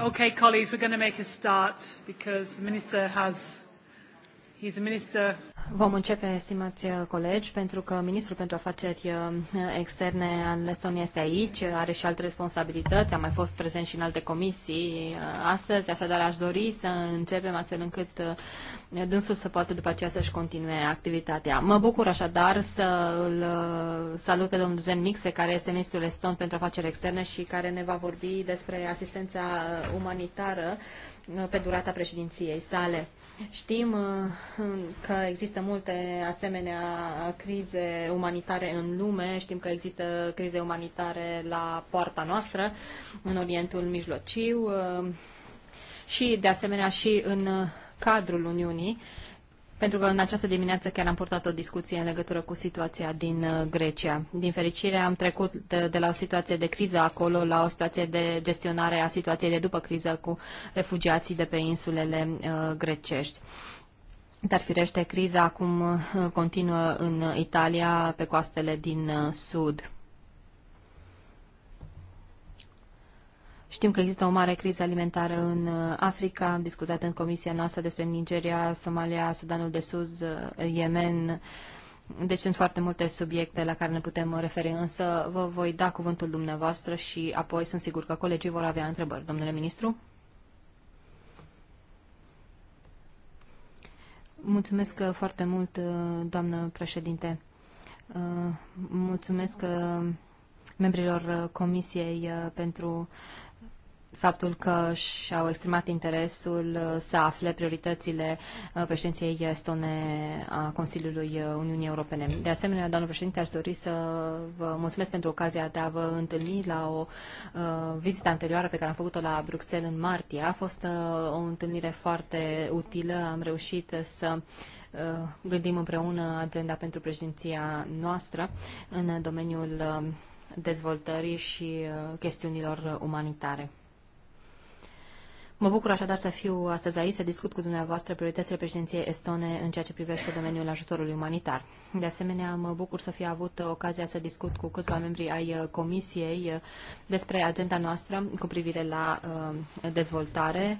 Okay, colleagues, we're going to make a start because the minister has, he's a minister Vom începe, stimați uh, colegi, pentru că ministrul pentru afaceri uh, externe al Estoniei este aici, are și alte responsabilități, a mai fost prezent și în alte comisii uh, astăzi, așadar aș dori să începem astfel încât dânsul să poată după aceea să-și continue activitatea. Mă bucur așadar să îl salut pe domnul Zen Mixe, care este ministrul eston pentru afaceri externe și care ne va vorbi despre asistența umanitară pe durata președinției sale. Știm uh, că există multe asemenea crize umanitare în lume, știm că există crize umanitare la poarta noastră, în Orientul Mijlociu uh, și, de asemenea, și în uh, cadrul Uniunii pentru că în această dimineață chiar am purtat o discuție în legătură cu situația din uh, Grecia. Din fericire am trecut de, de la o situație de criză acolo la o situație de gestionare a situației de după criză cu refugiații de pe insulele uh, grecești. Dar firește, criza acum uh, continuă în Italia, pe coastele din sud. Știm că există o mare criză alimentară în uh, Africa, am discutat în comisia noastră despre Nigeria, Somalia, Sudanul de Sud, uh, Yemen, deci sunt foarte multe subiecte la care ne putem referi, însă vă voi da cuvântul dumneavoastră și apoi sunt sigur că colegii vor avea întrebări. Domnule ministru? Mulțumesc uh, foarte mult, doamnă președinte. Mulțumesc membrilor Comisiei pentru faptul că și-au exprimat interesul să afle prioritățile uh, președinției estone a Consiliului Uniunii Europene. De asemenea, doamnă președinte, aș dori să vă mulțumesc pentru ocazia de a vă întâlni la o uh, vizită anterioară pe care am făcut-o la Bruxelles în martie. A fost uh, o întâlnire foarte utilă, am reușit să gândim împreună agenda pentru președinția noastră în domeniul dezvoltării și chestiunilor umanitare. Mă bucur așadar să fiu astăzi aici, să discut cu dumneavoastră prioritățile președinției estone în ceea ce privește domeniul ajutorului umanitar. De asemenea, mă bucur să fi avut ocazia să discut cu câțiva membri ai uh, Comisiei uh, despre agenda noastră cu privire la uh, dezvoltare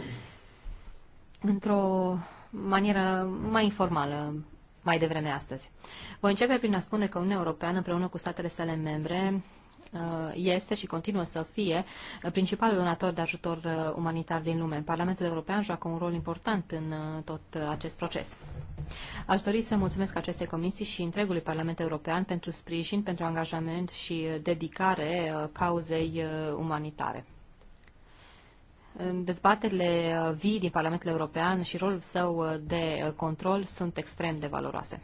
într-o manieră mai informală mai devreme astăzi. Voi începe prin a spune că Uniunea Europeană, împreună cu statele sale membre, Uh, este și continuă să fie principalul donator de ajutor uh, umanitar din lume. Parlamentul European joacă un rol important în uh, tot acest proces. Aș dori să mulțumesc acestei comisii și întregului Parlament European pentru sprijin, pentru angajament și dedicare cauzei umanitare dezbaterile vii din Parlamentul European și rolul său de control sunt extrem de valoroase.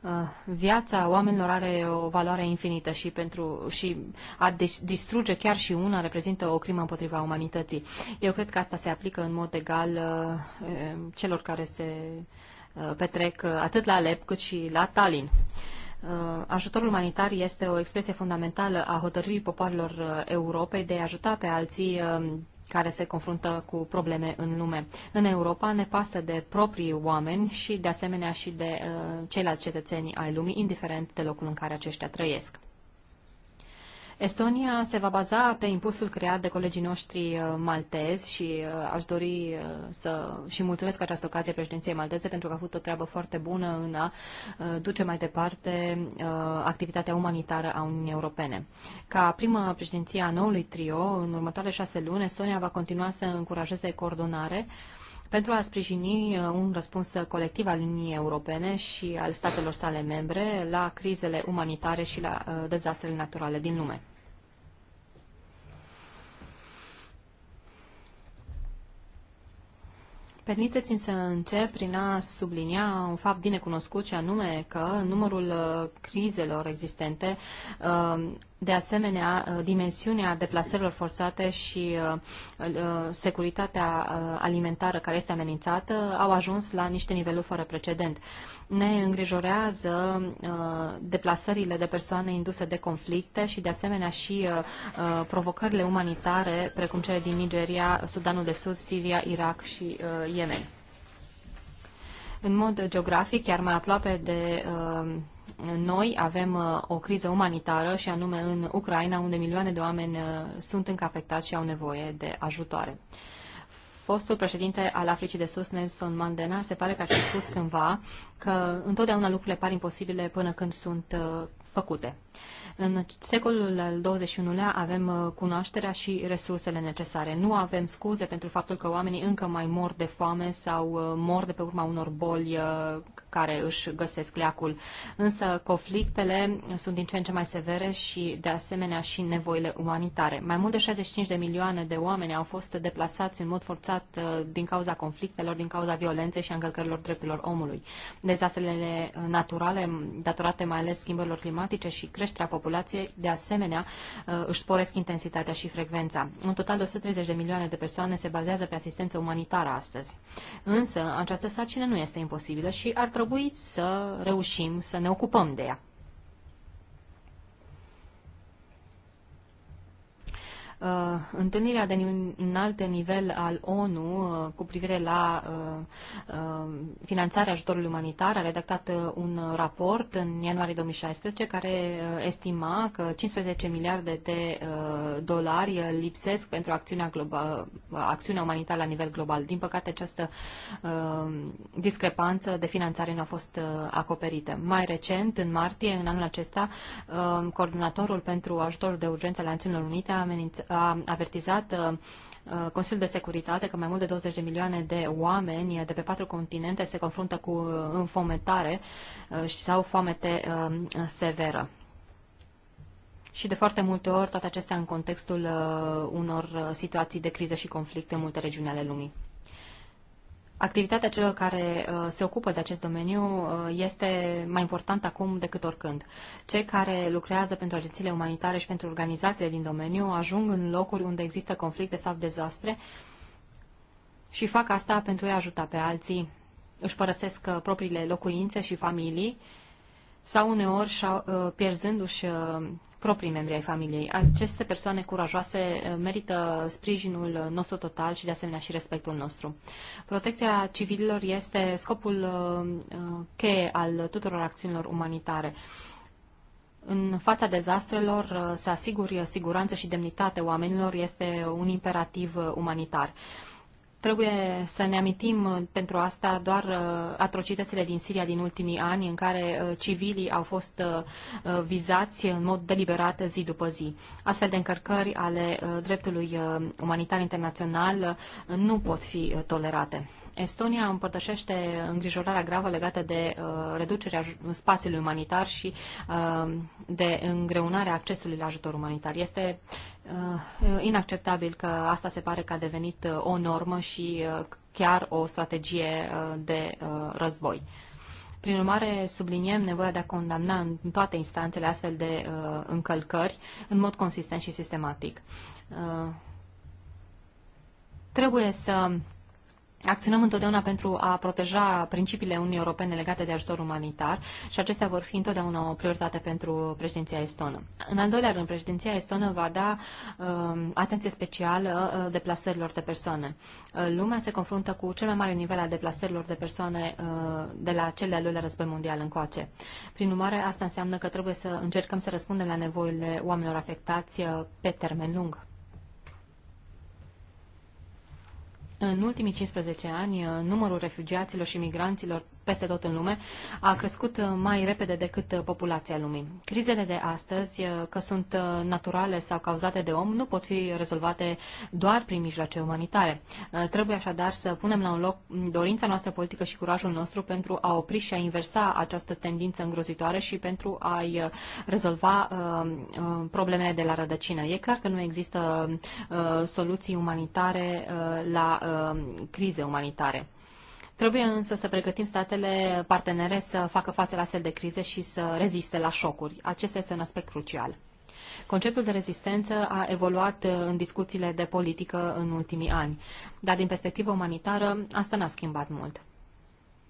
Uh, viața oamenilor are o valoare infinită și, pentru, și a distruge chiar și una reprezintă o crimă împotriva umanității. Eu cred că asta se aplică în mod egal uh, uh, celor care se petrec atât la Alep cât și la Tallinn. Ajutorul umanitar este o expresie fundamentală a hotărârii popoarelor Europei de a ajuta pe alții care se confruntă cu probleme în lume. În Europa ne pasă de proprii oameni și de asemenea și de uh, ceilalți cetățeni ai lumii, indiferent de locul în care aceștia trăiesc. Estonia se va baza pe impulsul creat de colegii noștri uh, maltezi și uh, aș dori uh, să și mulțumesc această ocazie președinției malteze pentru că a avut o treabă foarte bună în a duce mai departe activitatea umanitară a Uniunii Europene. Ca primă președinție a noului trio, în următoarele șase luni, Estonia va continua să încurajeze coordonare pentru a sprijini uh, un răspuns colectiv al Uniunii Europene și al statelor sale membre la crizele umanitare și la uh, dezastrele naturale din lume. Permiteți-mi să încep prin a sublinia un fapt bine cunoscut și anume că numărul uh, crizelor existente, uh, de asemenea uh, dimensiunea deplasărilor forțate și securitatea alimentară care este amenințată, au ajuns la niște niveluri fără precedent. Ne îngrijorează uh, deplasările de persoane induse de conflicte și de asemenea și uh, uh, provocările umanitare, precum cele din Nigeria, Sudanul de Sud, Siria, Irak și Yemen. În mod geografic, chiar mai aproape de noi avem o criză umanitară și anume în Ucraina, unde milioane de oameni sunt încă afectați și au nevoie de ajutoare fostul președinte al Africii de Sus, Nelson Mandela, se pare că a spus cândva că întotdeauna lucrurile par imposibile până când sunt uh, făcute. Uh, în secolul al XXI-lea avem uh, cunoașterea și resursele necesare. Nu avem scuze pentru faptul că oamenii încă mai mor de foame sau uh, mor de pe urma unor boli uh, care își găsesc leacul. Însă conflictele sunt din ce în ce mai severe și de asemenea și nevoile umanitare. Mai mult de 65 de milioane de oameni au fost deplasați în mod forțat din cauza conflictelor, din cauza violenței și a încălcărilor drepturilor omului. Dezastrele naturale, datorate mai ales schimbărilor climatice și creșterea populației, populație, de asemenea, uh, își sporesc intensitatea și frecvența. În total 130 de milioane de persoane se bazează pe asistență umanitară astăzi. Însă, această sarcină nu este imposibilă și ar trebui să reușim să ne ocupăm de ea. uh, întâlnirea de un alt nivel al ONU uh, cu privire la uh, uh finanțarea ajutorului umanitar a redactat uh, un raport în ianuarie 2016 care uh, estima că 15 miliarde de dolari lipsesc pentru acțiunea, global, acțiunea umanitară la nivel global. Din păcate, această discrepanță de finanțare nu a fost acoperită. Mai recent, în martie, în anul acesta, coordonatorul pentru ajutorul de urgență la Națiunilor Unite a, amenința- a avertizat uh, Consiliul de Securitate că mai mult de 20 de milioane de oameni de pe patru continente se confruntă cu uh, înfometare uh, sau foamete severă. Și de foarte multe ori toate acestea în contextul unor situații de criză și conflicte în multe regiuni ale lumii activitatea celor care uh, se ocupă de acest domeniu uh, este mai importantă acum decât oricând. Cei care lucrează pentru agențiile umanitare și pentru organizațiile din domeniu ajung în locuri unde există conflicte sau dezastre și fac asta pentru a ajuta pe alții. Își părăsesc uh, propriile locuințe și familii sau uneori uh, pierzându-și uh, proprii membri ai familiei. Aceste persoane curajoase uh, merită sprijinul nostru total și de asemenea și respectul nostru. Protecția civililor este scopul cheie al tuturor acțiunilor umanitare. În fața dezastrelor, să asiguri siguranță și demnitate oamenilor este un imperativ umanitar. Trebuie să ne amintim uh, pentru asta doar uh, atrocitățile din Siria din ultimii ani, în care uh, civilii au fost vizați în mod deliberat zi după zi. Astfel de încărcări ale dreptului umanitar internațional nu pot fi tolerate. Estonia împărtășește îngrijorarea gravă legată de uh, reducerea spațiului umanitar și uh, de îngreunarea accesului la ajutor umanitar. Este uh, inacceptabil că asta se pare că a devenit uh, o normă și uh, chiar o strategie uh, de uh, război. Prin urmare, subliniem nevoia de a condamna în toate instanțele astfel de uh, încălcări în mod consistent și sistematic. Uh, trebuie să Acționăm întotdeauna pentru a proteja principiile Uniunii Europene legate de ajutor umanitar și acestea vor fi întotdeauna o prioritate pentru președinția estonă. În al doilea rând, președinția estonă va da uh, atenție specială uh, deplasărilor de persoane. Uh, lumea se confruntă cu cel mai mare nivel al deplasărilor de persoane uh, de la cel de-al doilea război mondial încoace. Prin urmare, asta înseamnă că trebuie să încercăm să răspundem la nevoile oamenilor afectați uh, pe termen lung. În ultimii 15 ani, numărul refugiaților și migranților peste tot în lume, a crescut mai repede decât populația lumii. Crizele de astăzi, că sunt naturale sau cauzate de om, nu pot fi rezolvate doar prin mijloace umanitare. Trebuie așadar să punem la un loc dorința noastră politică și curajul nostru pentru a opri și a inversa această tendință îngrozitoare și pentru a-i rezolva uh, uh, problemele de la rădăcină. E clar că nu există uh, soluții umanitare la crize umanitare. Trebuie însă să pregătim statele partenere să facă față la astfel de crize și să reziste la șocuri. Acesta este un aspect crucial. Conceptul de rezistență a evoluat uh, în discuțiile de politică în ultimii ani, dar din perspectivă umanitară asta n-a schimbat mult.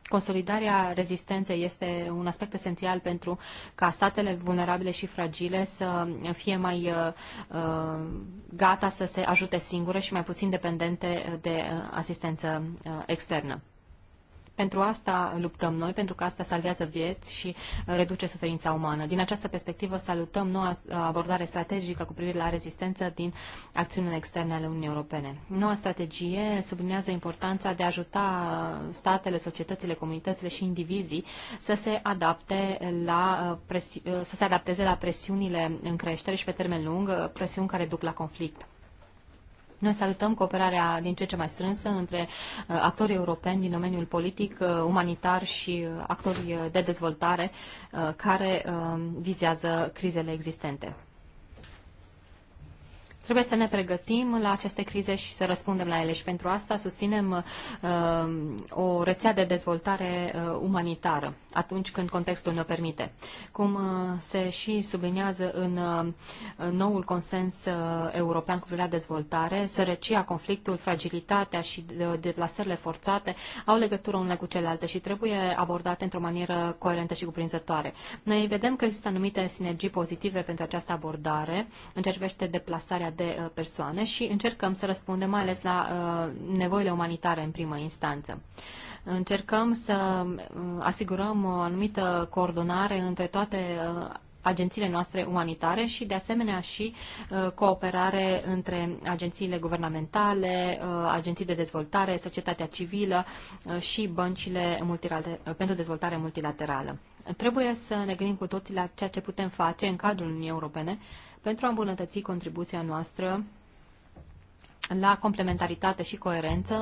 Consolidarea rezistenței este un aspect esențial pentru ca statele vulnerabile și fragile să fie mai uh, uh gata să se ajute singure și mai puțin dependente de uh, asistență externă. Pentru asta luptăm noi, pentru că asta salvează vieți și uh, reduce suferința umană. Din această perspectivă salutăm noua uh, abordare strategică cu privire la rezistență din acțiunile externe ale Uniunii Europene. Noua strategie sublinează importanța de a ajuta uh, statele, societățile, comunitățile și indivizii să se adapte la să se adapteze la presiunile în creștere și pe termen lung, presiuni care duc la conflict. Noi salutăm cooperarea din ce ce mai strânsă între uh, actorii europeni din domeniul politic, uh, umanitar și uh, actorii de dezvoltare care vizează crizele existente. Trebuie să ne pregătim la aceste crize și să răspundem la ele și pentru asta susținem uh, o rețea de dezvoltare uh, umanitară atunci când contextul ne permite. Cum uh, se și subliniază în uh, noul consens uh, european cu privire la dezvoltare, sărăcia, conflictul, fragilitatea și uh, deplasările forțate au legătură unele cu celelalte și trebuie abordate într-o manieră coerentă și cuprinzătoare. Noi vedem că există anumite sinergii pozitive pentru această abordare în ceea ce privește deplasarea de uh, persoane și încercăm să răspundem mai ales la uh, nevoile umanitare în primă instanță. Încercăm să uh, asigurăm o anumită coordonare între toate agențiile noastre umanitare și, de asemenea, și cooperare între agențiile guvernamentale, agenții de dezvoltare, societatea civilă și băncile pentru dezvoltare multilaterală. Trebuie să ne gândim cu toții la ceea ce putem face în cadrul Uniunii Europene pentru a îmbunătăți contribuția noastră la complementaritate și coerență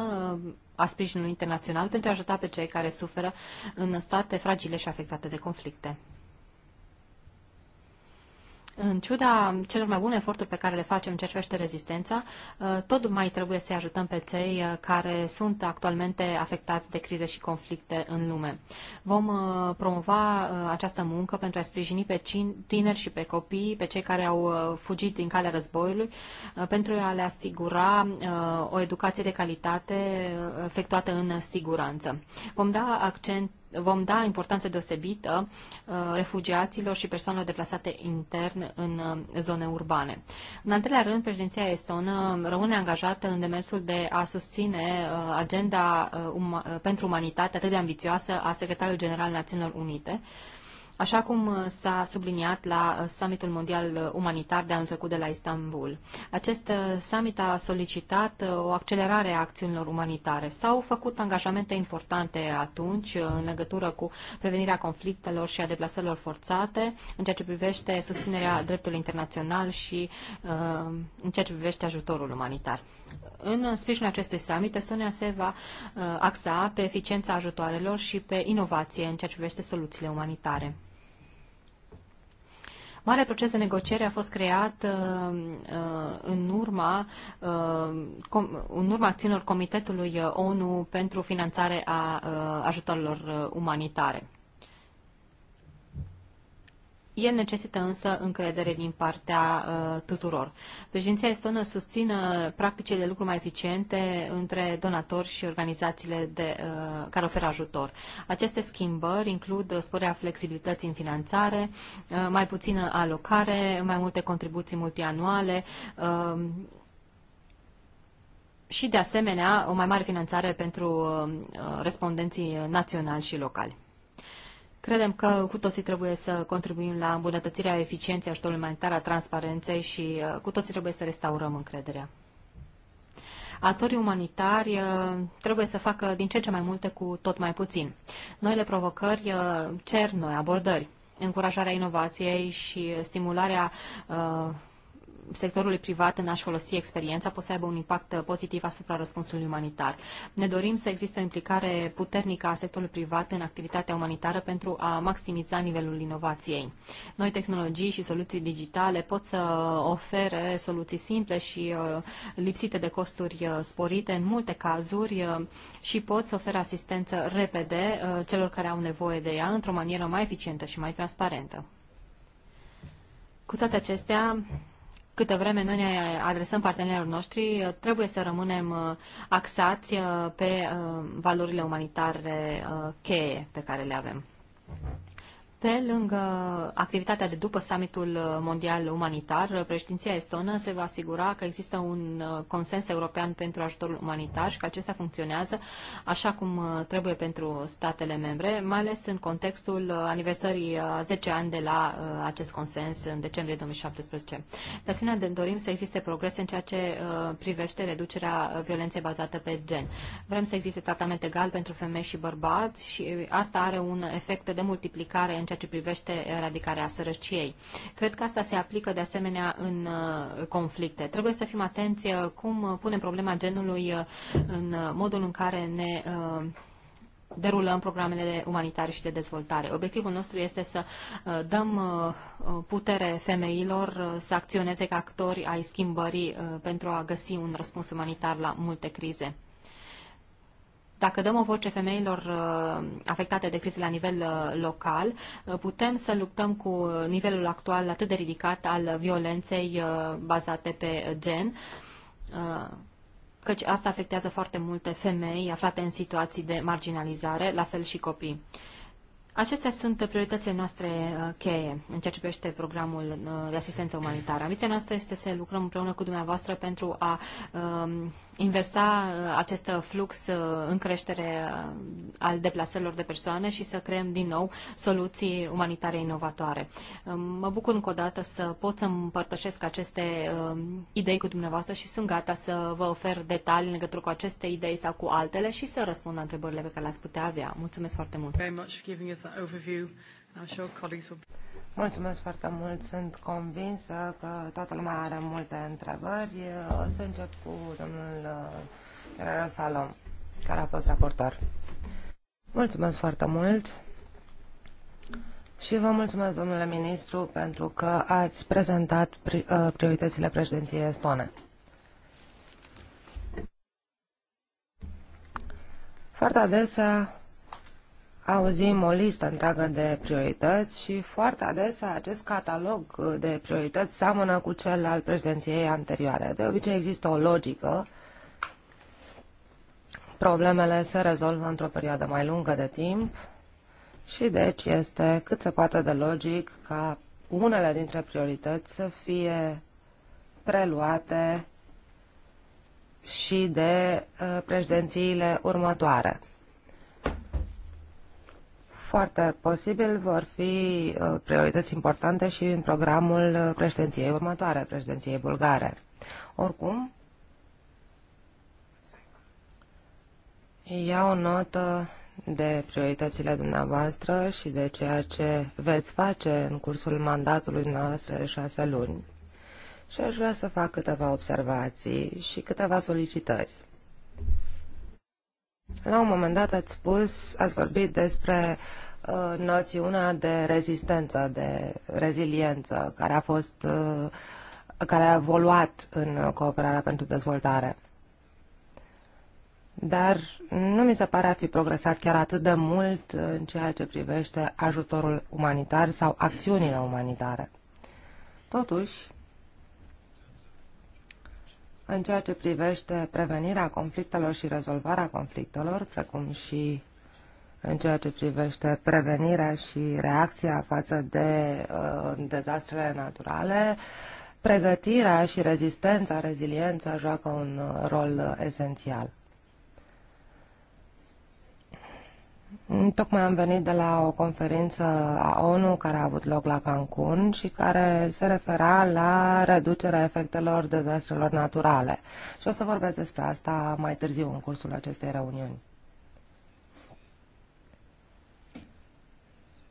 uh, a sprijinului internațional pentru a ajuta pe cei care suferă în state fragile și afectate de conflicte. În ciuda celor mai bune eforturi pe care le facem în rezistența, uh, tot mai trebuie să ajutăm pe cei uh, care sunt actualmente afectați de crize și conflicte în lume. Vom uh, promova această muncă pentru a sprijini pe tineri și pe copii, pe cei care au fugit din calea războiului, pentru a le asigura o educație de calitate efectuată în siguranță. Vom da accent vom da importanță deosebită uh, refugiaților și persoanelor deplasate intern în uh, zone urbane. În al treilea rând, președinția estonă rămâne angajată în demersul de a susține uh, agenda pentru umanitate atât de ambițioasă a Secretarului General Națiunilor Unite, așa cum uh, s-a subliniat la uh, summitul mondial uh, umanitar de anul trecut de la Istanbul. Acest summit a solicitat o accelerare a acțiunilor umanitare. S-au făcut angajamente importante atunci în legătură cu prevenirea conflictelor și a deplasărilor forțate, în ceea ce privește susținerea dreptului internațional și în ceea ce privește ajutorul umanitar. În sprijinul acestui summit, Estonia se va axa pe eficiența ajutoarelor și pe inovație în ceea ce privește soluțiile umanitare. Marea proces de negociere a fost creat uh, uh, în urma, uh, în urma acțiunilor Comitetului ONU pentru finanțare a ajutorilor umanitare. E necesită însă încredere din partea uh, tuturor. Președinția estonă susțină practicile de lucru mai eficiente între donatori și organizațiile de, uh, care oferă ajutor. Aceste schimbări includ sporea flexibilității în finanțare, uh, mai puțină alocare, mai multe contribuții multianuale, uh, și, de asemenea, o mai mare finanțare pentru uh, respondenții naționali și locali. Credem că cu toții trebuie să contribuim la îmbunătățirea eficienței ajutorului umanitar, a transparenței și uh, cu toții trebuie să restaurăm încrederea. Actorii umanitari uh, trebuie să facă din ce ce mai multe cu tot mai puțin. Noile provocări uh, cer noi abordări încurajarea inovației și stimularea uh, sectorului privat în a-și folosi experiența poate să aibă un impact uh, pozitiv asupra răspunsului umanitar. Ne dorim să existe o implicare puternică a sectorului privat în activitatea umanitară pentru a maximiza nivelul inovației. Noi tehnologii și soluții digitale pot să ofere soluții simple și uh, lipsite de costuri uh, sporite în multe cazuri și pot să ofere asistență repede celor care au nevoie de ea într-o manieră mai eficientă și mai transparentă. Cu toate acestea, câtă vreme noi ne adresăm partenerilor noștri, trebuie să rămânem uh, axați uh, pe uh, valorile umanitare cheie pe care le avem. Pe lângă activitatea de după summitul mondial umanitar, președinția estonă se va asigura că există un uh, consens european pentru ajutorul umanitar și că acesta funcționează așa cum uh, trebuie pentru statele membre, mai ales în contextul uh, aniversării a 10 ani de la acest consens în decembrie 2017. De asemenea, dorim să existe progrese în ceea ce privește reducerea violenței bazate pe gen. Vrem să existe tratament egal pentru femei și bărbați și asta are un efect de multiplicare în ceea ceea ce privește eradicarea sărăciei. Cred că asta se aplică de asemenea în uh, conflicte. Trebuie să fim atenți uh, cum punem problema genului uh, în modul în care ne derulăm programele umanitare și de dezvoltare. Obiectivul nostru este să dăm putere femeilor să acționeze ca actori ai schimbării pentru a găsi un răspuns umanitar la multe crize. Dacă dăm o voce femeilor uh, afectate de crize la nivel uh, local, uh, putem să luptăm cu nivelul actual atât de ridicat al violenței bazate pe gen, căci asta afectează foarte multe femei aflate în situații de marginalizare, la fel și copii. Acestea sunt prioritățile noastre cheie în ceea ce privește programul de asistență umanitară. Ambiția noastră este să lucrăm împreună cu dumneavoastră pentru a um, inversa uh, acest uh, flux uh, în creștere al deplasărilor de persoane și să creăm din nou soluții umanitare inovatoare. Um, mă bucur încă o dată să pot să împărtășesc aceste um, idei cu dumneavoastră și sunt gata să vă ofer detalii în legătură cu aceste idei sau cu altele și să răspund la întrebările pe care le-ați putea avea. Mulțumesc foarte mult! Mulțumesc foarte mult. Sunt convinsă că toată lumea are multe întrebări. O să încep cu domnul Guerrero uh, Salom, care a fost raportor. Mulțumesc foarte mult. Și vă mulțumesc, domnule ministru, pentru că ați prezentat uh, prioritățile președinției estone. Foarte adesea auzim o listă întreagă de priorități și foarte adesea acest catalog de priorități seamănă cu cel al președinției anterioare. De obicei există o logică, problemele se rezolvă într-o perioadă mai lungă de timp și deci este cât se poate de logic ca unele dintre priorități să fie preluate și de uh, președințiile următoare foarte posibil vor fi uh, priorități importante și în programul uh, președinției următoare, președinției bulgare. Oricum, iau o notă de prioritățile dumneavoastră și de ceea ce veți face în cursul mandatului dumneavoastră de șase luni. Și aș vrea să fac câteva observații și câteva solicitări. La un moment dat ați spus, ați vorbit despre uh, noțiunea de rezistență, de reziliență, care a fost, uh, care a evoluat în cooperarea pentru dezvoltare. Dar nu mi se pare a fi progresat chiar atât de mult în ceea ce privește ajutorul umanitar sau acțiunile umanitare. Totuși, în ceea ce privește prevenirea conflictelor și rezolvarea conflictelor, precum și în ceea ce privește prevenirea și reacția față de uh, dezastrele naturale, pregătirea și rezistența, reziliența joacă un uh, rol uh, esențial. Tocmai am venit de la o conferință a ONU care a avut loc la Cancun și care se refera la reducerea efectelor dezastrelor naturale. Și o să vorbesc despre asta mai târziu în cursul acestei reuniuni.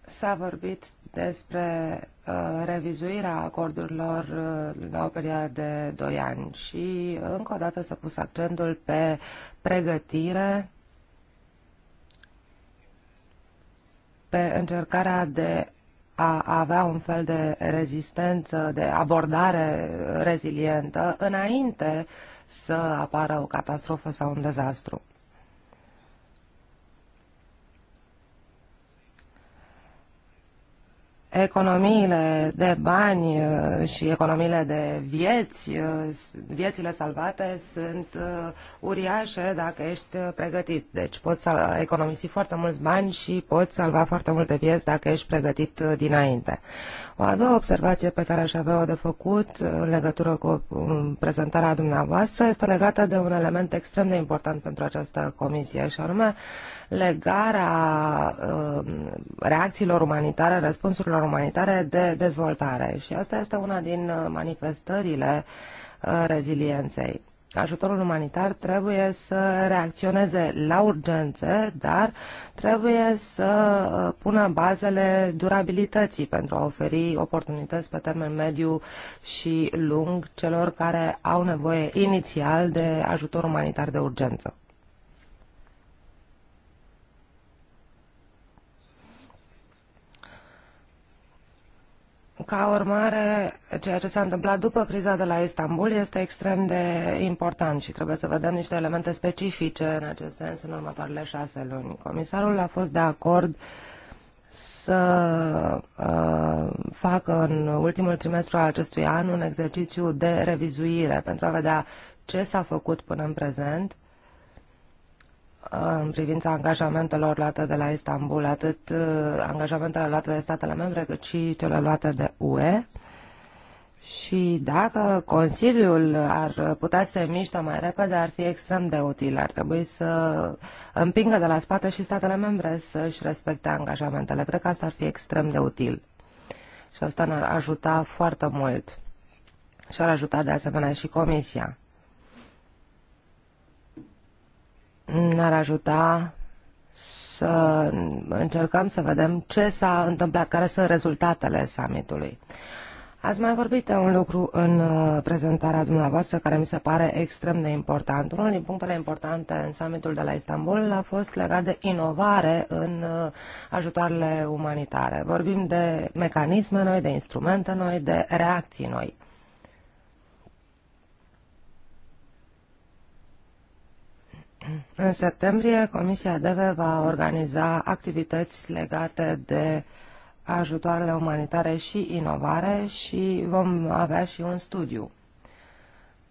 S-a vorbit despre uh, revizuirea acordurilor uh, la o perioadă de 2 ani și încă o dată s-a pus accentul pe pregătire pe încercarea de a avea un fel de rezistență, de abordare rezilientă înainte să apară o catastrofă sau un dezastru. economiile de bani uh, și economiile de vieți, uh, viețile salvate sunt uh, uriașe dacă ești pregătit. Deci poți economisi foarte mulți bani și poți salva foarte multe vieți dacă ești pregătit dinainte. O a doua observație pe care aș avea-o de făcut în legătură cu um, prezentarea dumneavoastră este legată de un element extrem de important pentru această comisie și anume legarea uh, reacțiilor umanitare, răspunsurilor umanitare de dezvoltare. Și asta este una din uh, manifestările uh, rezilienței. Ajutorul umanitar trebuie să reacționeze la urgențe, dar trebuie să pună bazele durabilității pentru a oferi oportunități pe termen mediu și lung celor care au nevoie inițial de ajutor umanitar de urgență. Ca urmare, ceea ce s-a întâmplat după criza de la Istanbul este extrem de important și trebuie să vedem niște elemente specifice în acest sens în următoarele șase luni. Comisarul a fost de acord să uh, facă în ultimul trimestru al acestui an un exercițiu de revizuire pentru a vedea ce s-a făcut până în prezent în privința angajamentelor luate de la Istanbul, atât uh, angajamentele luate de statele membre, cât și cele luate de UE. Și dacă Consiliul ar putea să se miște mai repede, ar fi extrem de util. Ar trebui să împingă de la spate și statele membre să-și respecte angajamentele. Cred că asta ar fi extrem de util. Și asta ne-ar ajuta foarte mult. Și ar ajuta de asemenea și Comisia. n ar ajuta să încercăm să vedem ce s-a întâmplat, care sunt rezultatele summitului. Ați mai vorbit de un lucru în uh, prezentarea dumneavoastră care mi se pare extrem de important. Unul din punctele importante în summitul de la Istanbul a fost legat de inovare în uh, ajutoarele umanitare. Vorbim de mecanisme noi, de instrumente noi, de reacții noi. În septembrie, Comisia DEVE va organiza activități legate de ajutoarele umanitare și inovare și vom avea și un studiu.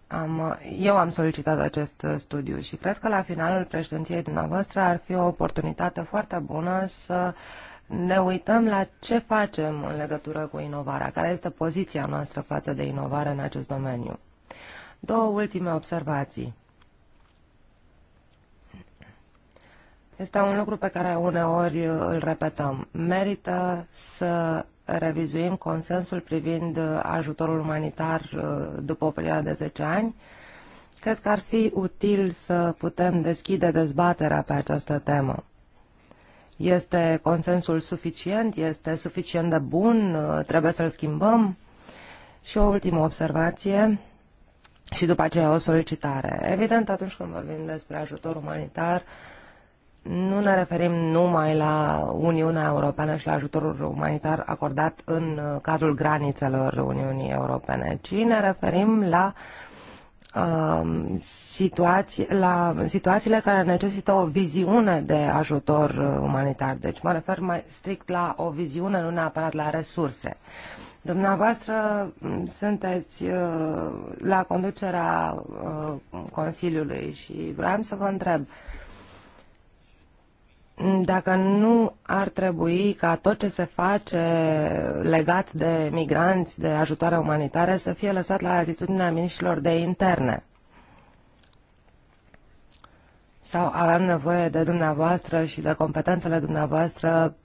Am, eu am solicitat acest studiu și cred că la finalul președinției dumneavoastră ar fi o oportunitate foarte bună să ne uităm la ce facem în legătură cu inovarea, care este poziția noastră față de inovare în acest domeniu. Două ultime observații. Este un lucru pe care uneori uh, îl repetăm. Merită să revizuim consensul privind uh, ajutorul umanitar uh, după o perioadă de 10 ani. Cred că ar fi util să putem deschide dezbaterea pe această temă. Este consensul suficient? Este suficient de bun? Trebuie să-l schimbăm? Și o ultimă observație și după aceea o solicitare. Evident, atunci când vorbim despre ajutor umanitar, uh, nu ne referim numai la Uniunea Europeană și la ajutorul umanitar acordat în uh, cadrul granițelor Uniunii Europene, ci ne referim la, uh, situații, la situațiile care necesită o viziune de ajutor uh, umanitar. Deci mă refer mai strict la o viziune, nu neapărat la resurse. Dumneavoastră sunteți uh, la conducerea Consiliului și vreau să vă întreb, uh, dacă nu ar trebui ca tot ce se face legat de migranți, de ajutoare umanitare, să fie lăsat la atitudinea miniștilor de interne. Sau avem nevoie de dumneavoastră și de competențele dumneavoastră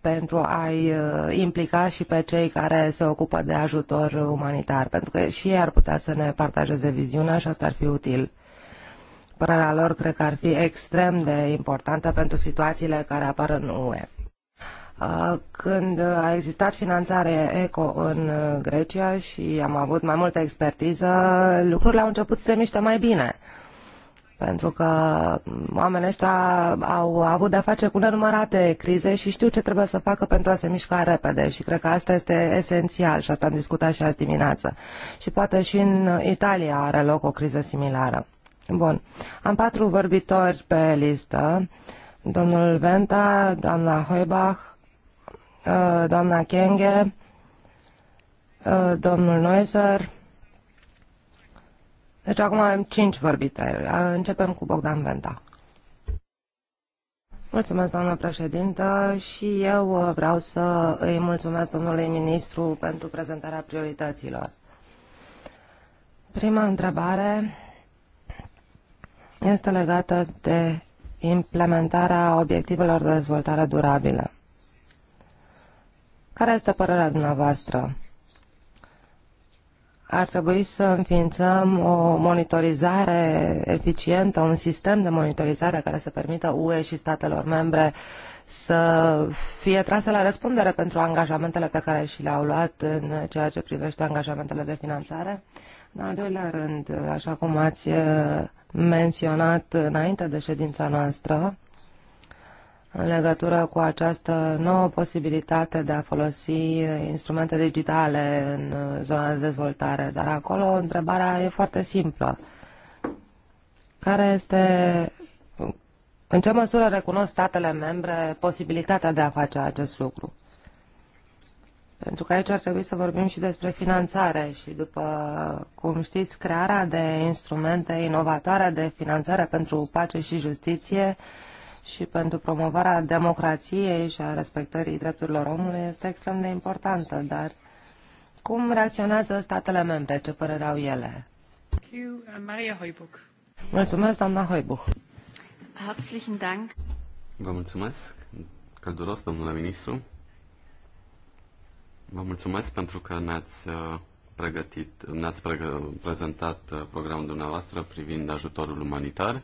pentru a-i uh, implica și pe cei care se ocupă de ajutor umanitar, pentru că și ei ar putea să ne partajeze viziunea și asta ar fi util. Părerea lor cred că ar fi extrem de importantă pentru situațiile care apar în UE. Când a existat finanțare ECO în uh, Grecia și am avut mai multă expertiză, lucrurile au început să se miște mai bine pentru că oamenii ăștia au avut de-a face cu nenumărate crize și știu ce trebuie să facă pentru a se mișca repede și cred că asta este esențial și asta am discutat și azi dimineață. Și poate și în Italia are loc o criză similară. Bun. Am patru vorbitori pe listă. Domnul Venta, doamna Hoibach, uh, doamna Kenge, uh, domnul Neuser. Deci acum avem cinci vorbitori. Uh, începem cu Bogdan Venta. Mulțumesc, doamnă președintă, și eu vreau să îi mulțumesc domnului ministru pentru prezentarea priorităților. Prima întrebare este legată de implementarea obiectivelor de dezvoltare durabilă. Care este părerea dumneavoastră? Ar trebui să înființăm o monitorizare eficientă, un sistem de monitorizare care să permită UE și statelor membre să fie trase la răspundere pentru angajamentele pe care și le-au luat în ceea ce privește angajamentele de finanțare. În al doilea rând, așa cum ați menționat înainte de ședința noastră în legătură cu această nouă posibilitate de a folosi instrumente digitale în zona de dezvoltare, dar acolo întrebarea e foarte simplă. Care este, în ce măsură recunosc statele membre posibilitatea de a face acest lucru? Pentru că aici ar trebui să vorbim și despre finanțare și după cum știți, crearea de instrumente inovatoare de finanțare pentru pace și justiție și pentru promovarea democrației și a respectării drepturilor omului este extrem de importantă, dar cum reacționează statele membre? Ce părere au ele? Uh, mulțumesc, doamna Hoibuch. Dank. Vă mulțumesc, călduros, domnule ministru. Vă mulțumesc pentru că ne-ați uh, pregătit, ne-ați prezentat uh, programul dumneavoastră privind ajutorul umanitar.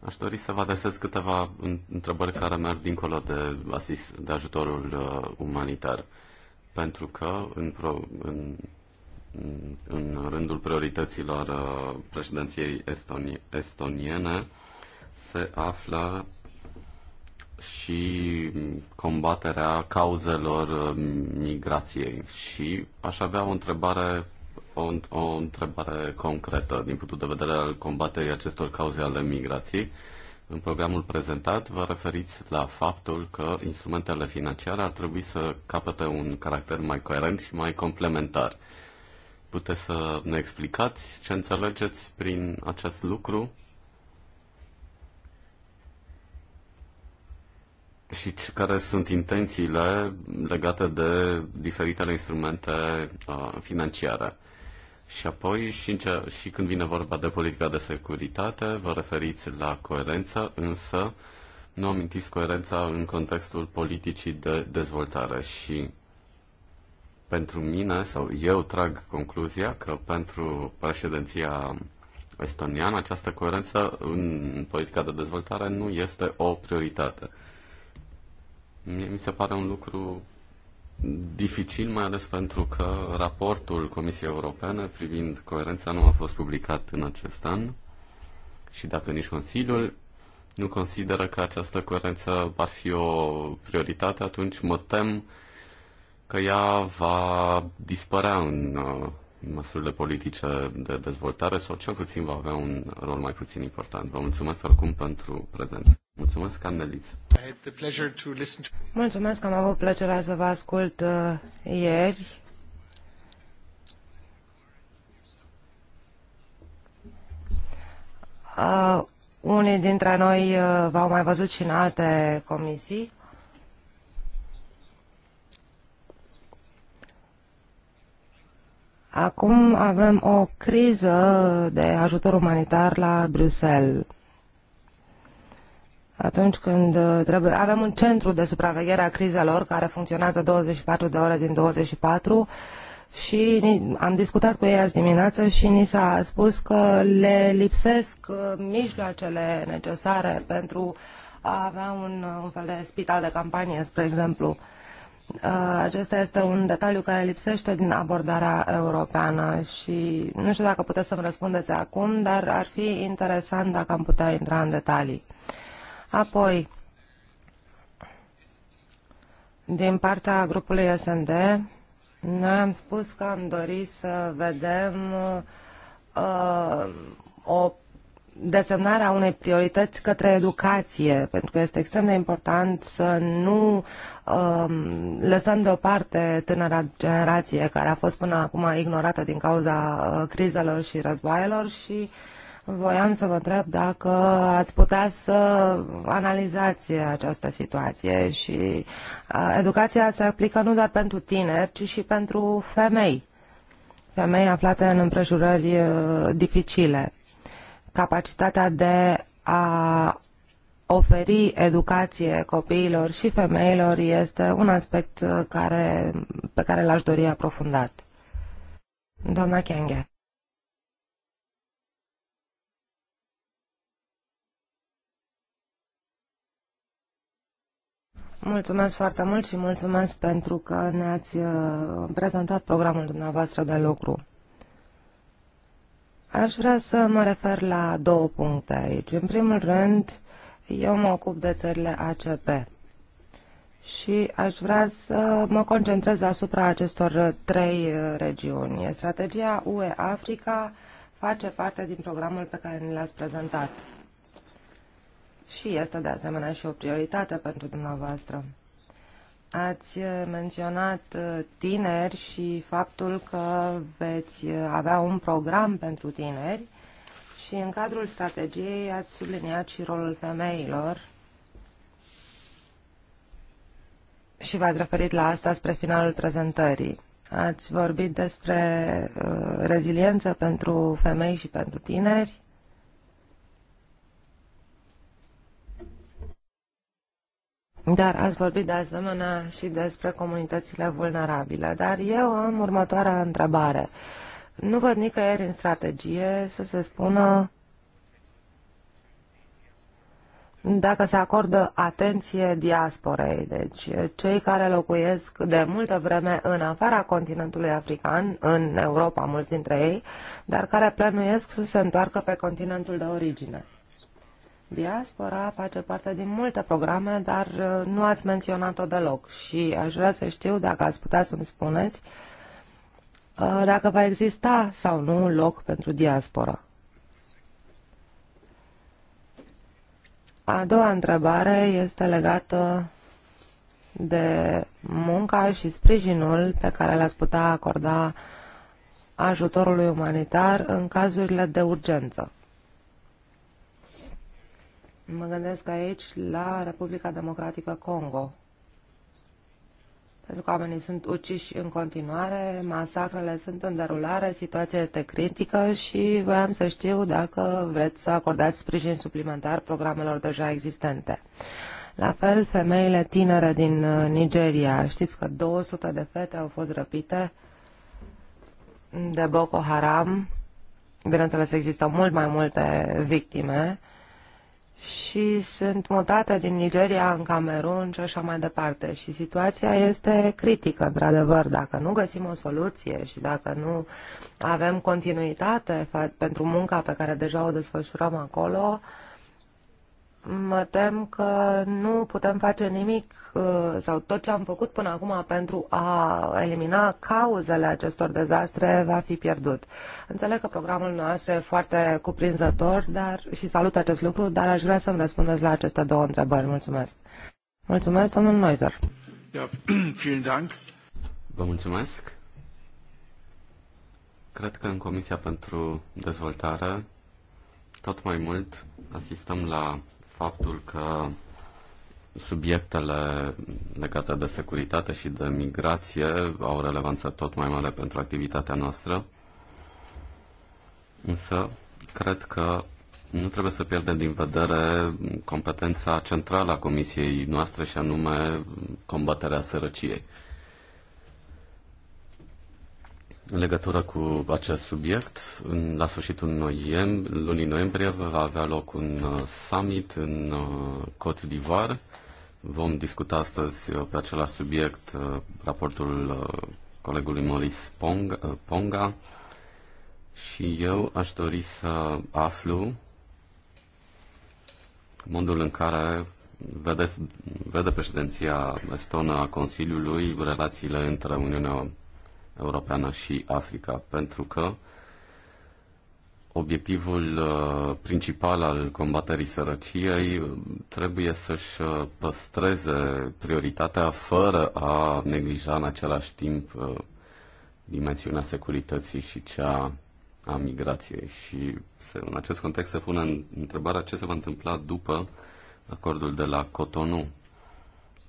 Aș dori să vă adresez câteva întrebări care merg dincolo de, asist, de ajutorul uh, umanitar. Pentru că în, pro, în, în rândul priorităților președinției estoniene se află și combaterea cauzelor uh, migrației. Și aș avea o întrebare, o, o întrebare concretă din punctul de vedere al combaterii acestor cauze ale migrației. În programul prezentat vă referiți la faptul că instrumentele financiare ar trebui să capete un caracter mai coerent și mai complementar. Puteți să ne explicați ce înțelegeți prin acest lucru și care sunt intențiile legate de diferitele instrumente financiare. Și apoi, și, în ce, și când vine vorba de politica de securitate, vă referiți la coerență, însă nu amintiți coerența în contextul politicii de dezvoltare. Și pentru mine, sau eu trag concluzia că pentru președinția estoniană această coerență în politica de dezvoltare nu este o prioritate. Mie mi se pare un lucru dificil, mai ales pentru că raportul Comisiei Europene privind coerența nu a fost publicat în acest an și dacă nici Consiliul nu consideră că această coerență ar fi o prioritate, atunci mă tem că ea va dispărea uh, în măsurile politice de dezvoltare sau cel puțin va avea un rol mai puțin important. Vă mulțumesc oricum pentru prezență. Mulțumesc, Annelies. Mulțumesc că am avut plăcerea să vă ascult uh, ieri. Uh, unii dintre noi uh, v-au mai văzut și în alte comisii. Acum avem o criză de ajutor umanitar la Bruxelles atunci când uh, trebuie. Avem un centru de supraveghere a crizelor care funcționează 24 de ore din 24 și am discutat cu ei azi dimineață și ni s-a spus că le lipsesc uh, mijloacele necesare pentru a avea un, uh, un fel de spital de campanie, spre exemplu. Acesta este un detaliu care lipsește din abordarea europeană și nu știu dacă puteți să-mi răspundeți acum, dar ar fi interesant dacă am putea intra în detalii. Uh, Apoi, din partea grupului SND, noi am spus că am dorit să vedem uh, o a unei priorități către educație, pentru că este extrem de important să nu uh, lăsăm deoparte tânăra generație care a fost până acum ignorată din cauza uh, crizelor și războaielor și uh, Voiam să vă întreb dacă ați putea să analizați această situație și educația se aplică nu doar pentru tineri, ci și pentru femei, femei aflate în împrejurări dificile. Capacitatea de a oferi educație copiilor și femeilor este un aspect care, pe care l-aș dori aprofundat. Doamna Kenge. Mulțumesc foarte mult și mulțumesc pentru că ne-ați uh, prezentat programul dumneavoastră de lucru. Aș vrea să mă refer la două puncte aici. În primul rând, eu mă ocup de țările ACP și aș vrea să mă concentrez asupra acestor trei uh, regiuni. Strategia UE-Africa face parte din programul pe care ne l-ați prezentat și este de asemenea și o prioritate pentru dumneavoastră. Ați eh, menționat eh, tineri și faptul că veți eh, avea un program pentru tineri și în cadrul strategiei ați subliniat și rolul femeilor și v-ați referit la asta spre finalul prezentării. Ați vorbit despre uh, reziliență pentru femei și pentru tineri Dar ați vorbit de asemenea și despre comunitățile vulnerabile. Dar eu am următoarea întrebare. Nu văd nicăieri în strategie să se spună dacă se acordă atenție diasporei, deci cei care locuiesc de multă vreme în afara continentului african, în Europa mulți dintre ei, dar care plănuiesc să se întoarcă pe continentul de origine. Diaspora face parte din multe programe, dar uh, nu ați menționat-o deloc și aș vrea să știu dacă ați putea să-mi spuneți uh, dacă va exista sau nu un loc pentru diaspora. A doua întrebare este legată de munca și sprijinul pe care le-ați putea acorda ajutorului umanitar în cazurile de urgență. Mă gândesc aici la Republica Democratică Congo. Pentru că oamenii sunt uciși în continuare, masacrele sunt în derulare, situația este critică și voiam să știu dacă vreți să acordați sprijin suplimentar programelor deja existente. La fel, femeile tinere din uh, Nigeria. Știți că 200 de fete au fost răpite de Boko Haram. Bineînțeles, există mult mai multe victime și sunt mutate din Nigeria în Camerun și așa mai departe. Și situația este critică, într-adevăr. Dacă nu găsim o soluție și dacă nu avem continuitate pentru munca pe care deja o desfășurăm acolo, uh, mă tem că nu putem face nimic uh, sau tot ce am făcut până acum pentru a elimina cauzele acestor dezastre va fi pierdut. Înțeleg că programul nostru e foarte cuprinzător dar, și salut acest lucru, dar aș vrea să-mi răspundeți la aceste două întrebări. Mulțumesc. Mulțumesc, domnul Noizer. Vă mulțumesc. Cred că în Comisia pentru Dezvoltare tot mai mult asistăm la faptul că subiectele legate de securitate și de migrație au relevanță tot mai mare pentru activitatea noastră. Însă, cred că nu trebuie să pierdem din vedere competența centrală a comisiei noastre și anume combaterea sărăciei. În legătură cu acest subiect, în, la sfârșitul noiembrie, lunii noiembrie va avea loc un uh, summit în uh, Côte d'Ivoire. Vom discuta astăzi uh, pe același subiect raportul colegului Maurice Ponga și eu aș dori să aflu modul în care vedeți, vede președinția estonă a Consiliului relațiile între Uniunea Europeană și Africa, pentru că obiectivul uh, principal al combaterii sărăciei uh, trebuie să-și uh, păstreze prioritatea fără a neglija în același timp dimensiunea securității și cea a migrației. Și se, în acest context se pune întrebarea ce se va întâmpla după acordul de la Cotonou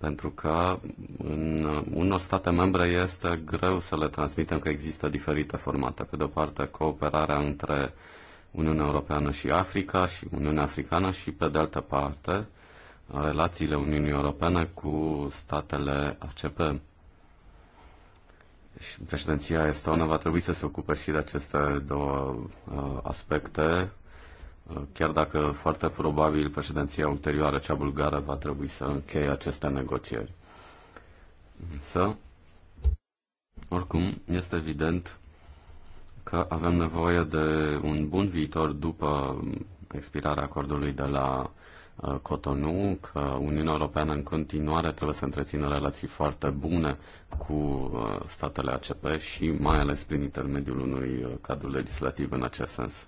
pentru că în unor state membre este greu să le transmitem că există diferite formate. Pe de o parte, cooperarea între Uniunea Europeană și Africa și Uniunea Africană și, pe de altă parte, relațiile Uniunii Europene cu statele ACP. Și președinția estonă va trebui să se ocupe și de aceste două uh, aspecte chiar dacă foarte probabil președinția ulterioară, cea bulgară, va trebui să încheie aceste negocieri. Însă, oricum, este evident că avem nevoie de un bun viitor după expirarea acordului de la uh, Cotonou, că Uniunea Europeană în continuare trebuie să întrețină relații foarte bune cu uh, statele ACP și mai ales prin intermediul unui uh, cadru legislativ în acest sens.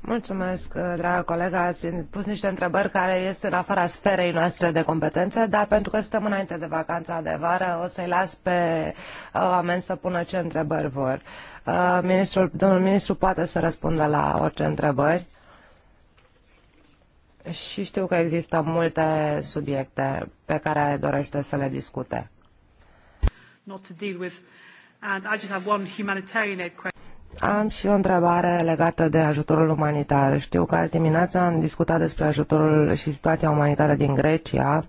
Mulțumesc, dragă colegă. Ați pus niște întrebări care ies în afara sferei noastre de competență, dar pentru că suntem înainte de vacanța de vară, o să-i las pe uh, oameni să pună ce întrebări vor. Uh, ministrul, domnul ministru poate să răspundă la orice întrebări. Și știu că există multe subiecte pe care dorește să le discute. Not to deal with. And I just have one humanitarian aid question. Am și o întrebare legată de ajutorul umanitar. Știu că azi dimineața am discutat despre ajutorul și situația umanitară din Grecia,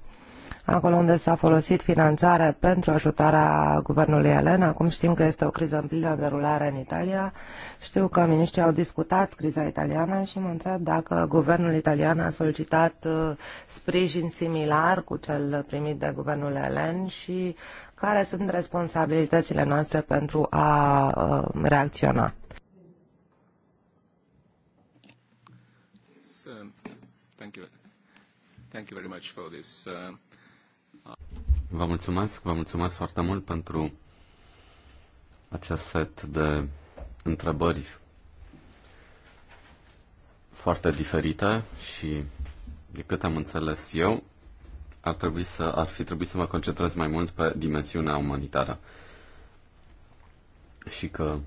acolo unde s-a folosit finanțare pentru ajutarea guvernului Elen. Acum știm că este o criză în plină derulare în Italia. Știu că miniștrii au discutat criza italiană și mă întreb dacă guvernul italian a solicitat uh, sprijin similar cu cel primit de guvernul Elen și care sunt responsabilitățile noastre pentru a uh, reacționa. Um, uh, vă mulțumesc, vă mulțumesc foarte mult pentru acest set de întrebări foarte diferite și de cât am înțeles eu, ar, trebui să, ar fi trebuit să mă concentrez mai mult pe dimensiunea umanitară și că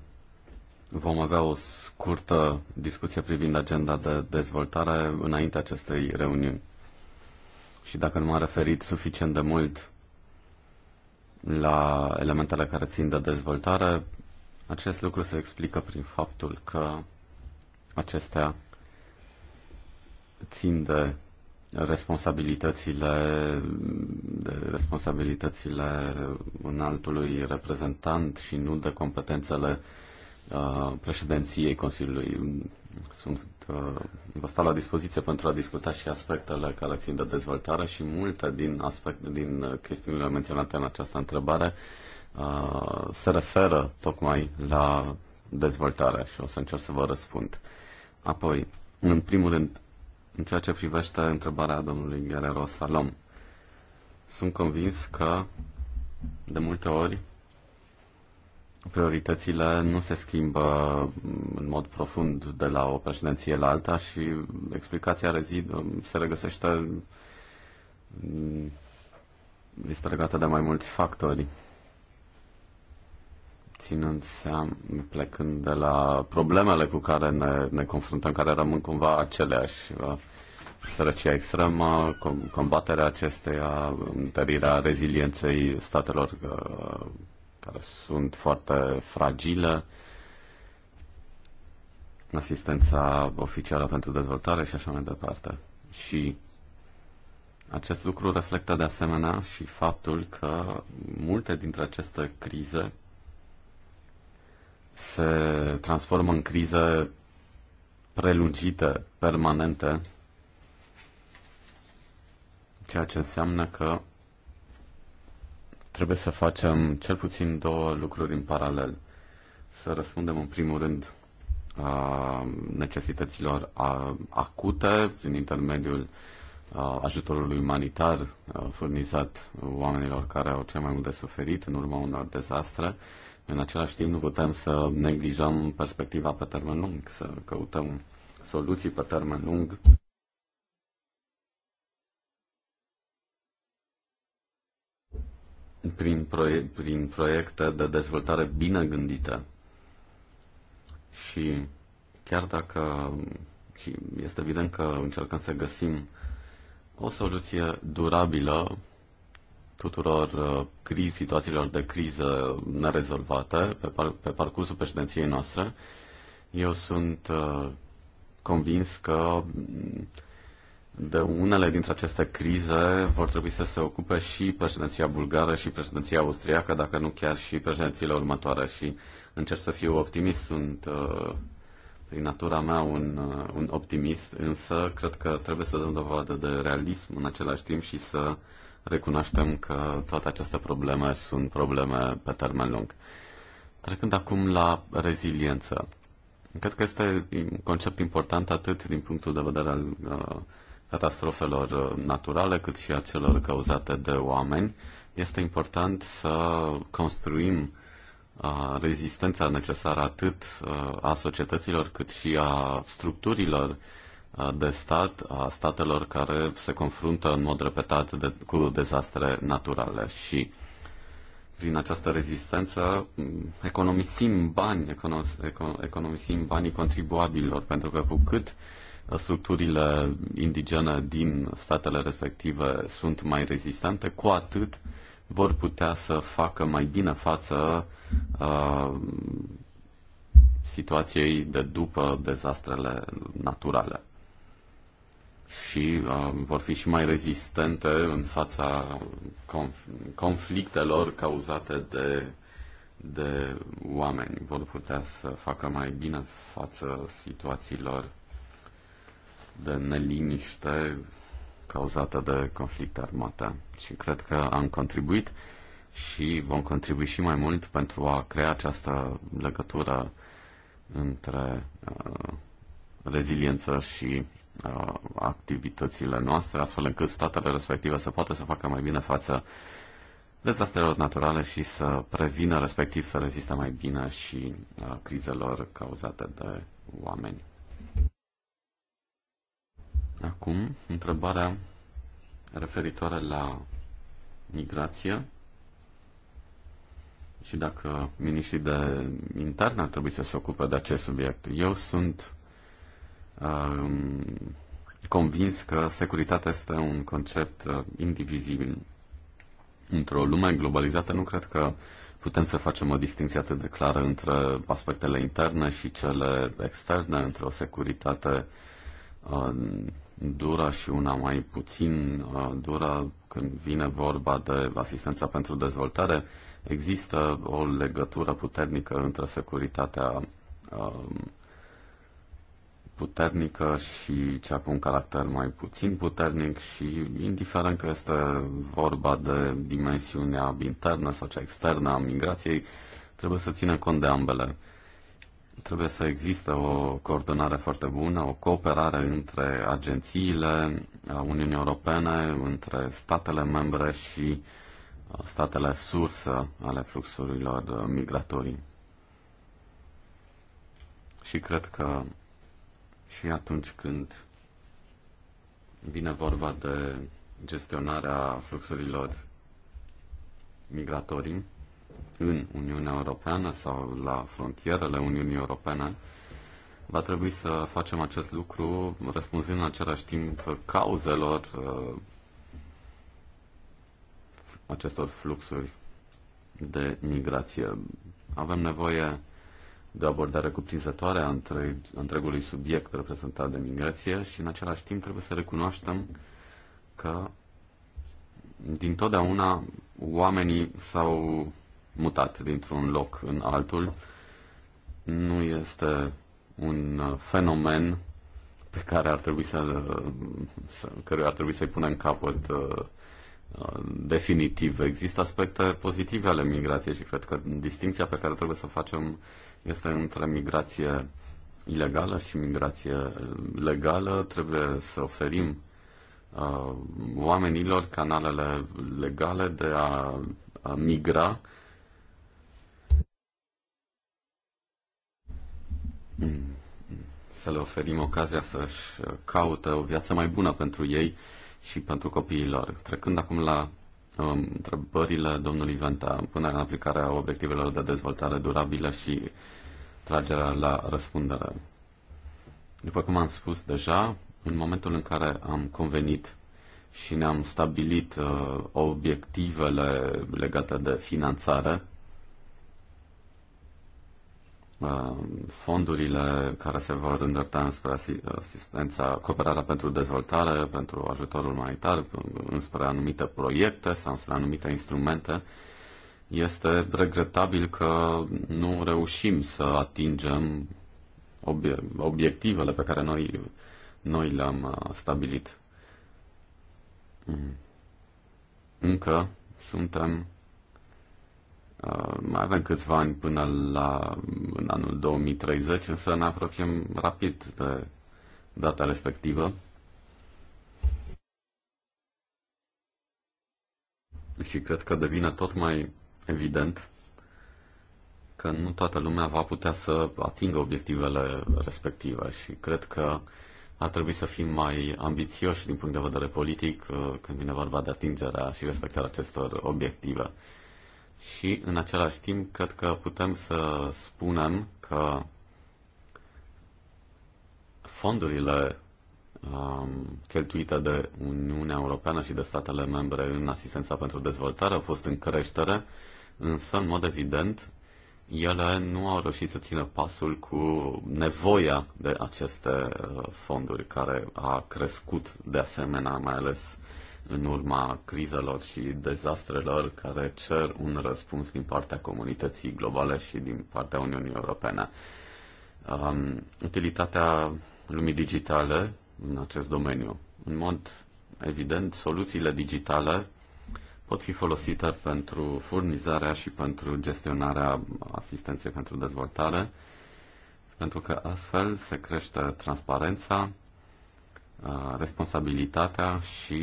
vom avea o scurtă discuție privind agenda de dezvoltare înainte acestei reuniuni. Și dacă nu m-am referit suficient de mult la elementele care țin de dezvoltare, acest lucru se explică prin faptul că acestea țin de responsabilitățile, de responsabilitățile înaltului reprezentant și nu de competențele uh, președinției Consiliului. Sunt, uh, vă stau la dispoziție pentru a discuta și aspectele care țin de dezvoltare și multe din, aspect, din chestiunile menționate în această întrebare uh, se referă tocmai la dezvoltare și o să încerc să vă răspund. Apoi, în primul rând, în ceea ce privește întrebarea domnului Guerrero Salom, sunt convins că de multe ori prioritățile nu se schimbă în mod profund de la o președinție la alta și explicația rezid- se regăsește este legată de mai mulți factori ținând seama, plecând de la problemele cu care ne, ne confruntăm, care rămân cumva aceleași, uh, sărăcia extremă, combaterea acesteia, întărirea rezilienței statelor uh, care sunt foarte fragile, asistența oficială pentru dezvoltare și așa mai departe. Și acest lucru reflectă de asemenea și faptul că multe dintre aceste crize se transformă în criză prelungită permanentă, ceea ce înseamnă că trebuie să facem cel puțin două lucruri în paralel. Să răspundem în primul rând a necesităților acute prin intermediul ajutorului umanitar furnizat oamenilor care au cel mai mult de suferit în urma unor dezastre în același timp, nu putem să neglijăm perspectiva pe termen lung, să căutăm soluții pe termen lung. Prin, proie- prin proiecte de dezvoltare bine gândite. Și chiar dacă și este evident că încercăm să găsim o soluție durabilă tuturor uh, criz, situațiilor de criză nerezolvate pe, par, pe parcursul președinției noastre. Eu sunt uh, convins că mm, de unele dintre aceste crize vor trebui să se ocupe și președinția bulgară și președinția austriacă, dacă nu chiar și președințiile următoare. Și încerc să fiu optimist, sunt uh, prin natura mea un, un optimist, însă cred că trebuie să dăm dovadă de realism în același timp și să uh, recunoaștem că toate aceste probleme sunt probleme pe termen lung. Trecând acum la reziliență. Cred că este un concept important atât din punctul de vedere al uh, catastrofelor uh, naturale, cât și a celor cauzate de oameni. Este important să construim uh, rezistența necesară atât uh, a societăților cât și a structurilor de stat a statelor care se confruntă în mod repetat de, cu dezastre naturale și prin această rezistență economisim bani, econo, economisim banii contribuabililor, pentru că cu cât structurile indigene din statele respective sunt mai rezistente, cu atât vor putea să facă mai bine față uh, situației de după dezastrele naturale și uh, vor fi și mai rezistente în fața conf- conflictelor cauzate de, de oameni. Vor putea să facă mai bine față situațiilor de neliniște cauzată de conflicte armate. Și cred că am contribuit și vom contribui și mai mult pentru a crea această legătură între uh, reziliență și Uh, activitățile noastre, astfel încât statele respective să poată să facă mai bine față dezastrelor naturale și să prevină, respectiv să reziste mai bine și uh, crizelor cauzate de oameni. Acum, întrebarea referitoare la migrație și dacă miniștrii de interne ar trebui să se ocupe de acest subiect. Eu sunt convins că securitatea este un concept uh, indivizibil. Într-o lume globalizată nu cred că putem să facem o distinție atât de clară între aspectele interne și cele externe, între o securitate uh, dură și una mai puțin uh, dură când vine vorba de asistența pentru dezvoltare. Există o legătură puternică între securitatea uh, puternică și cea cu un caracter mai puțin puternic și indiferent că este vorba de dimensiunea internă sau cea externă a migrației, trebuie să țină cont de ambele. Trebuie să existe o coordonare foarte bună, o cooperare între agențiile Uniunii Europene, între statele membre și uh, statele sursă ale fluxurilor uh, migratorii. Și cred că și atunci când vine vorba de gestionarea fluxurilor migratorii în Uniunea Europeană sau la frontierele Uniunii Europene, va trebui să facem acest lucru răspunzând în același timp cauzelor uh, acestor fluxuri de migrație. Avem nevoie de o abordare cuprinzătoare a întregului subiect reprezentat de migrație și în același timp trebuie să recunoaștem că din totdeauna oamenii s-au mutat dintr-un loc în altul. Nu este un fenomen pe care ar trebui să, să care ar trebui să-i punem capăt uh, uh, definitiv. Există aspecte pozitive ale migrației și cred că distinția pe care trebuie să o facem este între migrație ilegală și migrație uh, legală. Trebuie să oferim uh, oamenilor canalele legale de a, a migra mm, mm. să le oferim ocazia să-și uh, caute o viață mai bună pentru ei și pentru copiii lor. Trecând acum la Um, întrebările domnului Venta, punerea în aplicare a obiectivelor de dezvoltare durabilă și tragerea la răspundere. După cum am spus deja, în momentul în care am convenit și ne-am stabilit uh, obiectivele legate de finanțare, Uh, fondurile care se vor îndrepta înspre asistența, cooperarea pentru dezvoltare, pentru ajutorul umanitar, înspre anumite proiecte sau înspre anumite instrumente. Este regretabil că nu reușim să atingem obiectivele pe care noi, noi le-am uh, stabilit. Mm. Încă suntem Uh, mai avem câțiva ani până la în anul 2030, însă ne apropiem rapid de data respectivă. Și cred că devine tot mai evident că nu toată lumea va putea să atingă obiectivele respective și cred că ar trebui să fim mai ambițioși din punct de vedere politic uh, când vine vorba de atingerea și respectarea acestor obiective și în același timp cred că putem să spunem că fondurile um, cheltuite de Uniunea Europeană și de statele membre în asistența pentru dezvoltare au fost în creștere, însă, în mod evident, ele nu au reușit să țină pasul cu nevoia de aceste uh, fonduri, care a crescut de asemenea, mai ales în urma crizelor și dezastrelor care cer un răspuns din partea comunității globale și din partea Uniunii Europene. Um, utilitatea lumii digitale în acest domeniu. În mod evident, soluțiile digitale pot fi folosite pentru furnizarea și pentru gestionarea asistenței pentru dezvoltare, pentru că astfel se crește transparența, responsabilitatea și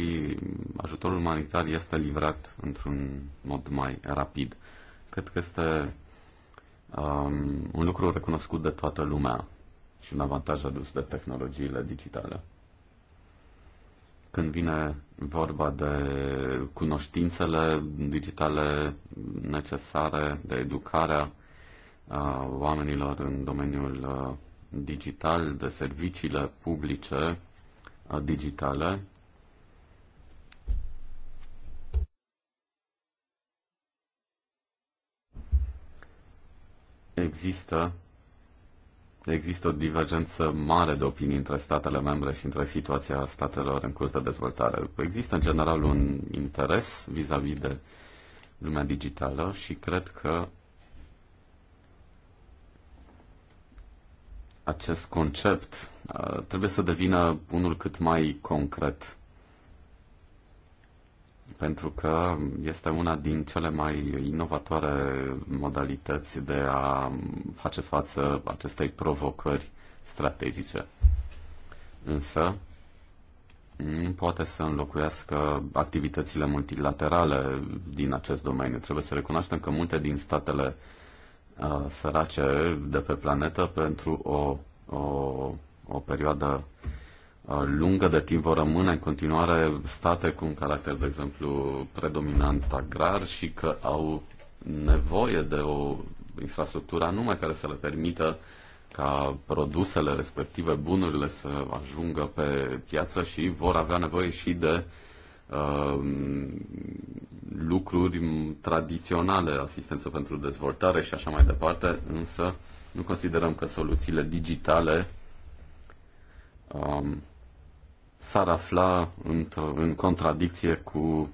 ajutorul umanitar este livrat într-un mod mai rapid. Cred că este um, un lucru recunoscut de toată lumea și un avantaj adus de tehnologiile digitale. Când vine vorba de cunoștințele digitale necesare, de educarea uh, oamenilor în domeniul uh, digital, de serviciile publice, digitală Există, există o divergență mare de opinii între statele membre și între situația statelor în curs de dezvoltare. Există în general un interes vis-a-vis -vis de lumea digitală și cred că acest concept Uh, trebuie să devină unul cât mai concret. Pentru că este una din cele mai inovatoare modalități de a face față acestei provocări strategice. Însă, nu poate să înlocuiască activitățile multilaterale din acest domeniu. Trebuie să recunoaștem că multe din statele uh, sărace de pe planetă pentru o, o o perioadă uh, lungă de timp vor rămâne în continuare state cu un caracter, de exemplu, predominant agrar și că au nevoie de o infrastructură anume care să le permită ca produsele respective, bunurile să ajungă pe piață și vor avea nevoie și de uh, lucruri tradiționale, asistență pentru dezvoltare și așa mai departe, însă nu considerăm că soluțiile digitale um, s-ar afla în contradicție cu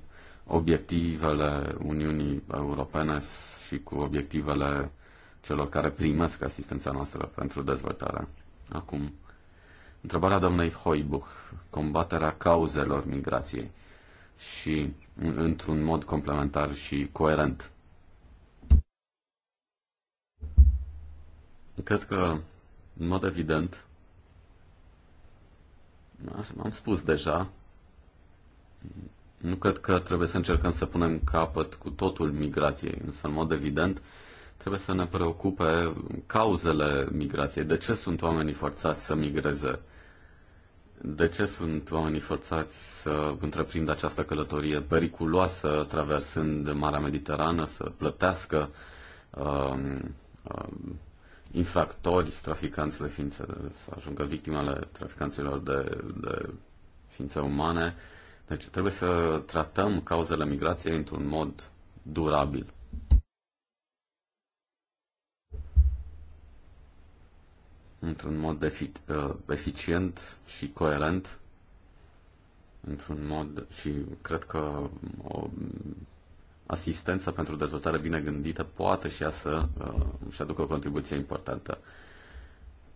obiectivele Uniunii Europene și cu obiectivele celor care primesc asistența noastră pentru dezvoltare. Acum, întrebarea domnului Hoibuch, combaterea cauzelor migrației și într-un mod complementar și coerent. Cred că, în mod evident, am spus deja, nu cred că trebuie să încercăm să punem capăt cu totul migrației, însă, în mod evident, trebuie să ne preocupe cauzele migrației. De ce sunt oamenii forțați să migreze? De ce sunt oamenii forțați să întreprindă această călătorie periculoasă, traversând Marea Mediterană, să plătească uh, uh, infractori, traficanți de ființe, să ajungă victimele traficanților de, de ființe umane. Deci trebuie să tratăm cauzele migrației într-un mod durabil. Într-un mod uh, eficient și coerent. Într-un mod și cred că o asistență pentru dezvoltare bine gândită poate și ea să uh, și aducă o contribuție importantă.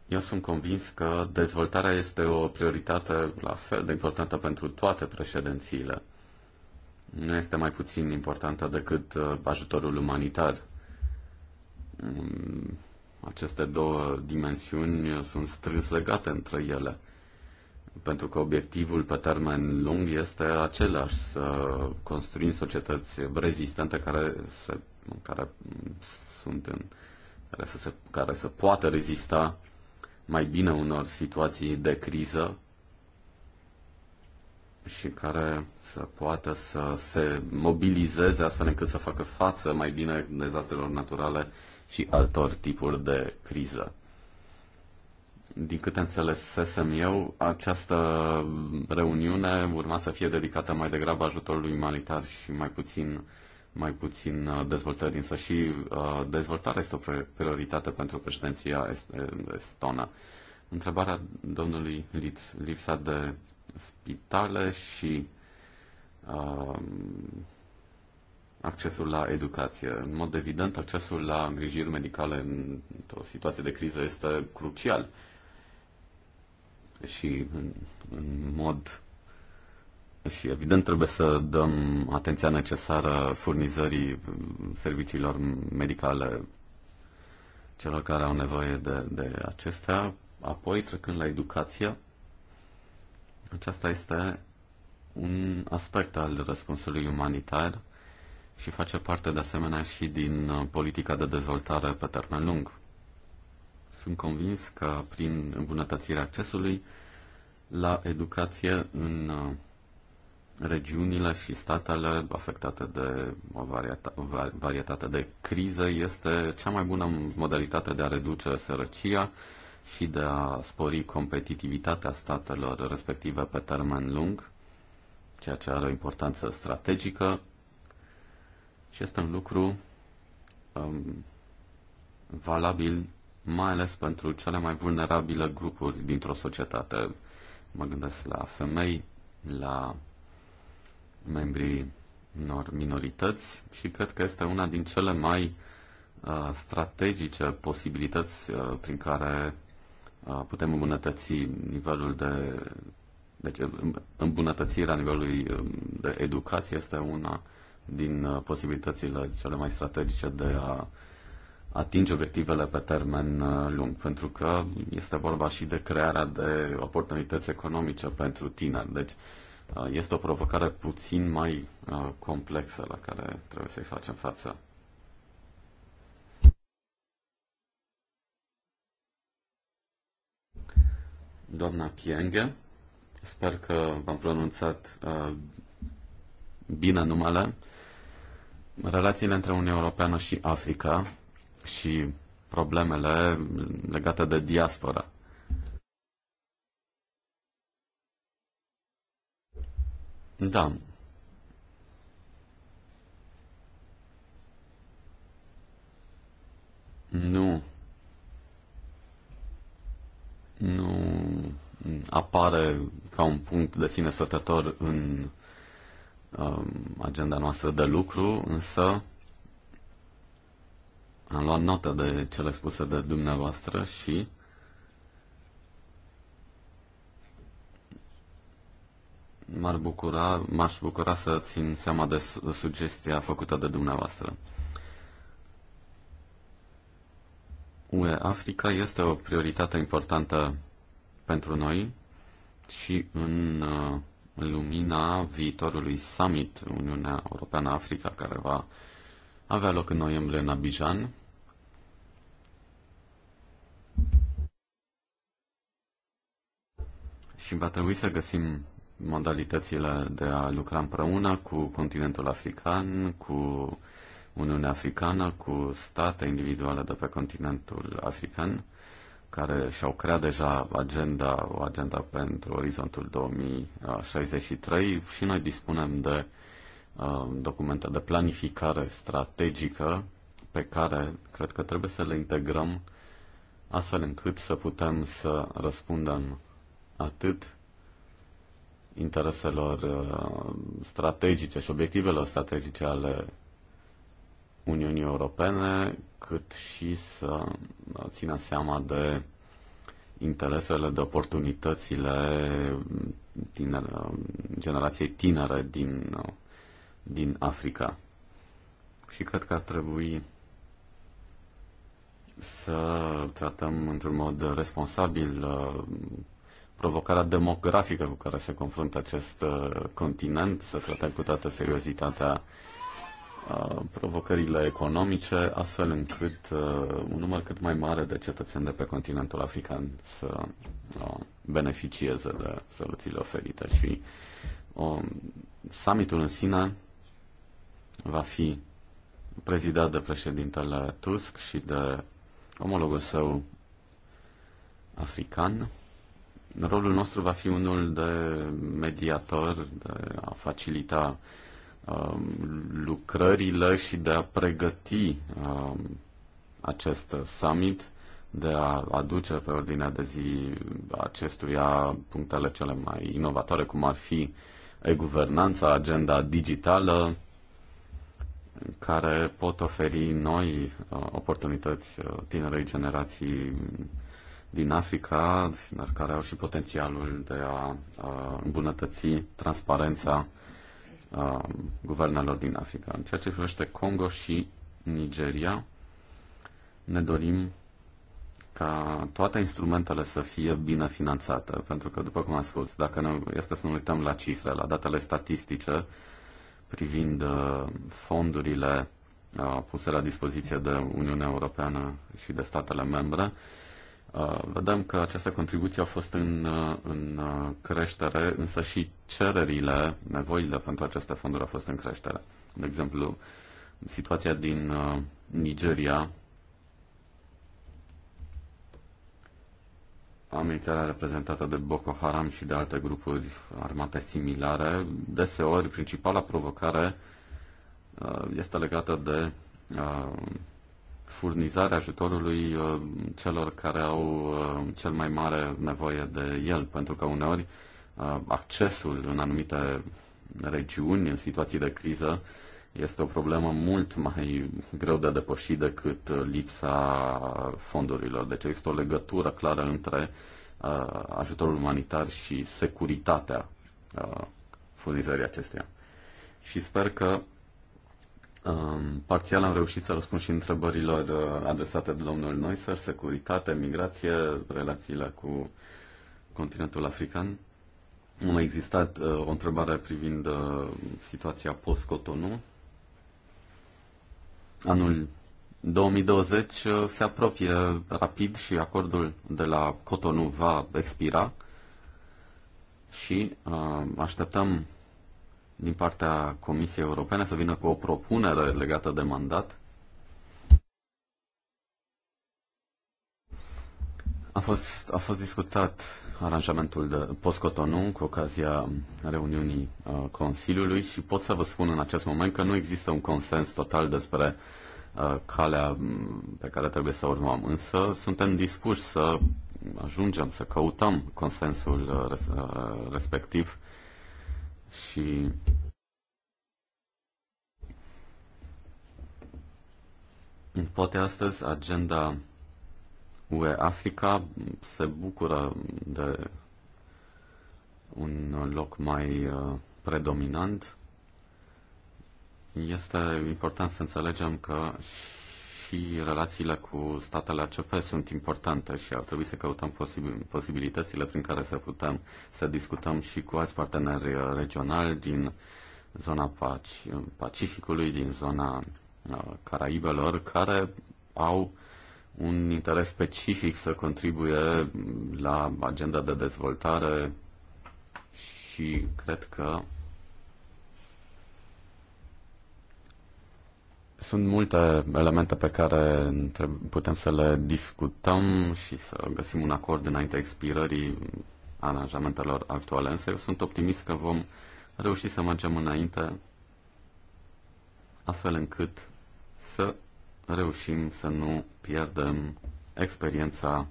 Eu sunt convins că dezvoltarea este o prioritate la fel de importantă pentru toate președințiile. Nu este mai puțin importantă decât uh, ajutorul umanitar. Mm, aceste două dimensiuni sunt strâns legate între ele pentru că obiectivul pe termen lung este același, să construim societăți rezistente care, se, care sunt în, care să, se, care să poată rezista mai bine unor situații de criză și care să poată să se mobilizeze astfel încât să facă față mai bine dezastrelor naturale și altor tipuri de criză. Din câte înțelesesem eu, această reuniune urma să fie dedicată mai degrabă ajutorului umanitar și mai puțin, mai puțin uh, dezvoltării, însă și uh, dezvoltarea este o prioritate pentru președinția estonă. Întrebarea domnului lipsa de spitale și uh, accesul la educație. În mod evident, accesul la îngrijiri medicale într-o situație de criză este crucial și în, în mod și evident trebuie să dăm atenția necesară furnizării serviciilor medicale celor care au nevoie de, de acestea. Apoi, trecând la educație, aceasta este un aspect al răspunsului umanitar și face parte de asemenea și din politica de dezvoltare pe termen lung. Sunt convins că prin îmbunătățirea accesului la educație în uh, regiunile și statele afectate de o varietate de criză este cea mai bună modalitate de a reduce sărăcia și de a spori competitivitatea statelor respective pe termen lung, ceea ce are o importanță strategică și este un lucru um, valabil mai ales pentru cele mai vulnerabile grupuri dintr-o societate. Mă gândesc la femei, la membrii unor minorități și cred că este una din cele mai uh, strategice posibilități uh, prin care uh, putem îmbunătăți nivelul de. Deci, îmbunătățirea nivelului um, de educație este una din uh, posibilitățile cele mai strategice de a uh, atingi obiectivele pe termen uh, lung, pentru că este vorba și de crearea de oportunități economice pentru tineri. Deci uh, este o provocare puțin mai uh, complexă la care trebuie să-i facem față. Doamna Chienghe, sper că v-am pronunțat uh, bine numele. Relațiile între Uniunea Europeană și Africa și problemele legate de diaspora. Da. Nu. Nu apare ca un punct de sine stătător în um, agenda noastră de lucru, însă am luat notă de cele spuse de dumneavoastră și m-ar bucura, m-aș bucura să țin seama de sugestia făcută de dumneavoastră. UE Africa este o prioritate importantă pentru noi și în uh, lumina viitorului summit Uniunea Europeană-Africa care va avea loc în noiembrie în Abidjan. Și va trebui să găsim modalitățile de a lucra împreună cu continentul african, cu Uniunea Africană, cu state individuale de pe continentul african, care și-au creat deja agenda, o agenda pentru orizontul 2063 și noi dispunem de uh, Um, documente de planificare strategică pe care cred că trebuie să le integrăm astfel încât să putem să răspundem atât intereselor uh, strategice și obiectivelor strategice ale Uniunii Europene, cât și să uh, țină seama de interesele, de oportunitățile um, tinere, um, generației tinere din uh, din Africa. Și cred că ar trebui să tratăm într-un mod responsabil uh, provocarea demografică cu care se confruntă acest uh, continent, să tratăm cu toată seriozitatea uh, provocările economice, astfel încât un număr cât mai mare de cetățeni de pe continentul african să beneficieze de soluțiile oferite. Și um, summitul în sine va fi prezidat de președintele Tusk și de omologul său african. Rolul nostru va fi unul de mediator, de a facilita uh, lucrările și de a pregăti uh, acest summit, de a aduce pe ordinea de zi acestuia punctele cele mai inovatoare, cum ar fi e-guvernanța, agenda digitală, care pot oferi noi uh, oportunități uh, tinerei generații din Africa, dar care au și potențialul de a îmbunătăți transparența uh, guvernelor din Africa. În ceea ce privește Congo și Nigeria, ne dorim ca toate instrumentele să fie bine finanțate, pentru că, după cum am spus, dacă nu este să ne uităm la cifre, la datele statistice, privind uh, fondurile uh, puse la dispoziție de Uniunea Europeană și de statele membre, uh, vedem că această contribuție a fost în, în creștere, însă și cererile, nevoile pentru aceste fonduri au fost în creștere. De exemplu, situația din Nigeria amenințarea reprezentată de Boko Haram și de alte grupuri armate similare, deseori principala provocare uh, este legată de uh, furnizarea ajutorului uh, celor care au cel mai mare nevoie de el, pentru că uneori accesul în anumite regiuni, în situații de criză, este o problemă mult mai greu de depășit decât lipsa fondurilor. Deci există o legătură clară între uh, ajutorul umanitar și securitatea uh, furnizării acestuia. Și sper că um, parțial am reușit să răspund și întrebărilor uh, adresate de domnul Neusser, securitate, migrație, relațiile cu continentul african. Nu a existat uh, o întrebare privind uh, situația post-Cotonou, Anul 2020 mhm. uh, se apropie rapid și acordul de la Cotonou va expira și uh, așteptăm din partea Comisiei Europene să vină cu o propunere legată de mandat. A fost, a fost discutat aranjamentul de post-Cotonou cu ocazia reuniunii uh, Consiliului și pot să vă spun în acest moment că nu există un consens total despre uh, calea mm, pe care trebuie să urmăm, însă suntem dispuși să ajungem să căutăm consensul uh, respectiv și poate astăzi agenda UE Africa se bucură de un loc mai uh, predominant. Este important să înțelegem că și relațiile cu statele ACP sunt importante și ar trebui să căutăm posibilitățile prin care să putem să discutăm și cu alți parteneri uh, regionali din zona Pacificului, din zona uh, Caraibelor, care au un interes specific să contribuie la agenda de dezvoltare și cred că Sunt multe elemente pe care putem să le discutăm și să găsim un acord înaintea expirării aranjamentelor actuale, însă eu sunt optimist că vom reuși să mergem înainte astfel încât să reușim să nu pierdem experiența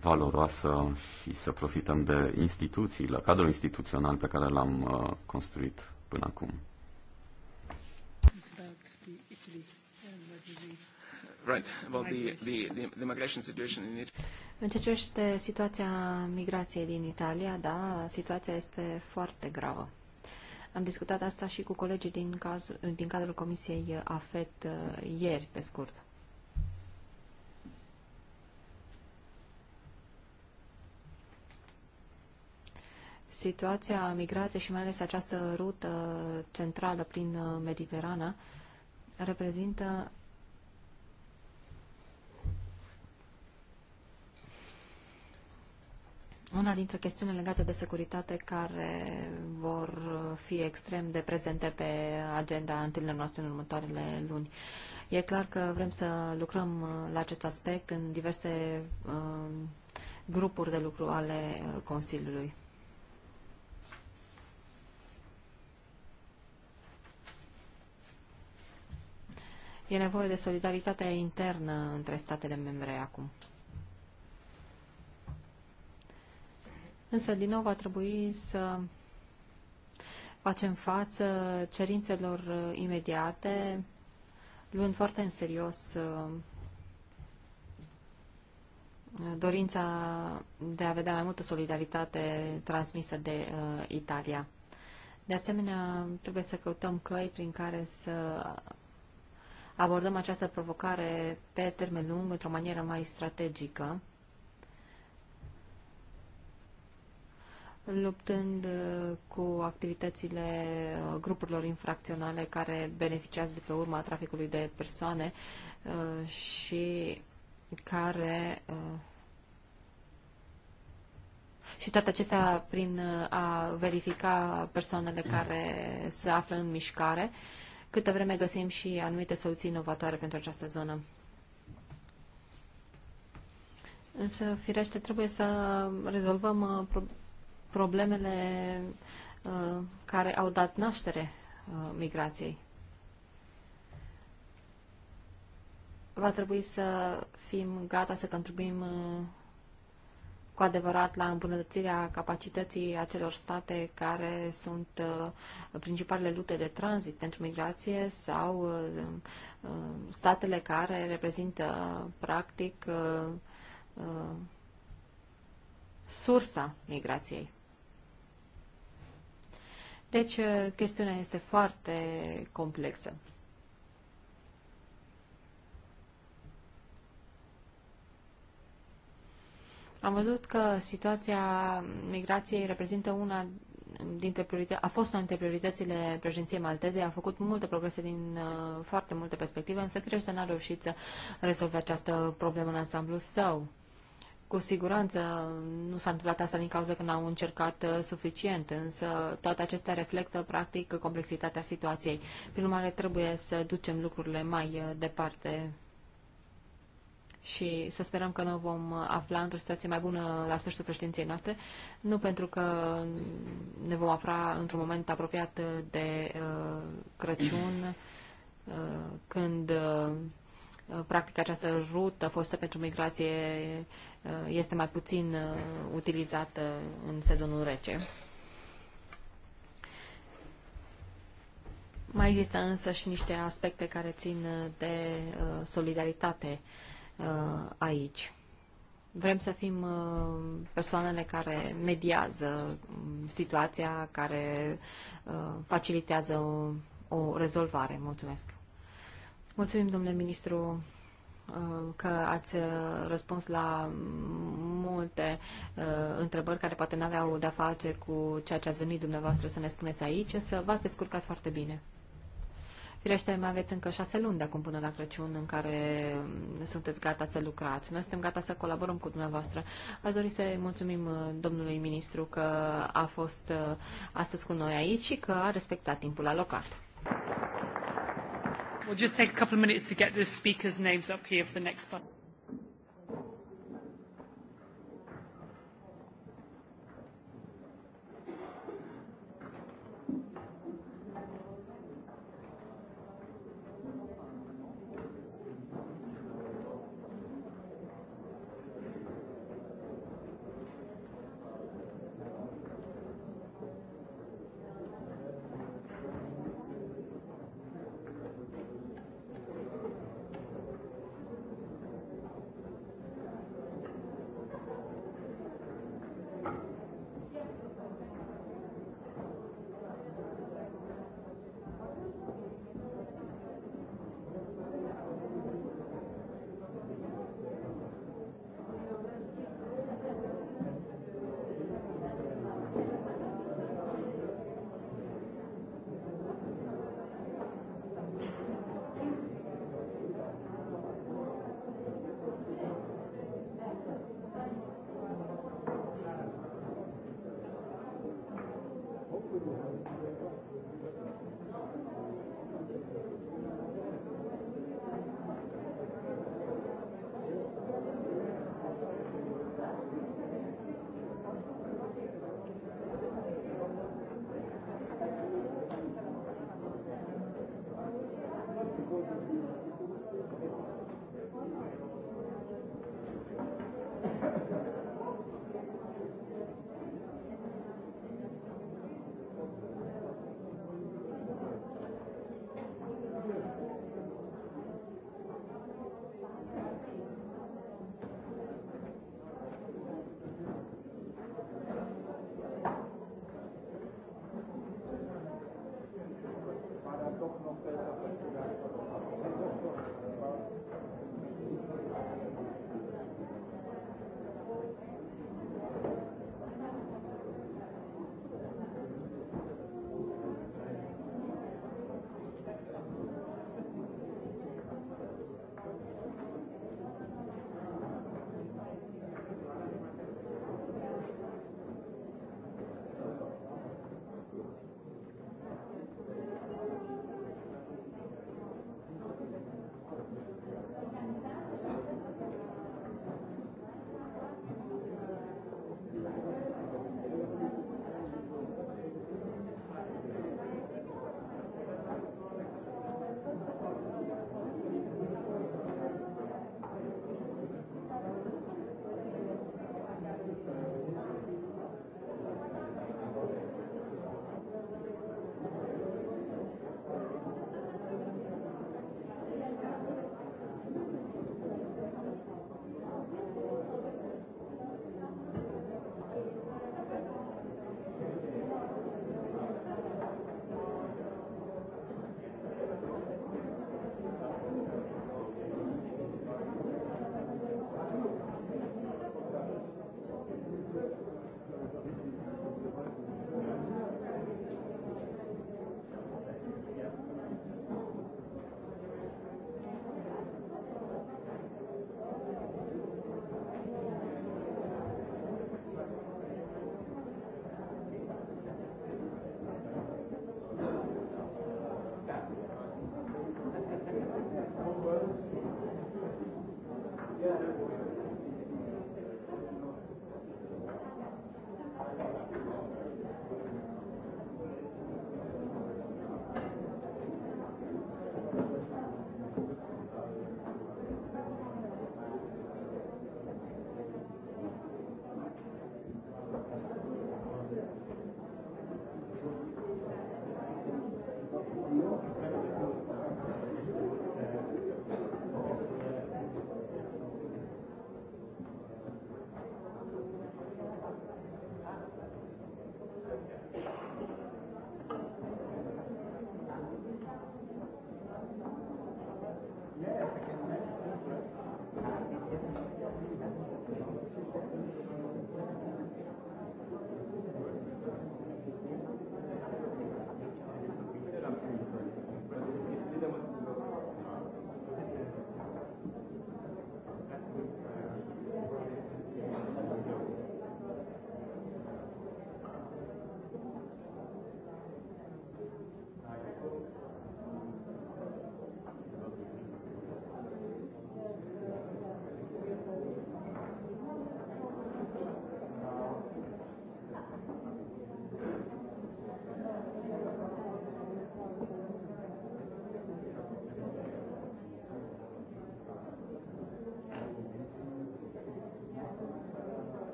valoroasă și să profităm de instituțiile, cadrul instituțional pe care l-am uh, construit până acum. Right, about the, the, the, the migration situation in Italy. În ce privește situația migrației din Italia, da, situația este foarte gravă. Am discutat asta și cu colegii din, caz, din cadrul Comisiei AFET uh, ieri, pe scurt. Situația migrației și mai ales această rută centrală prin uh, Mediterana reprezintă una dintre chestiunile legate de securitate care vor fi extrem de prezente pe agenda întâlnirilor noastre în următoarele luni. E clar că vrem să lucrăm uh, la acest aspect în diverse uh, grupuri de lucru ale uh, Consiliului. E nevoie de solidaritate internă între statele membre acum. Însă, din nou, va trebui să facem față cerințelor uh, imediate, luând foarte în serios uh, dorința de a vedea mai multă solidaritate transmisă de uh, Italia. De asemenea, trebuie să căutăm căi prin care să abordăm această provocare pe termen lung într-o manieră mai strategică luptând uh, cu activitățile uh, grupurilor infracționale care beneficiază de pe urma traficului de persoane uh, și care și toate acestea prin a verifica persoanele mm. care se află în mișcare, câtă vreme găsim și anumite soluții inovatoare pentru această zonă. Însă, firește, trebuie să rezolvăm problemele problemele uh, care au dat naștere uh, migrației. Va trebui să fim gata să contribuim uh, cu adevărat la îmbunătățirea capacității acelor state care sunt principalele lute de tranzit pentru migrație sau statele care reprezintă practic sursa migrației. Deci, uh, chestiunea este foarte complexă. Am văzut că situația migrației reprezintă una dintre priorități, a fost una dintre prioritățile președinției maltezei, a făcut multe progrese din uh, foarte multe perspective, însă crește n-a reușit să rezolve această problemă în ansamblu său. Cu siguranță nu s-a întâmplat asta din cauza că n-au încercat uh, suficient, însă toate acestea reflectă practic complexitatea situației. Prin urmare, trebuie să ducem lucrurile mai uh, departe și să sperăm că ne vom uh, afla într-o situație mai bună la sfârșitul președinției noastre, nu pentru că ne vom afla într-un moment apropiat de uh, Crăciun, uh, când uh, Uh, practic această rută fostă pentru migrație uh, este mai puțin uh, utilizată în sezonul rece. Mai există însă și niște aspecte care țin de solidaritate aici. Vrem să fim persoanele care mediază um, situația, care facilitează o, o rezolvare. Mulțumesc! Mulțumim, domnule ministru, uh, că ați uh, răspuns la multe uh, întrebări care poate n-aveau de-a face cu ceea ce ați venit dumneavoastră să ne spuneți aici, însă v-ați descurcat foarte bine. Firește, mai aveți încă șase luni de acum până la Crăciun în care sunteți gata să lucrați. Noi suntem gata să colaborăm cu dumneavoastră. Aș dori să mulțumim domnului ministru că a fost astăzi cu noi aici și că a respectat timpul alocat. We'll just take a couple of minutes to get the speakers' names up here for the next part.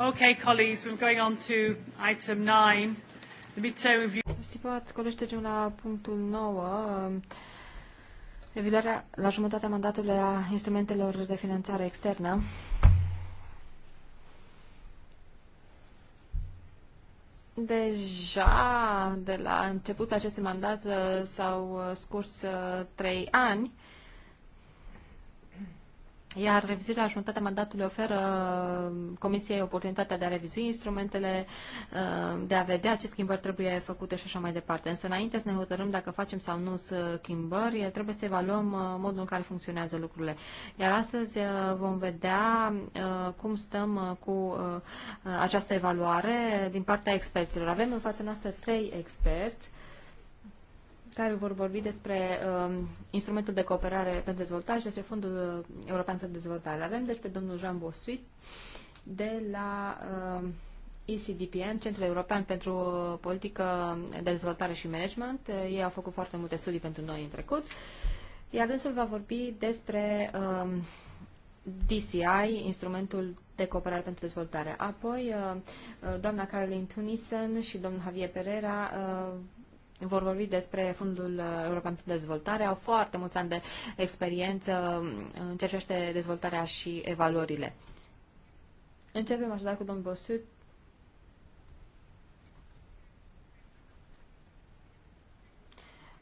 Okay, colleagues, we're going on to item 9, the midterm review. Stimați colegi, trecem la punctul 9. Evaluarea la jumătatea mandatului a instrumentelor de finanțare externă. Deja de la începutul acestui mandat s-au scurs uh, trei ani iar revizuirea jumătatea mandatului oferă Comisiei oportunitatea de a revizui instrumentele, uh, de a vedea ce schimbări trebuie făcute și așa mai departe. Însă înainte să ne hotărâm dacă facem sau nu uh, schimbări, trebuie să evaluăm uh, modul în care funcționează lucrurile. Iar astăzi vom vedea cum stăm cu această evaluare din partea experților. Avem în fața noastră trei experți care vor vorbi despre uh, instrumentul de cooperare pentru dezvoltare și despre Fondul European pentru Dezvoltare. Avem deci pe domnul Jean Bossuit de la uh, um, ECDPM, Centrul European pentru Politică de Dezvoltare și Management. Uh, ei au făcut foarte multe studii pentru noi în trecut. Iar dânsul va vorbi despre uh, um, DCI, instrumentul de cooperare pentru dezvoltare. Apoi, uh, doamna Caroline Tunison și domnul Javier Pereira uh, vor vorbi despre fundul European de Dezvoltare. Au foarte mulți ani de experiență mm, în ceea ce privește dezvoltarea și evaluările. Începem așadar cu domnul Bosut.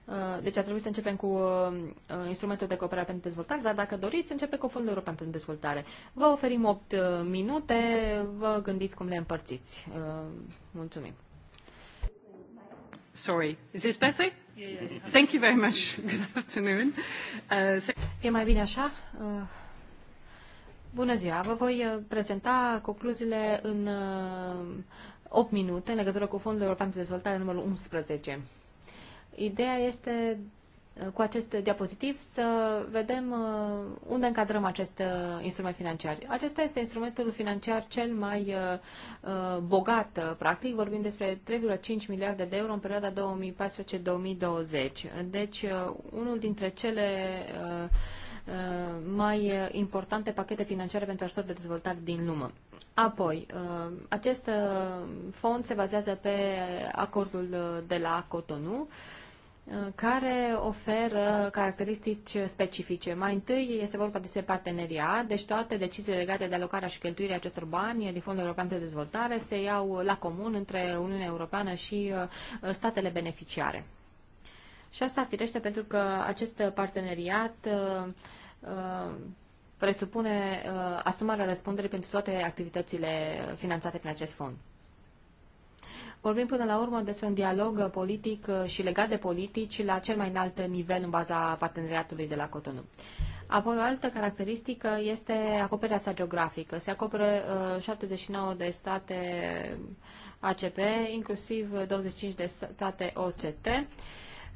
Uh, deci ar trebui să începem cu uh, instrumentul de cooperare pentru dezvoltare, dar dacă doriți, începe cu Fondul European pentru Dezvoltare. Vă oferim 8 uh, minute, vă gândiți cum le împărțiți. Mulțumim. Sorry, is this better? Thank you very much. Good afternoon. Uh, e mai bine așa? Uh, bună ziua! Vă voi uh, prezenta concluziile în uh, 8 minute în legătură cu Fondul European de Dezvoltare numărul 11. Ideea este cu acest diapozitiv să vedem uh, unde încadrăm acest uh, instrument financiar. Acesta este instrumentul financiar cel mai uh, bogat, practic, vorbim despre 3,5 miliarde de euro în perioada 2014-2020. Deci, unul dintre cele mai importante pachete financiare pentru ajutor de dezvoltare din lume. Apoi, acest fond se bazează pe acordul de la Cotonou, care oferă caracteristici specifice. Mai întâi este vorba despre parteneria, deci toate deciziile legate de alocarea și cheltuirea acestor bani din Fondul European de Dezvoltare se iau la comun între Uniunea Europeană și uh, statele beneficiare. Și asta firește pentru că acest parteneriat uh, uh, presupune asumarea răspunderii pentru toate activitățile finanțate prin acest fond. Vorbim până la urmă despre un dialog politic uh, și legat de politici la cel mai înalt nivel în baza parteneriatului de la Cotonou. Apoi o altă caracteristică este acoperirea sa geografică. Se acoperă uh, 79 de state ACP, inclusiv 25 de state OCT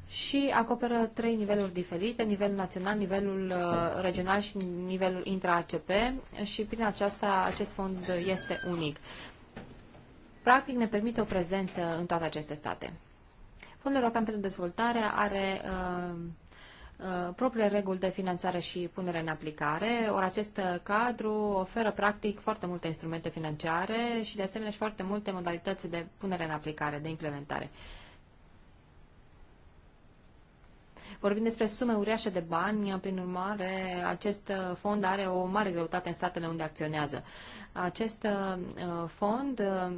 și acoperă trei niveluri diferite, nivelul național, nivelul uh, regional și nivelul intra-ACP și prin aceasta acest fond este unic practic ne permite o prezență în toate aceste state. Fondul European pentru Dezvoltare are uh, uh, propriile reguli de finanțare și punere în aplicare, ori acest cadru oferă practic foarte multe instrumente financiare și de asemenea și foarte multe modalități de punere în aplicare, de implementare. Vorbim despre sume uriașe de bani, prin urmare, acest fond are o mare greutate în statele unde acționează. Acest uh, fond uh,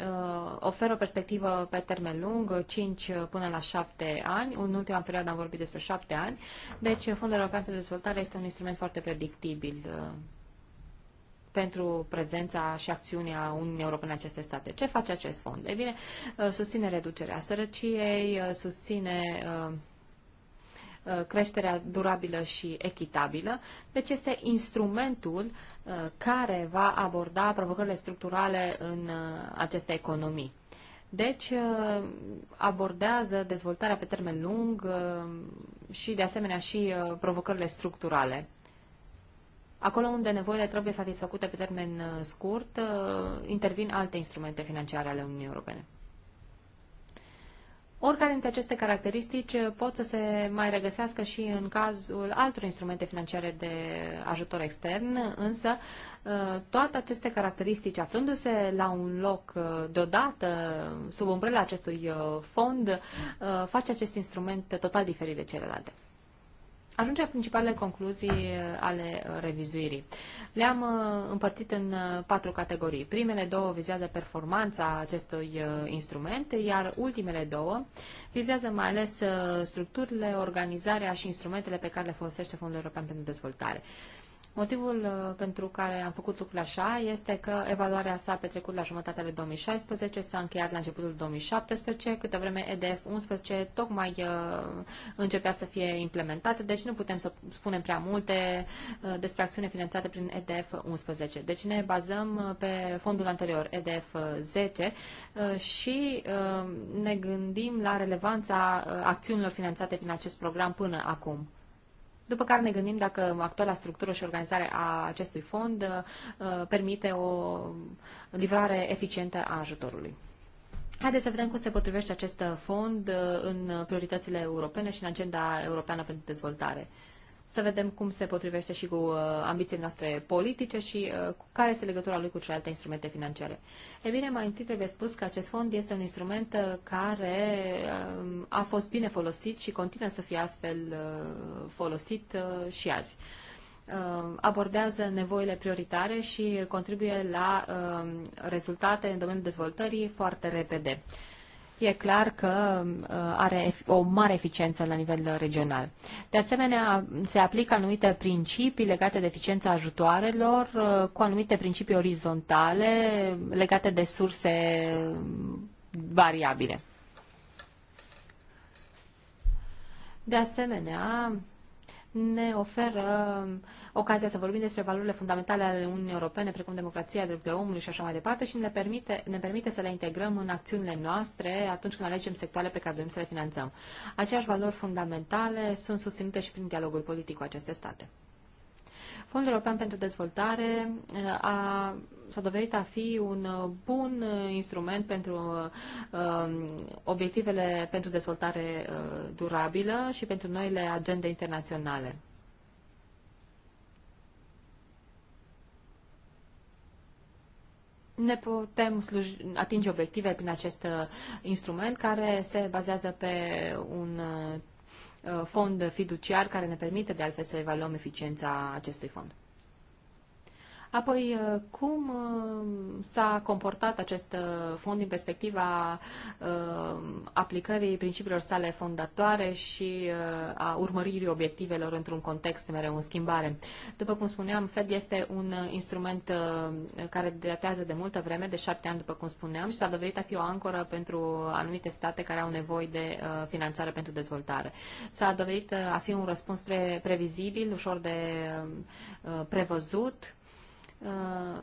Uh, oferă o perspectivă pe termen lung, 5 până la 7 ani. În ultima perioadă am vorbit despre 7 ani. Deci Fondul European pentru Dezvoltare este un instrument foarte predictibil uh, pentru prezența și acțiunea Uniunii Europene în aceste state. Ce face acest fond? Ei bine, uh, susține reducerea sărăciei, susține uh, Uh, creșterea durabilă și echitabilă. Deci este instrumentul uh, care va aborda provocările structurale în uh, aceste economii. Deci abordează dezvoltarea pe termen lung și de asemenea și provocările structurale. Acolo unde nevoile trebuie satisfăcute pe termen scurt, intervin alte instrumente financiare ale Uniunii Europene. Oricare dintre aceste caracteristici pot să se mai regăsească și în cazul altor instrumente financiare de ajutor extern, însă uh, toate aceste caracteristici aflându-se la un loc uh, deodată sub umbrela acestui uh, fond face acest instrument total diferit de celelalte ajunge la principalele concluzii uh, ale uh, revizuirii. Le-am uh, împărțit în patru categorii. Primele două vizează performanța acestui instrument, iar ultimele două vizează mai ales structurile, organizarea și instrumentele pe care le folosește Fondul European pentru Dezvoltare. Motivul uh, pentru care am făcut lucrul așa este că evaluarea s-a petrecut la jumătatea lui 2016, s-a încheiat la începutul 2017, câte vreme EDF 11 tocmai uh, începea să fie implementată, deci nu putem să spunem prea multe uh, despre acțiune finanțate prin EDF 11. Deci ne bazăm pe fondul anterior, EDF 10, și ne gândim la relevanța acțiunilor finanțate prin acest program până acum. După care ne gândim dacă actuala structură și organizare a acestui fond uh, permite o livrare eficientă a ajutorului. Haideți să vedem cum se potrivește acest fond uh, în prioritățile europene și în agenda europeană pentru dezvoltare să vedem cum se potrivește și cu uh, ambițiile noastre politice și uh, cu care este legătura lui cu celelalte instrumente financiare. E bine, mai întâi trebuie spus că acest fond este un instrument uh, care um, a fost bine folosit și continuă să fie astfel folosit și azi um, abordează nevoile prioritare și contribuie la um, rezultate în domeniul dezvoltării foarte repede e clar că uh, are o mare eficiență la nivel regional. De asemenea, se aplică anumite principii legate de eficiența ajutoarelor, uh, cu anumite principii orizontale legate de surse um, variabile. De asemenea, ne oferă ocazia să vorbim despre valorile fundamentale ale Uniunii Europene, precum democrația, drepturile omului și așa mai departe, și ne permite, ne permite să le integrăm în acțiunile noastre atunci când alegem sectoare pe care dorim să le finanțăm. Aceleași valori fundamentale sunt susținute și prin dialogul politic cu aceste state. Fondul European pentru Dezvoltare eh, a s-a dovedit a fi un eh, bun eh, instrument pentru uh, obiectivele pentru dezvoltare uh, durabilă și pentru noile agende internaționale. ne putem sluj- atinge obiective prin acest instrument care se bazează pe un fond fiduciar care ne permite de altfel să evaluăm eficiența acestui fond. Apoi, uh, cum uh, s-a comportat acest uh, fond din perspectiva aplicării principiilor sale fondatoare și a urmăririi obiectivelor într-un context mereu în schimbare? După cum spuneam, Fed este un instrument care datează de multă vreme, de șapte ani, după cum spuneam, și s-a dovedit a fi o ancoră pentru anumite state care au nevoie de finanțare pentru dezvoltare. S-a dovedit a fi un răspuns pre- previzibil, ușor de prevăzut, Uh,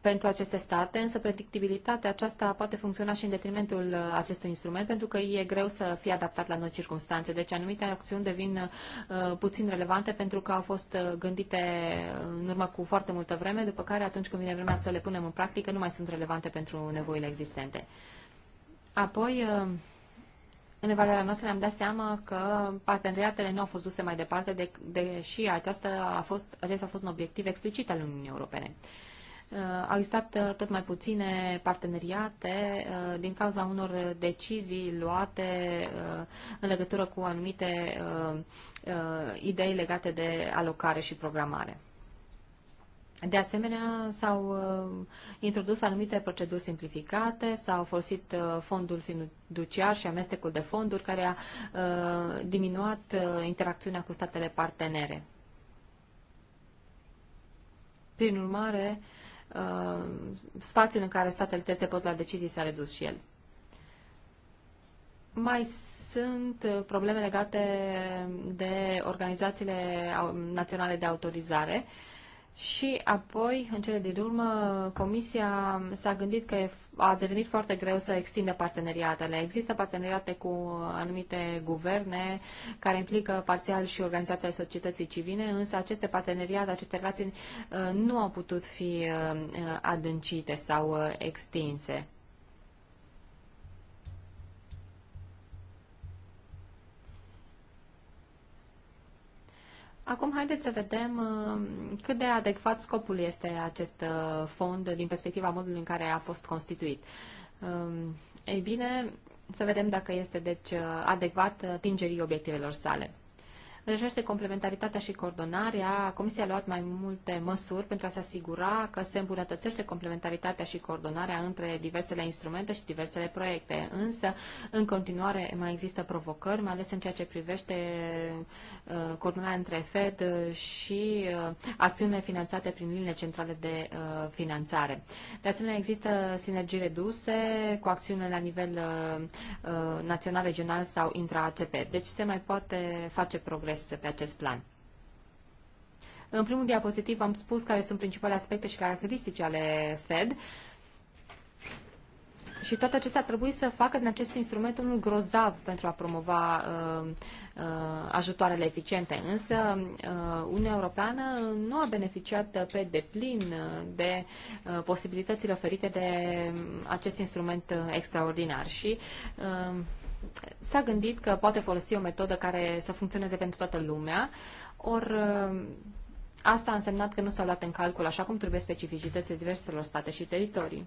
pentru aceste state, însă predictibilitatea aceasta poate funcționa și în detrimentul uh, acestui instrument, pentru că e greu să fie adaptat la noi circunstanțe. Deci anumite acțiuni devin uh, puțin relevante pentru că au fost uh, gândite în urmă cu foarte multă vreme, după care atunci când vine vremea să le punem în practică, nu mai sunt relevante pentru nevoile existente. Apoi, uh, în evaluarea noastră ne-am dat seama că parteneriatele nu au fost duse mai departe, de, deși aceasta a fost, acesta a fost un obiectiv explicit al Uniunii Europene. Uh, au existat uh, tot mai puține parteneriate uh, din cauza unor decizii luate în legătură cu anumite idei legate de alocare și programare. De asemenea, s-au uh, introdus anumite proceduri simplificate, s-au folosit uh, fondul fiduciar și amestecul de fonduri care a uh, diminuat interacțiunea cu statele partenere. Prin urmare, spațiul în care statele terțe pot la decizii s-a redus și el. Mai sunt probleme legate de organizațiile naționale de autorizare. Uh, și apoi, în cele din urmă, Comisia s-a gândit că a devenit foarte greu să extindă parteneriatele. Există parteneriate cu anumite guverne care implică parțial și organizația societății civile, însă aceste parteneriate, aceste relații uh, nu au putut fi uh, adâncite sau uh, extinse. Acum haideți să vedem uh, cât de adecvat scopul este acest uh, fond din perspectiva modului în care a fost constituit. Um, ei bine, să vedem dacă este deci adecvat atingerii obiectivelor sale. În complementaritatea și coordonarea, Comisia a luat mai multe măsuri pentru a se asigura că se îmbunătățește complementaritatea și coordonarea între diversele instrumente și diversele proiecte. Însă, în continuare, mai există provocări, mai ales în ceea ce privește uh, coordonarea între FED uh, și uh, acțiunile finanțate prin linile centrale de finanțare. De asemenea, există sinergii reduse cu acțiunile la nivel național, regional sau intra-ACP. Deci se mai poate face progres progres pe acest plan. În primul diapozitiv am spus care sunt principalele aspecte și caracteristici ale Fed. Și toate acestea trebuie să facă din acest instrument unul grozav pentru a promova uh, uh, ajutoarele eficiente. Însă uh, Uniunea Europeană nu a beneficiat pe deplin de uh, posibilitățile oferite de acest instrument uh, extraordinar. Și uh, s-a gândit că poate folosi o metodă care să funcționeze pentru toată lumea, ori ă, asta a însemnat că nu s-au luat în calcul așa cum trebuie specificitățile diverselor state și teritorii.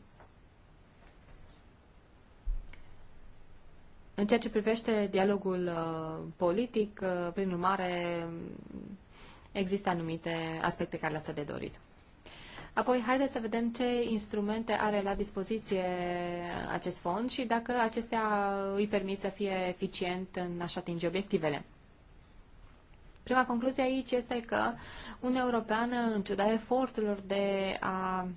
În ceea ce privește dialogul ă, politic, ă, prin urmare, există anumite aspecte care lasă de dorit. Apoi, haideți să vedem ce instrumente are la dispoziție acest fond și dacă acestea îi permit să fie eficient în a-și atinge obiectivele. Prima concluzie aici este că Uniunea Europeană, în ciuda eforturilor de a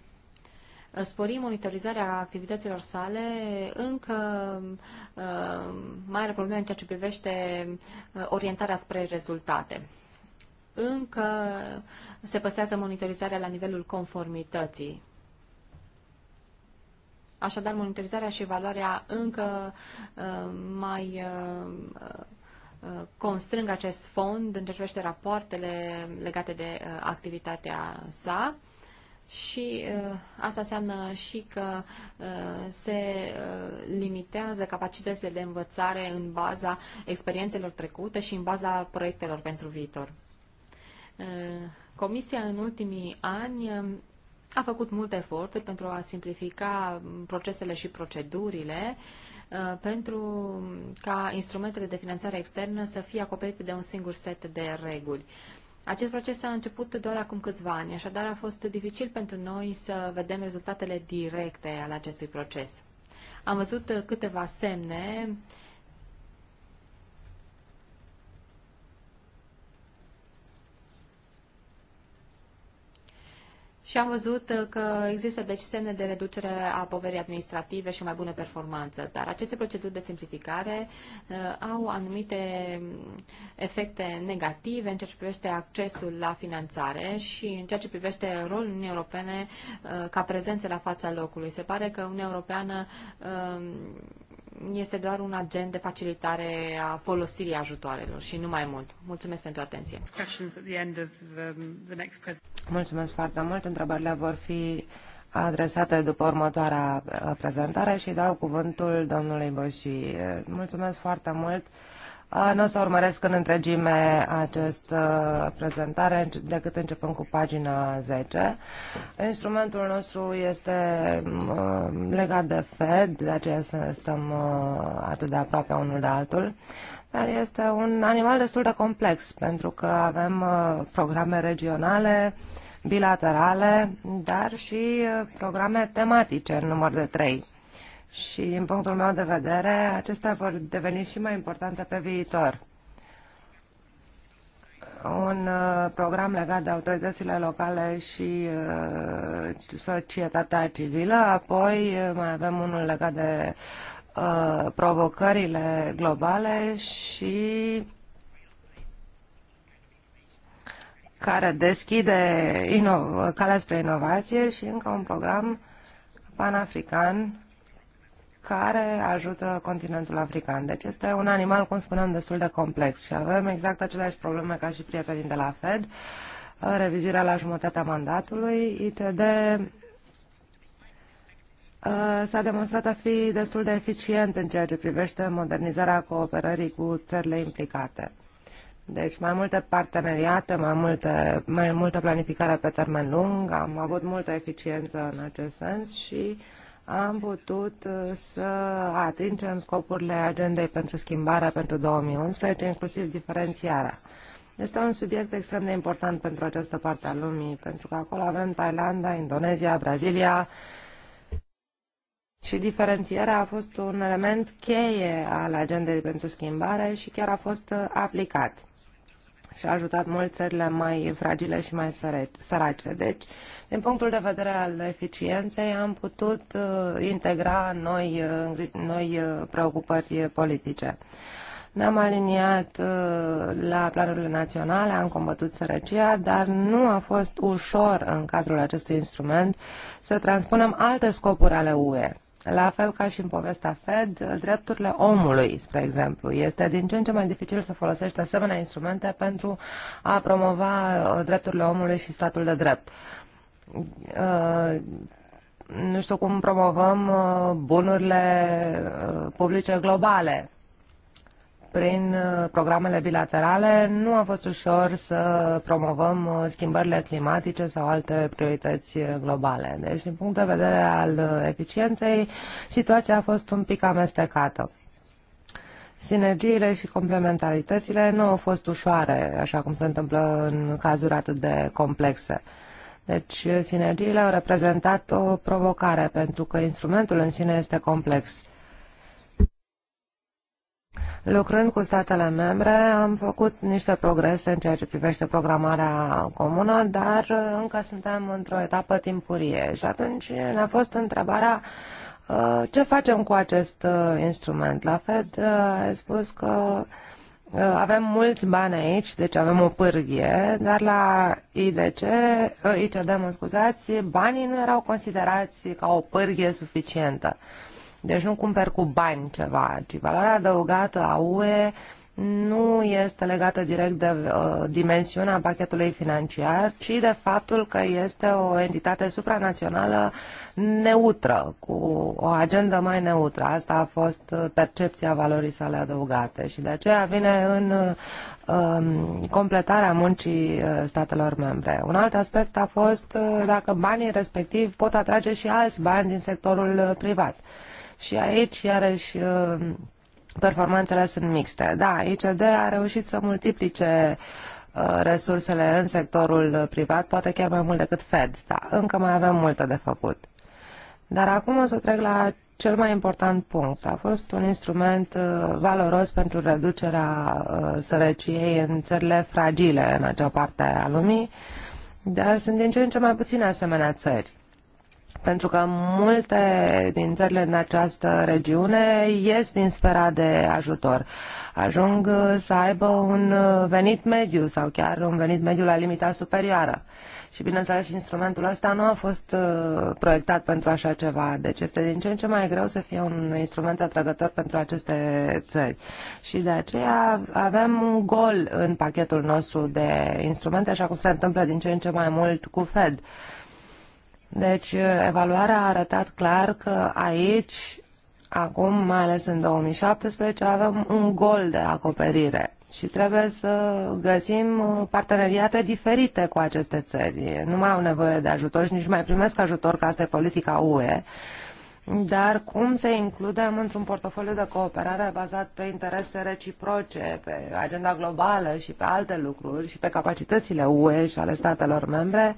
spori monitorizarea activităților sale, încă uh, mai are probleme în ceea ce privește uh, orientarea spre rezultate încă se păstrează monitorizarea la nivelul conformității. Așadar, monitorizarea și evaluarea încă uh, mai uh, uh, constrâng acest fond în ce privește rapoartele legate de uh, activitatea sa. Și uh, asta înseamnă și că uh, se uh, limitează capacitățile de învățare în baza experiențelor trecute și în baza proiectelor pentru viitor. Eh, Comisia în ultimii ani eh, a făcut multe eforturi pentru a simplifica mm, procesele și procedurile, eh, pentru mm, ca instrumentele de finanțare externă să fie acoperite de un singur set de reguli. Acest proces a început doar acum câțiva ani, așadar a fost dificil pentru noi să vedem rezultatele directe ale acestui proces. Am văzut câteva semne uh, și am văzut uh, că există deci semne de reducere a poverii administrative și o mai bună performanță, dar aceste proceduri de simplificare uh, au anumite mm, efecte negative în ceea ce privește accesul la finanțare și în ceea ce privește rolul Uniunii Europene uh, ca prezență la fața locului. Se pare că Uniunea Europeană uh, este doar un agent de facilitare a folosirii ajutoarelor și nu mai mult. Mulțumesc pentru atenție. Um, Mulțumesc foarte mult. Întrebările vor fi adresate după următoarea uh, prezentare și dau cuvântul domnului Boșii. Mulțumesc foarte mult. Nu o să urmăresc în întregime această prezentare decât începând cu pagina 10. Instrumentul nostru este legat de Fed, de aceea stăm atât de aproape unul de altul dar este un animal destul de complex pentru că avem programe regionale, bilaterale, dar și programe tematice în număr de trei și, din punctul meu de vedere, acestea vor deveni și mai importante pe viitor. Un uh, program legat de autoritățile locale și uh, societatea civilă, apoi uh, mai avem unul legat de provocările globale și care deschide calea spre inovație și încă un program panafrican care ajută continentul african. Deci este un animal, cum spuneam, destul de complex și avem exact aceleași probleme ca și prietenii de la Fed, revizuirea la jumătatea mandatului, ITD uh, s-a demonstrat a fi destul de eficient în ceea ce privește modernizarea cooperării cu țările implicate. Deci mai multe parteneriate, mai, multe, mai multă planificare pe termen lung, am avut multă eficiență în acest sens și am putut uh, să atingem scopurile agendei pentru schimbare pentru 2011, inclusiv diferențiarea. Este un subiect extrem de important pentru această parte a lumii, pentru că acolo avem Thailanda, Indonezia, Brazilia și diferențierea a fost un element cheie al agendei pentru schimbare și chiar a fost uh, aplicat și a ajutat mult țările mai fragile și mai sărace. Deci, din punctul de vedere al eficienței, am putut uh, integra noi, uh, noi uh, preocupări politice. Ne-am aliniat la planurile naționale, am combătut sărăcia, dar nu a fost ușor în cadrul acestui instrument să transpunem alte scopuri ale UE la fel ca și în povestea Fed, drepturile omului, spre exemplu, este din ce în ce mai dificil să folosești asemenea instrumente pentru a promova uh, drepturile omului și statul de drept. Uh, nu știu cum promovăm uh, bunurile publice globale prin uh, programele bilaterale nu a fost ușor să promovăm uh, schimbările climatice sau alte priorități uh, globale. Deci, din punct de vedere al eficienței, situația a fost un pic amestecată. Sinergiile și complementaritățile nu au fost ușoare, așa cum se întâmplă în cazuri atât de complexe. Deci, sinergiile au reprezentat o provocare, pentru că instrumentul în sine este complex Lucrând cu statele membre, am făcut niște progrese în ceea ce privește programarea comună, dar uh, încă suntem într-o etapă timpurie și atunci ne-a fost întrebarea uh, ce facem cu acest uh, instrument. La Fed a spus că avem mulți bani aici, deci avem o pârghie, dar la IDC, ICD, mă scuzați, banii nu erau considerați ca o pârghie suficientă. Deci nu cumperi cu bani ceva, ci valoarea adăugată a UE nu este legată direct de uh, dimensiunea pachetului financiar, ci de faptul că este o entitate supranațională neutră, cu o agendă mai neutră. Asta a fost uh, percepția valorii sale adăugate și de aceea vine în uh, completarea muncii uh, statelor membre. Un alt aspect a fost uh, dacă banii respectivi pot atrage și alți bani din sectorul privat. Și aici, iarăși, uh, performanțele sunt mixte. Da, ICD a reușit să multiplice uh, resursele în sectorul privat, poate chiar mai mult decât Fed, dar încă mai avem multe de făcut. Dar acum o să trec la cel mai important punct. A fost un instrument uh, valoros pentru reducerea sărăciei în țările fragile în acea parte a lumii, dar sunt din ce în ce mai puține asemenea țări pentru că multe din țările din această regiune ies din sfera de ajutor. Ajung să aibă un venit mediu sau chiar un venit mediu la limita superioară. Și bineînțeles, instrumentul ăsta nu a fost uh, proiectat pentru așa ceva, deci este din ce în ce mai greu să fie un instrument atrăgător pentru aceste țări. Și de aceea avem un gol în pachetul nostru de instrumente, așa cum se întâmplă din ce în ce mai mult cu Fed. Deci, uh, evaluarea a arătat clar că aici, acum, mai ales în 2017, avem un gol de acoperire și trebuie să găsim uh, parteneriate diferite cu aceste țări. Nu mai au nevoie de ajutor și nici mai primesc ajutor, ca asta e politica UE. Dar cum să includem într-un portofoliu de cooperare bazat pe interese reciproce, pe agenda globală și pe alte lucruri și pe capacitățile UE și ale statelor membre,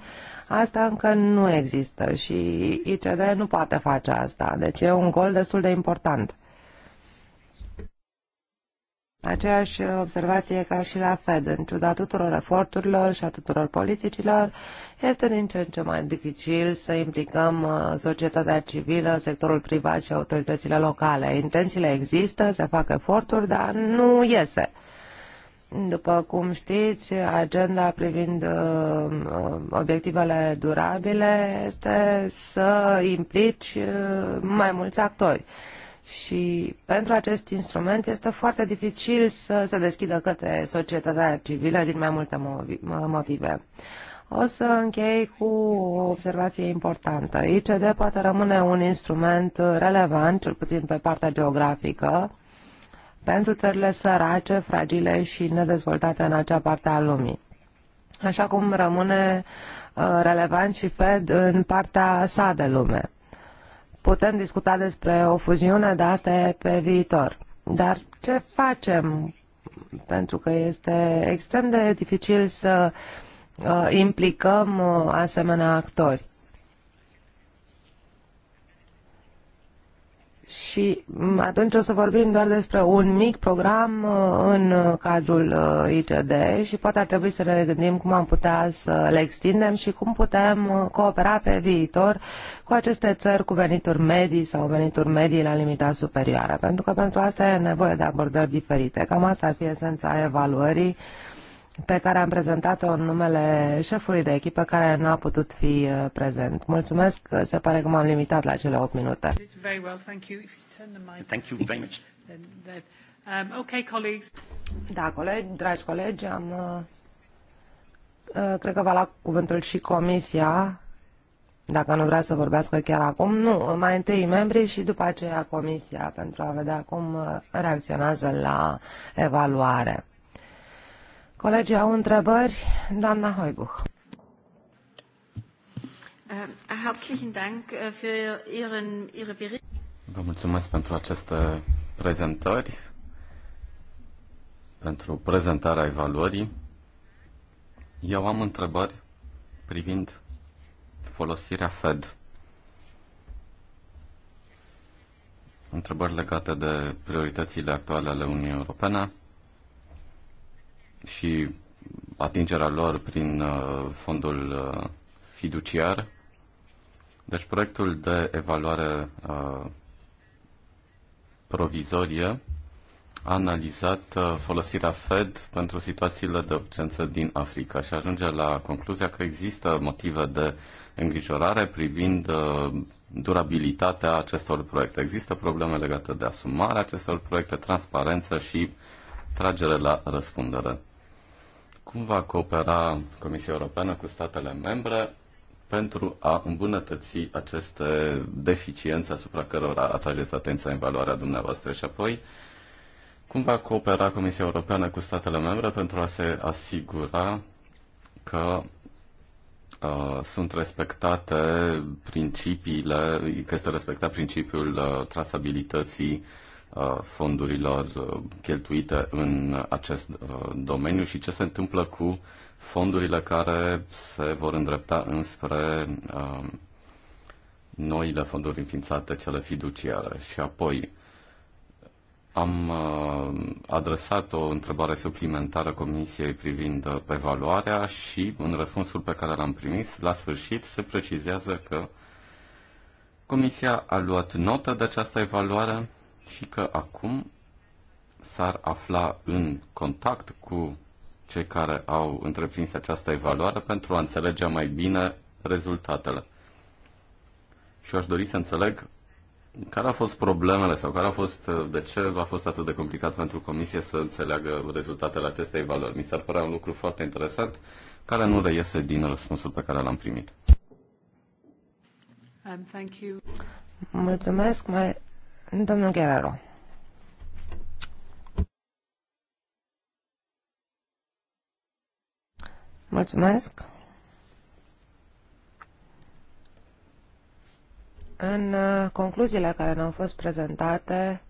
Asta încă nu există și ICD nu poate face asta, deci e un gol destul de important. Aceeași observație ca și la Fed, în ciuda tuturor eforturilor și a tuturor politicilor, este din ce în ce mai dificil să implicăm uh, societatea civilă, sectorul privat și autoritățile locale. Intențiile există, se fac eforturi, dar nu iese. După cum știți, agenda privind uh, uh, obiectivele durabile este să implici uh, mai mulți actori. Și pentru acest instrument este foarte dificil să se deschidă către societatea civilă din mai multe motive. O să închei cu o observație importantă. ICD poate rămâne un instrument relevant, cel puțin pe partea geografică, pentru țările sărace, fragile și nedezvoltate în acea parte a lumii. Așa cum rămâne uh, relevant și Fed în partea sa de lume. Putem discuta despre o fuziune, dar asta e pe viitor. Dar ce facem? Pentru că este extrem de dificil să uh, implicăm uh, asemenea actori. și atunci o să vorbim doar despre un mic program uh, în uh, cadrul uh, ICD și poate ar trebui să ne gândim cum am putea să le extindem și cum putem coopera pe viitor cu aceste țări cu venituri medii sau venituri medii la limita superioară, pentru că pentru asta e nevoie de abordări diferite. Cam asta ar fi esența evaluării pe care am prezentat-o în numele șefului de echipă care nu a putut fi uh, prezent. Mulțumesc, uh, se pare că m-am limitat la cele 8 minute. Da, colegi, dragi colegi, am, uh, cred că va lua cuvântul și comisia, dacă nu vrea să vorbească chiar acum. Nu, mai întâi membrii și după aceea comisia, pentru a vedea cum reacționează la evaluare. Colegii au întrebări. Doamna Hoibuch. Uh, uh, Vă mulțumesc pentru aceste prezentări, pentru prezentarea evaluării. Eu am întrebări privind folosirea FED. Întrebări legate de prioritățile actuale ale Uniunii Europene și atingerea lor prin uh, fondul uh, fiduciar. Deci proiectul de evaluare uh, provizorie a analizat folosirea Fed pentru situațiile de urgență din Africa și ajunge la concluzia că există motive de îngrijorare privind durabilitatea acestor proiecte. Există probleme legate de asumarea acestor proiecte, transparență și tragere la răspundere. Cum va coopera Comisia Europeană cu statele membre pentru a îmbunătăți aceste deficiențe asupra cărora atrageți atenția în valoarea dumneavoastră și apoi cum va coopera Comisia Europeană cu statele membre pentru a se asigura că uh, sunt respectate principiile, că este respectat principiul uh, trasabilității uh, Uh, fondurilor uh, cheltuite în acest uh, domeniu și ce se întâmplă cu fondurile care se vor îndrepta înspre noile fonduri înființate, cele fiduciare. Și apoi am adresat o întrebare suplimentară Comisiei privind evaluarea și în răspunsul pe care l-am primit, la sfârșit se precizează că Comisia a luat notă de această evaluare și că acum s-ar afla în contact cu cei care au întreprins această evaluare pentru a înțelege mai bine rezultatele. Și aș dori să înțeleg care au fost problemele sau care a fost, de ce a fost atât de complicat pentru comisie să înțeleagă rezultatele acestei evaluări. Mi s-ar părea un lucru foarte interesant care nu reiese din răspunsul pe care l-am primit. Um, thank you. Mulțumesc. Mai Domnul Guerrero. Mulțumesc. În uh, concluziile care ne-au fost prezentate,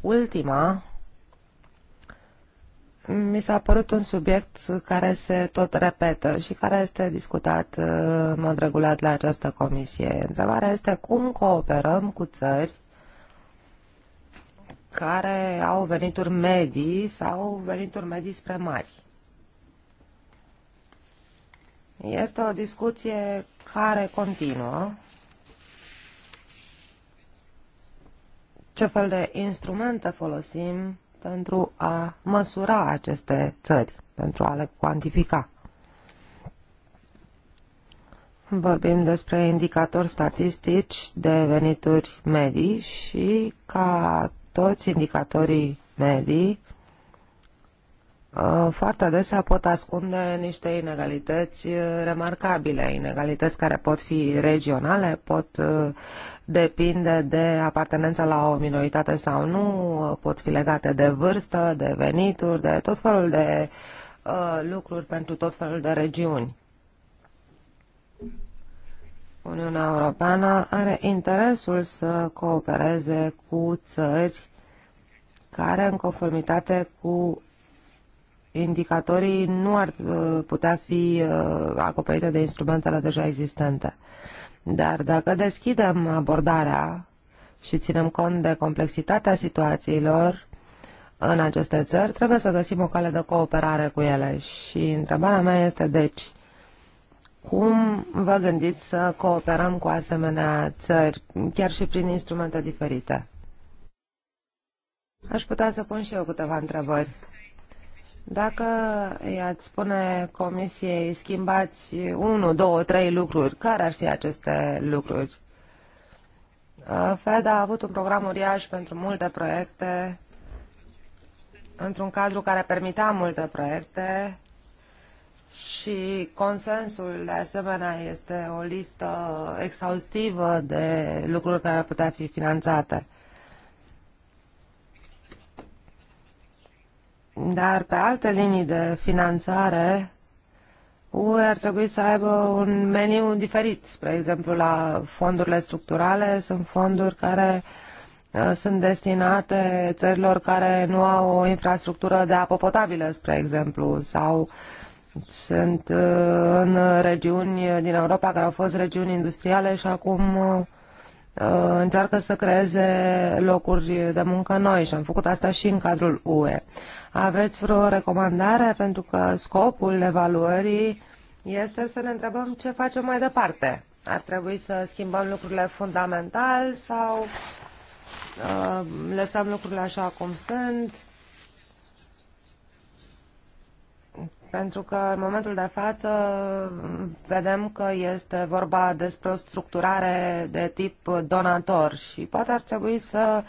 ultima mi s-a părut un subiect care se tot repetă și care este discutat uh, în mod regulat la această comisie. Întrebarea este cum cooperăm cu țări care au venituri medii sau venituri medii spre mari. Este o discuție care continuă. Ce fel de instrumente folosim pentru a măsura aceste țări, pentru a le cuantifica? Vorbim despre indicatori statistici de venituri medii și ca toți indicatorii medii uh, foarte adesea pot ascunde niște inegalități uh, remarcabile, inegalități care pot fi regionale, pot uh, depinde de apartenența la o minoritate sau nu, pot fi legate de vârstă, de venituri, de tot felul de lucruri pentru tot felul de regiuni. Uniunea Europeană are interesul să coopereze cu țări care, în conformitate cu indicatorii, nu ar uh, putea fi uh, acoperite de instrumentele deja existente. Dar dacă deschidem abordarea și ținem cont de complexitatea situațiilor în aceste țări, trebuie să găsim o cale de cooperare cu ele. Și întrebarea mea este, deci, cum vă gândiți să cooperăm cu asemenea țări, chiar și prin instrumente diferite? Aș putea să pun și eu câteva întrebări. Dacă i-ați spune comisiei schimbați 1, 2, 3 lucruri, care ar fi aceste lucruri? FED a avut un program uriaș pentru multe proiecte, într-un cadru care permitea multe proiecte, și consensul, de asemenea, este o listă exhaustivă de lucruri care ar putea fi finanțate. Dar pe alte linii de finanțare, UE ar trebui să aibă un meniu diferit. Spre exemplu, la fondurile structurale sunt fonduri care uh, sunt destinate țărilor care nu au o infrastructură de apă potabilă, spre exemplu, sau sunt uh, în regiuni din Europa care au fost regiuni industriale și acum uh, uh, încearcă să creeze locuri de muncă noi și am făcut asta și în cadrul UE. Aveți vreo recomandare? Pentru că scopul evaluării este să ne întrebăm ce facem mai departe. Ar trebui să schimbăm lucrurile fundamental sau uh, lăsăm lucrurile așa cum sunt? Pentru că în momentul de față vedem că este vorba despre o structurare de tip donator și poate ar trebui să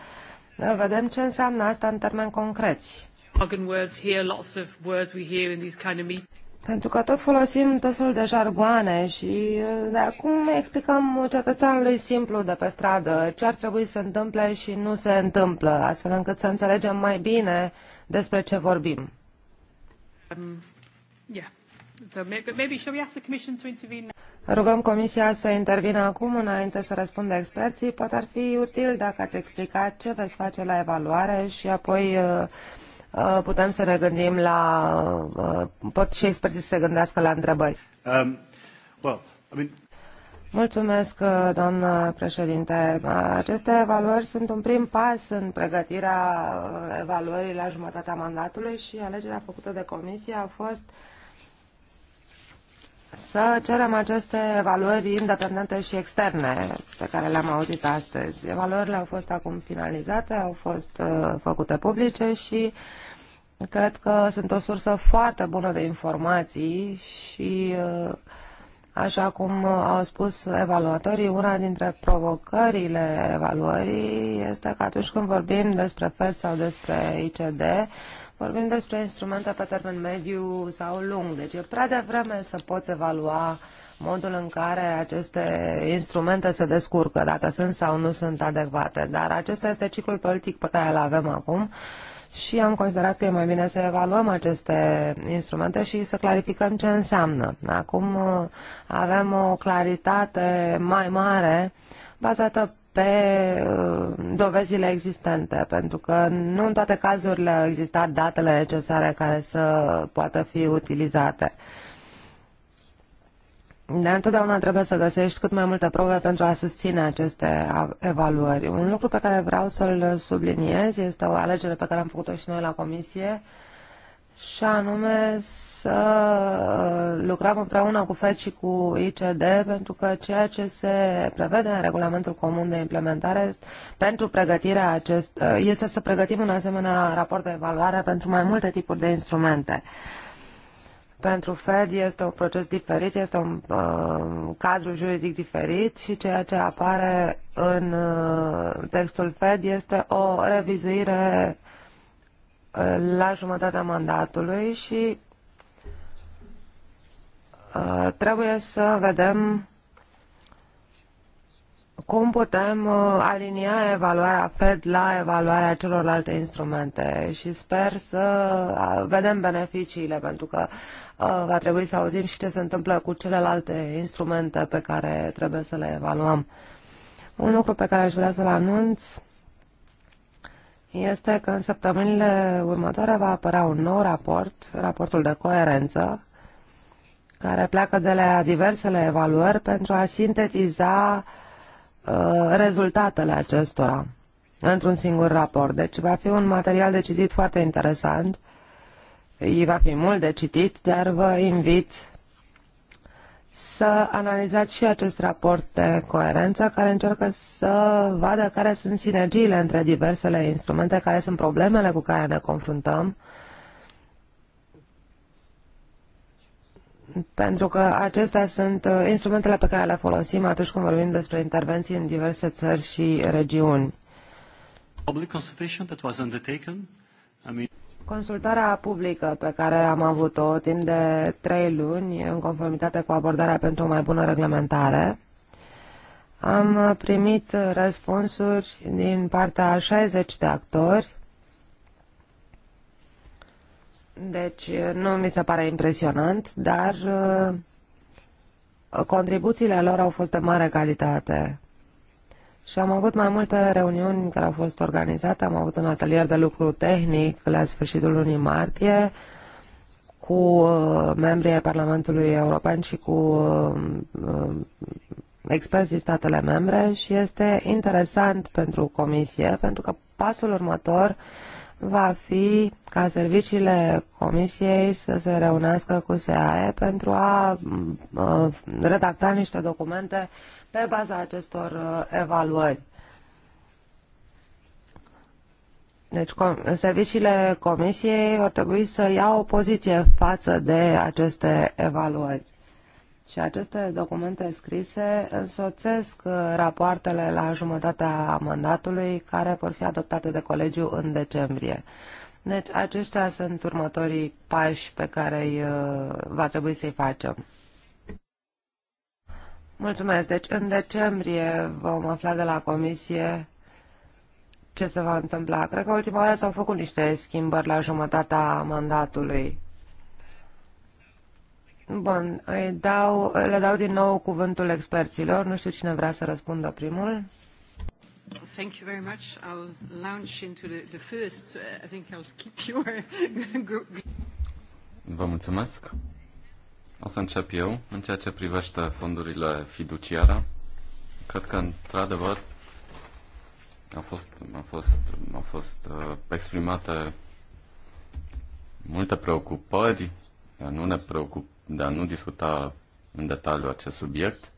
vedem ce înseamnă asta în termeni concreți. Pentru că tot folosim tot felul de jargoane și de acum explicăm cetățeanului simplu de pe stradă ce ar trebui să se întâmple și nu se întâmplă, astfel încât să înțelegem mai bine despre ce vorbim. Um, Rugăm Comisia să intervină acum, înainte să răspundă experții. Poate ar fi util dacă ați explica ce veți face la evaluare și apoi uh, uh, putem să ne gândim la... Uh, pot și experții să se gândească la întrebări. Um, well, I mean... Mulțumesc, doamnă președinte. Aceste evaluări sunt un prim pas în pregătirea evaluării la jumătatea mandatului și alegerea făcută de comisie a fost uh, să cerem aceste evaluări independente și externe pe care le-am auzit astăzi. Evaluările au fost acum finalizate, au fost uh, făcute publice și cred că sunt o sursă foarte bună de informații și uh, Așa cum au spus evaluatorii, una dintre provocările evaluării este că atunci când vorbim despre FED sau despre ICD, Vorbim despre instrumente pe termen mediu sau lung, deci e prea devreme să poți evalua modul în care aceste instrumente se descurcă, dacă sunt sau nu sunt adecvate. Dar acesta este ciclul politic pe care îl avem acum și am considerat că e mai bine să evaluăm aceste instrumente și să clarificăm ce înseamnă. Acum uh, avem o claritate mai mare bazată pe uh, dovezile existente, pentru că nu în toate cazurile au existat datele necesare care să poată fi utilizate. De întotdeauna trebuie să găsești cât mai multe probe pentru a susține aceste evaluări. Un lucru pe care vreau să-l subliniez este o alegere pe care am făcut-o și noi la comisie, uh, și anume să uh, lucrăm împreună cu FED și cu ICD pentru că ceea ce se prevede în regulamentul comun de implementare pentru pregătirea acest, uh, este să pregătim un asemenea raport de evaluare pentru mai multe tipuri de instrumente. Pentru Fed este un proces diferit, este un uh, cadru juridic diferit și ceea ce apare în uh, textul Fed este o revizuire la jumătatea mandatului și trebuie să vedem cum putem alinia evaluarea FED la evaluarea celorlalte instrumente și sper să vedem beneficiile, pentru că va trebui să auzim și ce se întâmplă cu celelalte instrumente pe care trebuie să le evaluăm. Un lucru pe care aș vrea să-l anunț este că în săptămânile următoare va apărea un nou raport, raportul de coerență, care pleacă de la diversele evaluări pentru a sintetiza uh, rezultatele acestora într-un singur raport. Deci va fi un material de citit foarte interesant. Ei va fi mult de citit, dar vă invit să analizați și acest raport de coerență care încearcă să vadă care sunt sinergiile între diversele instrumente, care sunt problemele cu care ne confruntăm pentru că acestea sunt uh, instrumentele pe care le folosim atunci când vorbim despre intervenții în diverse țări și regiuni. Consultarea publică pe care am avut-o timp de trei luni, în conformitate cu abordarea pentru o mai bună reglementare, am primit răspunsuri din partea a 60 de actori, deci nu mi se pare impresionant, dar uh, contribuțiile lor au fost de mare calitate. Și am avut mai multe reuniuni care au fost organizate, am avut un atelier de lucru tehnic la sfârșitul lunii martie cu uh, membrii ai Parlamentului European și cu uh, uh, experții statele membre și este interesant pentru comisie pentru că pasul următor uh, va fi ca serviciile Comisiei să se reunească cu SAE pentru a uh, redacta niște documente pe baza acestor uh, evaluări. Deci com serviciile Comisiei ar trebui să ia o poziție față de aceste evaluări. Și aceste documente scrise însoțesc uh, rapoartele la jumătatea mandatului care vor fi adoptate de colegiu în decembrie. Deci aceștia sunt următorii pași pe care îi, uh, va trebui să-i facem. Mulțumesc. Deci în decembrie vom afla de la comisie ce se va întâmpla. Cred că ultima oară s-au făcut niște schimbări la jumătatea mandatului. Bun, îi dau, le dau din nou cuvântul experților. Nu știu cine vrea să răspundă primul. Thank you very much. I'll launch into the, the first. Uh, I think I'll keep your Vă mulțumesc. O să încep eu. În ceea ce privește fondurile fiduciare, cred că, într-adevăr, au fost, au fost, au fost uh, exprimate multe preocupări. Nu ne preocup, de a nu discuta în detaliu acest subiect.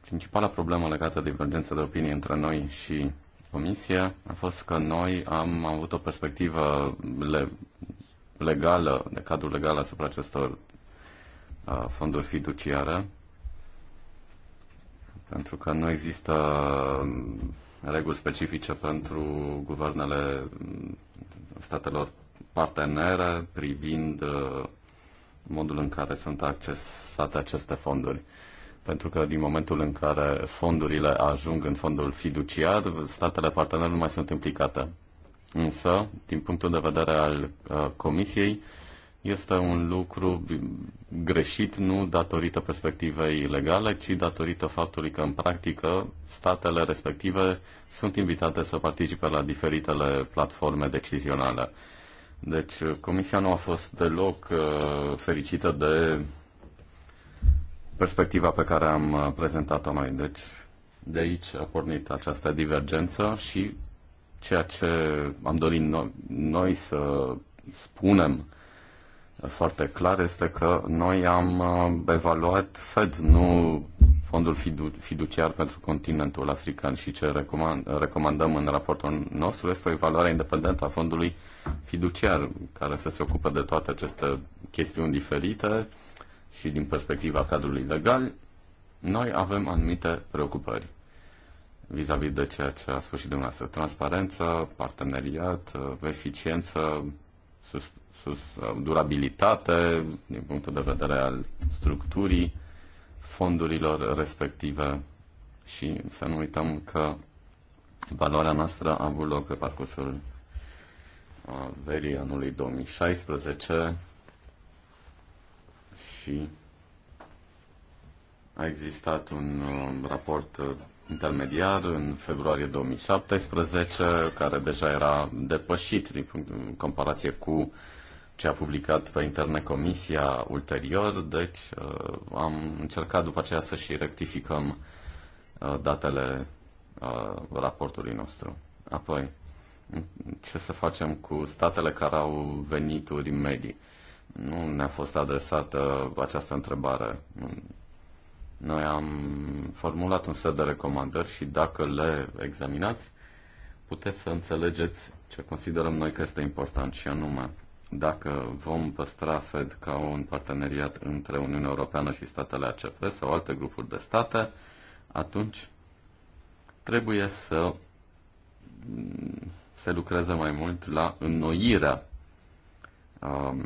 Principala problemă legată de divergența de opinie între noi și Comisia a fost că noi am avut o perspectivă le- legală, de cadru legal asupra acestor uh, fonduri fiduciare, pentru că nu există um, reguli specifice pentru guvernele um, statelor parteneră privind uh, modul în care sunt accesate aceste fonduri. Pentru că din momentul în care fondurile ajung în fondul fiduciar, statele partenere nu mai sunt implicate. Însă, din punctul de vedere al uh, Comisiei, este un lucru greșit nu datorită perspectivei legale, ci datorită faptului că, în practică, statele respective sunt invitate să participe la diferitele platforme decizionale. Deci, uh, Comisia nu a fost deloc uh, fericită de perspectiva pe care am uh, prezentat-o noi. Deci, de aici a pornit această divergență și ceea ce am dorit noi, noi să spunem foarte clar este că noi am evaluat Fed, nu fondul fidu- fiduciar pentru continentul african și ce recomand, recomandăm în raportul nostru este o evaluare independentă a fondului fiduciar care să se ocupe de toate aceste chestiuni diferite și din perspectiva cadrului legal, noi avem anumite preocupări vis-a-vis -vis de ceea ce a spus și dumneavoastră. Transparență, parteneriat, eficiență, sus, sus, durabilitate din punctul de vedere al structurii fondurilor respective și să nu uităm că valoarea noastră a avut loc pe parcursul uh, verii anului 2016 și a existat un uh, raport uh, intermediar în februarie 2017, care deja era depășit din punct, în comparație cu ce a publicat pe internet comisia ulterior, deci uh, am încercat după aceea să și rectificăm uh, datele uh, raportului nostru. Apoi, ce să facem cu statele care au venituri medii? Nu ne-a fost adresată această întrebare. Noi am formulat un set de recomandări și dacă le examinați, puteți să înțelegeți ce considerăm noi că este important și anume dacă vom păstra Fed ca un parteneriat între Uniunea Europeană și statele ACP sau alte grupuri de state, atunci trebuie să mm, se lucreze mai mult la înnoirea um,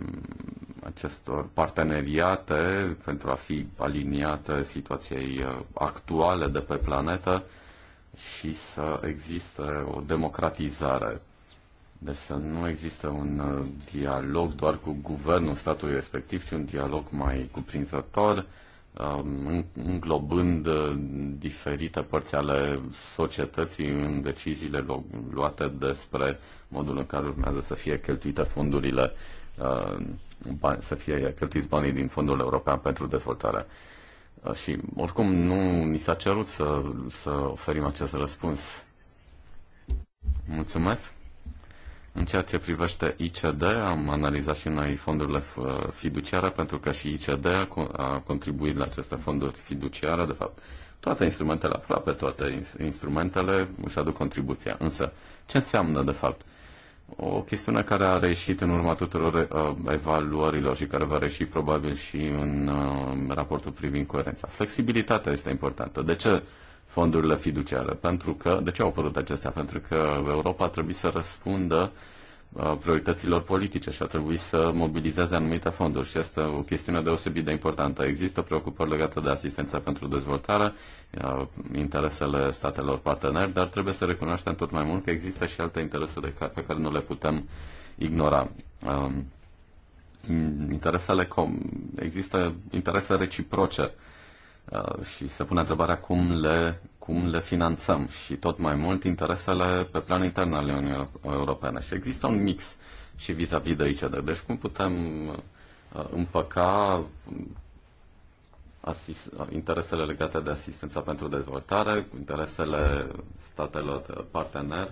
acestor parteneriate pentru a fi aliniate situației uh, actuale de pe planetă și să existe o democratizare deci să nu există un uh, dialog doar cu guvernul statului respectiv, ci un dialog mai cuprinzător, um, înglobând uh, diferite părți ale societății în deciziile luate despre modul în care urmează să fie cheltuite fondurile, uh, să fie cheltuiți banii din Fondul European pentru Dezvoltare. Și oricum nu ni s-a cerut să, să oferim acest răspuns. Mulțumesc! În ceea ce privește ICD, am analizat și noi fondurile uh, fiduciare, pentru că și ICD a contribuit la aceste fonduri fiduciare. De fapt, toate instrumentele, aproape toate instrumentele, își aduc contribuția. Însă, ce înseamnă, de fapt? O chestiune care a reieșit în urma tuturor uh, evaluărilor și care va reși probabil și în uh, raportul privind coerența. Flexibilitatea este importantă. De ce fondurile fiduciare. Pentru că, de ce au apărut acestea? Pentru că Europa a trebuit să răspundă uh, priorităților politice și a trebuit să mobilizeze anumite fonduri și este o chestiune deosebit de importantă. Există preocupări legate de asistența pentru dezvoltare, uh, interesele statelor parteneri, dar trebuie să recunoaștem tot mai mult că există și alte interese pe care nu le putem ignora. Um, interesele com- există interese reciproce Uh, și se pune întrebarea cum le, cum le finanțăm și tot mai mult interesele pe plan intern ale Uniunii Europene. Și există un mix și vis-a-vis -vis de ICD. Deci cum putem uh, împăca asist, uh, interesele legate de asistența pentru dezvoltare cu interesele statelor partener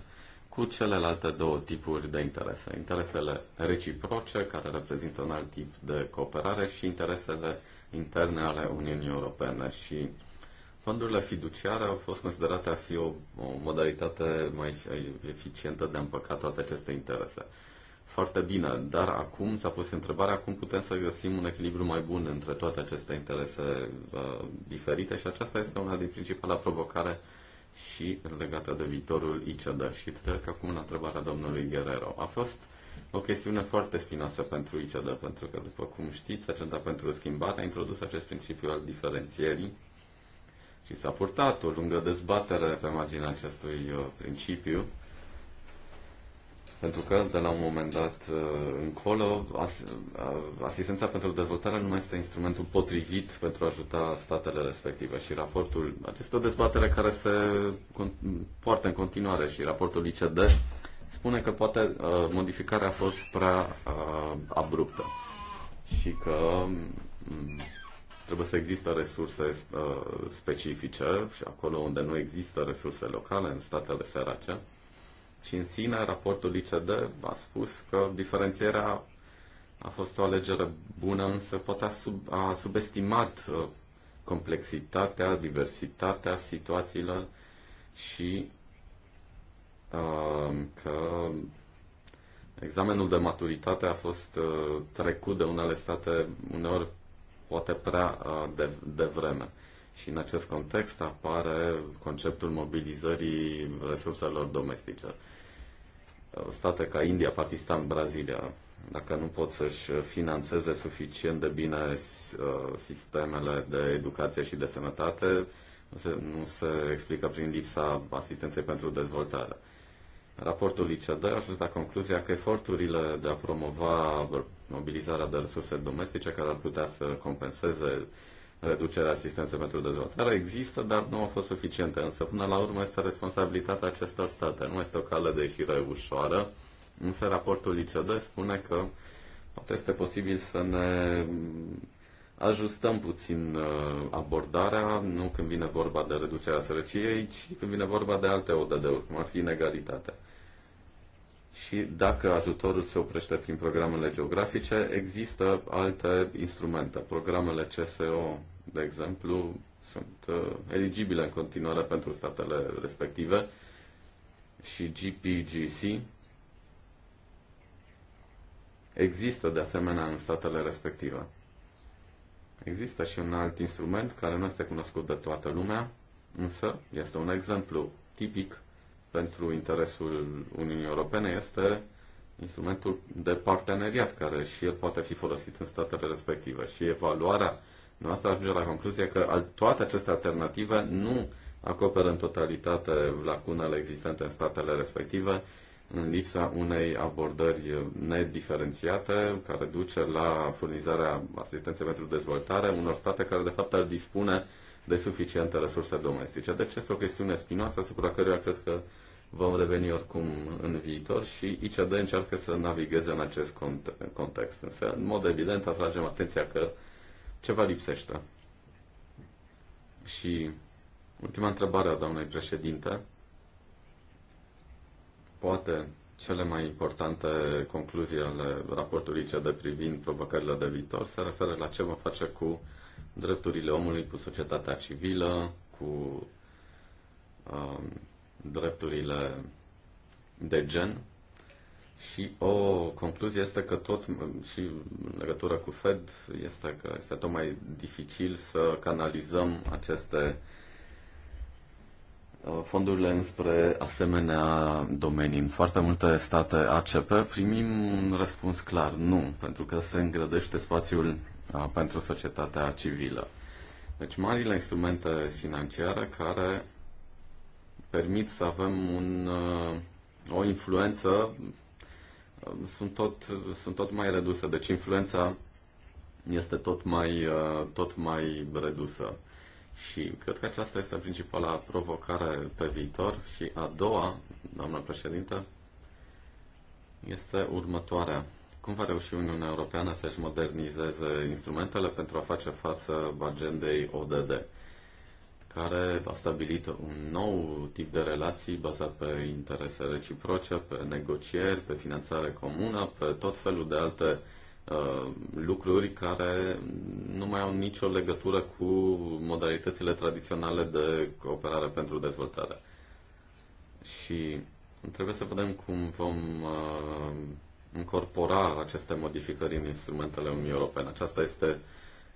cu celelalte două tipuri de interese. Interesele reciproce, care reprezintă un alt tip de cooperare, și interesele uh, interne ale Uniunii Europene și fondurile fiduciare au fost considerate a fi o, o modalitate mai eficientă de a împăca toate aceste interese. Foarte bine, dar acum s-a pus întrebarea cum putem să găsim un echilibru mai bun între toate aceste interese uh, diferite și aceasta este una din principala provocare și legată de viitorul ICD. Și trec acum la întrebarea domnului Guerrero. A fost o chestiune foarte spinoasă pentru ICD, pentru că, după cum știți, agenda pentru schimbare a introdus acest principiu al diferențierii și s-a purtat o lungă dezbatere pe marginea acestui uh, principiu, pentru că, de la un moment dat uh, încolo, uh, asistența pentru dezvoltare nu mai este instrumentul potrivit pentru a ajuta statele respective. Și raportul, acesta o dezbatere care se poartă în continuare și raportul ICD spune că poate uh, modificarea a fost prea uh, abruptă și că um, trebuie să există resurse uh, specifice și acolo unde nu există resurse locale, în statele sărace. Și în sine, raportul ICD a spus că diferențierea a fost o alegere bună, însă poate a, sub, a subestimat uh, complexitatea, diversitatea situațiilor și Ehm, că examenul de maturitate a fost eh, trecut de unele state uneori poate prea eh, de, de vreme. Și în acest context apare conceptul mobilizării resurselor domestice. Eh, state ca India, Pakistan, Brazilia, dacă nu pot să-și financeze suficient de bine sistemele de educație și de sănătate, nu se, nu se explică prin lipsa asistenței pentru dezvoltare. Raportul ICD a ajuns la concluzia că eforturile de a promova mobilizarea de resurse domestice care ar putea să compenseze reducerea asistenței pentru dezvoltare există, dar nu au fost suficiente. Însă, până la urmă, este responsabilitatea acestor state. Nu este o cale de ieșire ușoară, însă raportul ICD spune că poate este posibil să ne ajustăm puțin uh, abordarea, nu când vine vorba de reducerea sărăciei, ci când vine vorba de alte ODD-uri, cum ar fi inegalitatea și dacă ajutorul se oprește prin programele geografice, există alte instrumente. Programele CSO, de exemplu, sunt uh, eligibile în continuare pentru statele respective și GPGC există de asemenea în statele respective. Există și un alt instrument care nu este cunoscut de toată lumea, însă este un exemplu tipic pentru interesul Uniunii Europene este instrumentul de parteneriat, care și el poate fi folosit în statele respective. Și evaluarea noastră ajunge la concluzia că toate aceste alternative nu acoperă în totalitate lacunele existente în statele respective, în lipsa unei abordări nediferențiate, care duce la furnizarea asistenței pentru dezvoltare unor state care, de fapt, ar dispune de suficiente resurse domestice. Deci este o chestiune spinoasă asupra căruia cred că vom reveni oricum în viitor și ICD încearcă să navigheze în acest context. Însă, în mod evident, atragem atenția că ceva lipsește. Și ultima întrebare a doamnei președinte. Poate cele mai importante concluzii ale raportului ICD privind provocările de viitor se referă la ce vom face cu drepturile omului, cu societatea civilă, cu uh, drepturile de gen. Și o concluzie este că tot, și în legătură cu Fed, este că este tot mai dificil să canalizăm aceste uh, fondurile înspre asemenea domenii. În foarte multe state ACP primim un răspuns clar, nu, pentru că se îngrădește spațiul pentru societatea civilă. Deci marile instrumente financiare care permit să avem un, o influență sunt tot, sunt tot mai reduse, deci influența este tot mai, tot mai redusă. Și cred că aceasta este principala provocare pe viitor. Și a doua, doamnă președinte, este următoarea. Cum va reuși Uniunea Europeană să-și modernizeze instrumentele pentru a face față agendei ODD, care a stabilit un nou tip de relații bazat pe interese reciproce, pe negocieri, pe finanțare comună, pe tot felul de alte uh, lucruri care nu mai au nicio legătură cu modalitățile tradiționale de cooperare pentru dezvoltare. Și trebuie să vedem cum vom uh, incorpora aceste modificări în instrumentele Uniunii Europene. Aceasta este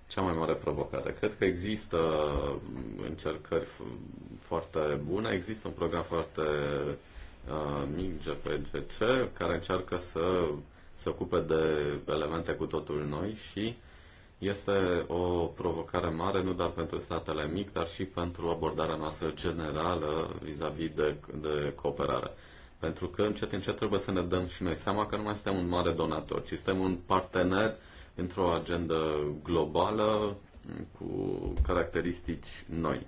cea mai mare provocare. Cred că există mm, încercări foarte bune, există un program foarte uh, mic GPGC care încearcă să se ocupe de elemente cu totul noi și este o provocare mare nu doar pentru statele mic, dar și pentru abordarea noastră generală vis-a-vis -vis de, de cooperare. Pentru că încet, încet trebuie să ne dăm și noi seama că nu mai suntem un mare donator, ci suntem un partener într-o agendă globală cu caracteristici noi.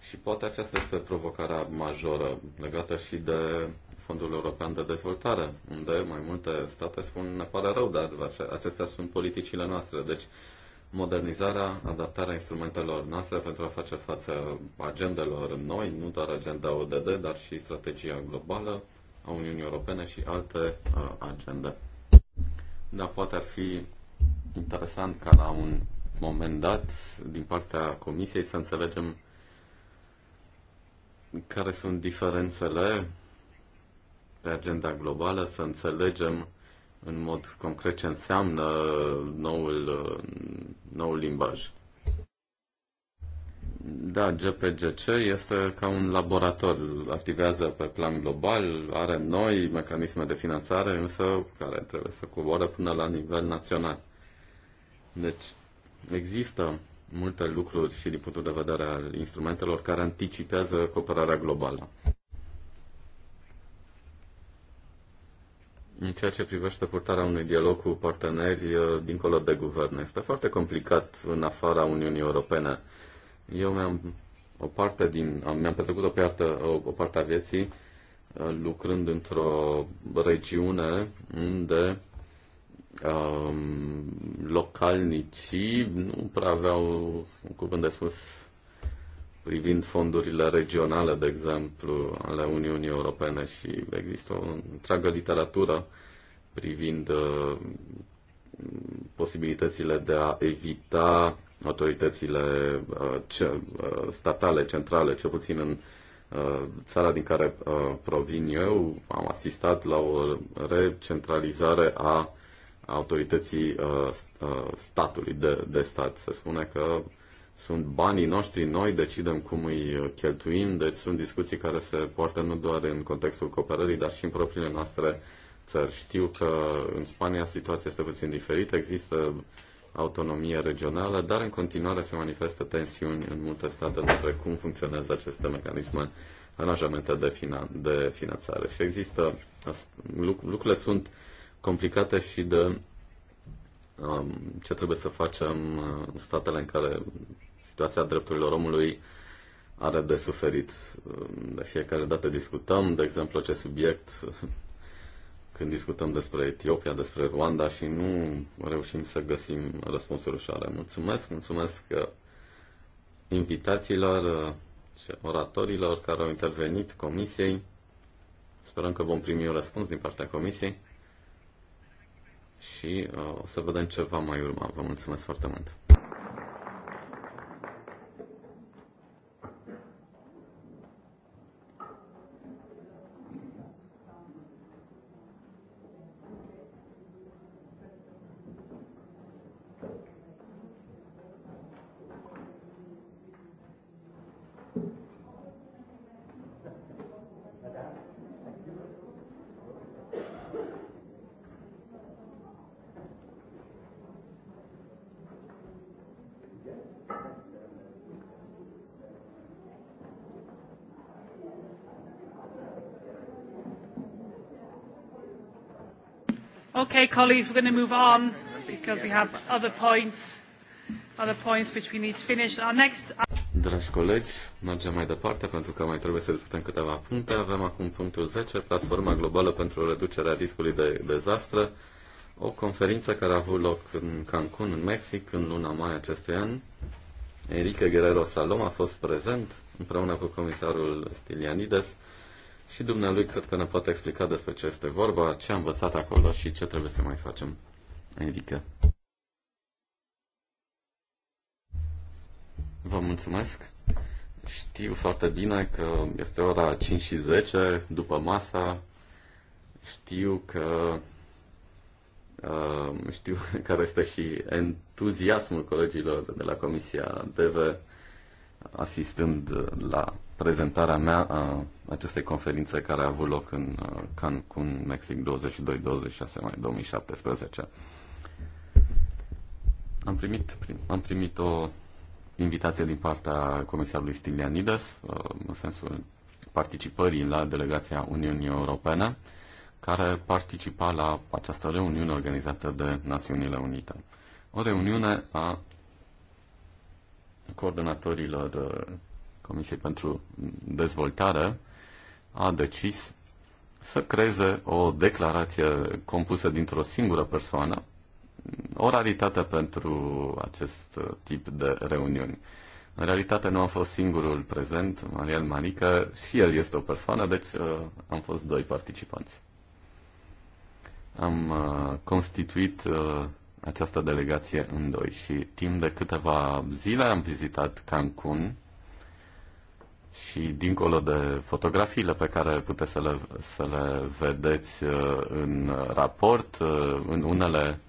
Și poate aceasta este provocarea majoră legată și de Fondul European de Dezvoltare, unde mai multe state spun ne pare rău, dar acestea sunt politicile noastre. Deci modernizarea, adaptarea instrumentelor noastre pentru a face față agendelor noi, nu doar agenda ODD, dar și strategia globală, a Uniunii Europene și alte uh, agende. Dar poate ar fi interesant ca la un moment dat, din partea Comisiei, să înțelegem care sunt diferențele pe agenda globală, să înțelegem în mod concret ce înseamnă noul, uh, noul limbaj. Da, GPGC este ca un laborator, activează pe plan global, are noi mecanisme de finanțare, însă care trebuie să coboare până la nivel național. Deci există multe lucruri și din punctul de vedere al instrumentelor care anticipează cooperarea globală. În ceea ce privește purtarea unui dialog cu parteneri eh, dincolo de guvern, este foarte complicat în afara Uniunii Europene eu mi-am o parte din, mi-am petrecut o parte, o, o parte a vieții uh, lucrând într-o regiune unde um, localnicii nu prea aveau un cuvânt de spus privind fondurile regionale, de exemplu, ale Uniunii Europene și există o întreagă literatură privind uh, posibilitățile de a evita autoritățile uh, uh, statale, centrale, cel puțin în uh, țara din care provin eu, am asistat la o recentralizare a autorității statului, de, de stat. Se spune că sunt banii noștri, noi decidem cum îi cheltuim, deci sunt discuții care se poartă nu doar în contextul cooperării, dar și în propriile noastre țări. Știu că în Spania situația este puțin diferită, există autonomie regională, dar în continuare se manifestă tensiuni în multe state despre cum funcționează aceste mecanisme, aranjamente de, finan- de finanțare. Și există, lucrurile sunt complicate și de um, ce trebuie să facem în statele în care situația drepturilor omului are de suferit. De fiecare dată discutăm, de exemplu, acest subiect când discutăm despre Etiopia, despre Rwanda și nu reușim să găsim răspunsuri ușoare. Mulțumesc, mulțumesc uh, invitațiilor, uh, oratorilor care au intervenit, comisiei. Sperăm că vom primi un răspuns din partea comisiei și uh, o să vedem ce va mai urma. Vă mulțumesc foarte mult! colleagues, we're going to move on because we have other points, other points which we need to finish. Our next... Dragi colegi, mergem mai departe pentru că mai trebuie să discutăm câteva puncte. Avem acum punctul 10, Platforma Globală pentru Reducerea Riscului de Dezastre, o conferință care a avut loc în Cancun, în Mexic, în luna mai acestui an. Enrique Guerrero Salom a fost prezent împreună cu comisarul Stilianides, și dumnealui cred că ne poate explica despre ce este vorba, ce a învățat acolo și ce trebuie să mai facem. Adică. Vă mulțumesc. Știu foarte bine că este ora 5 și 10 după masa. Știu că uh, știu care este și entuziasmul colegilor de la Comisia DV asistând uh, la prezentarea mea a acestei conferințe care a avut loc în uh, Cancun, Mexic, 22-26 mai 2017. Am primit, am primit o invitație din partea comisarului Stilianides, uh, în sensul participării la delegația Uniunii Europene, care participa la această reuniune organizată de Națiunile Unite. O reuniune a coordonatorilor uh, Comisiei pentru Dezvoltare a decis să creeze o declarație compusă dintr-o singură persoană, o raritate pentru acest tip de reuniuni. În realitate nu am fost singurul prezent, Mariel Manică, și el este o persoană, deci uh, am fost doi participanți. Am uh, constituit uh, această delegație în doi și timp de câteva zile am vizitat Cancun și dincolo de fotografiile pe care puteți să le, să le vedeți uh, în raport, uh, în unele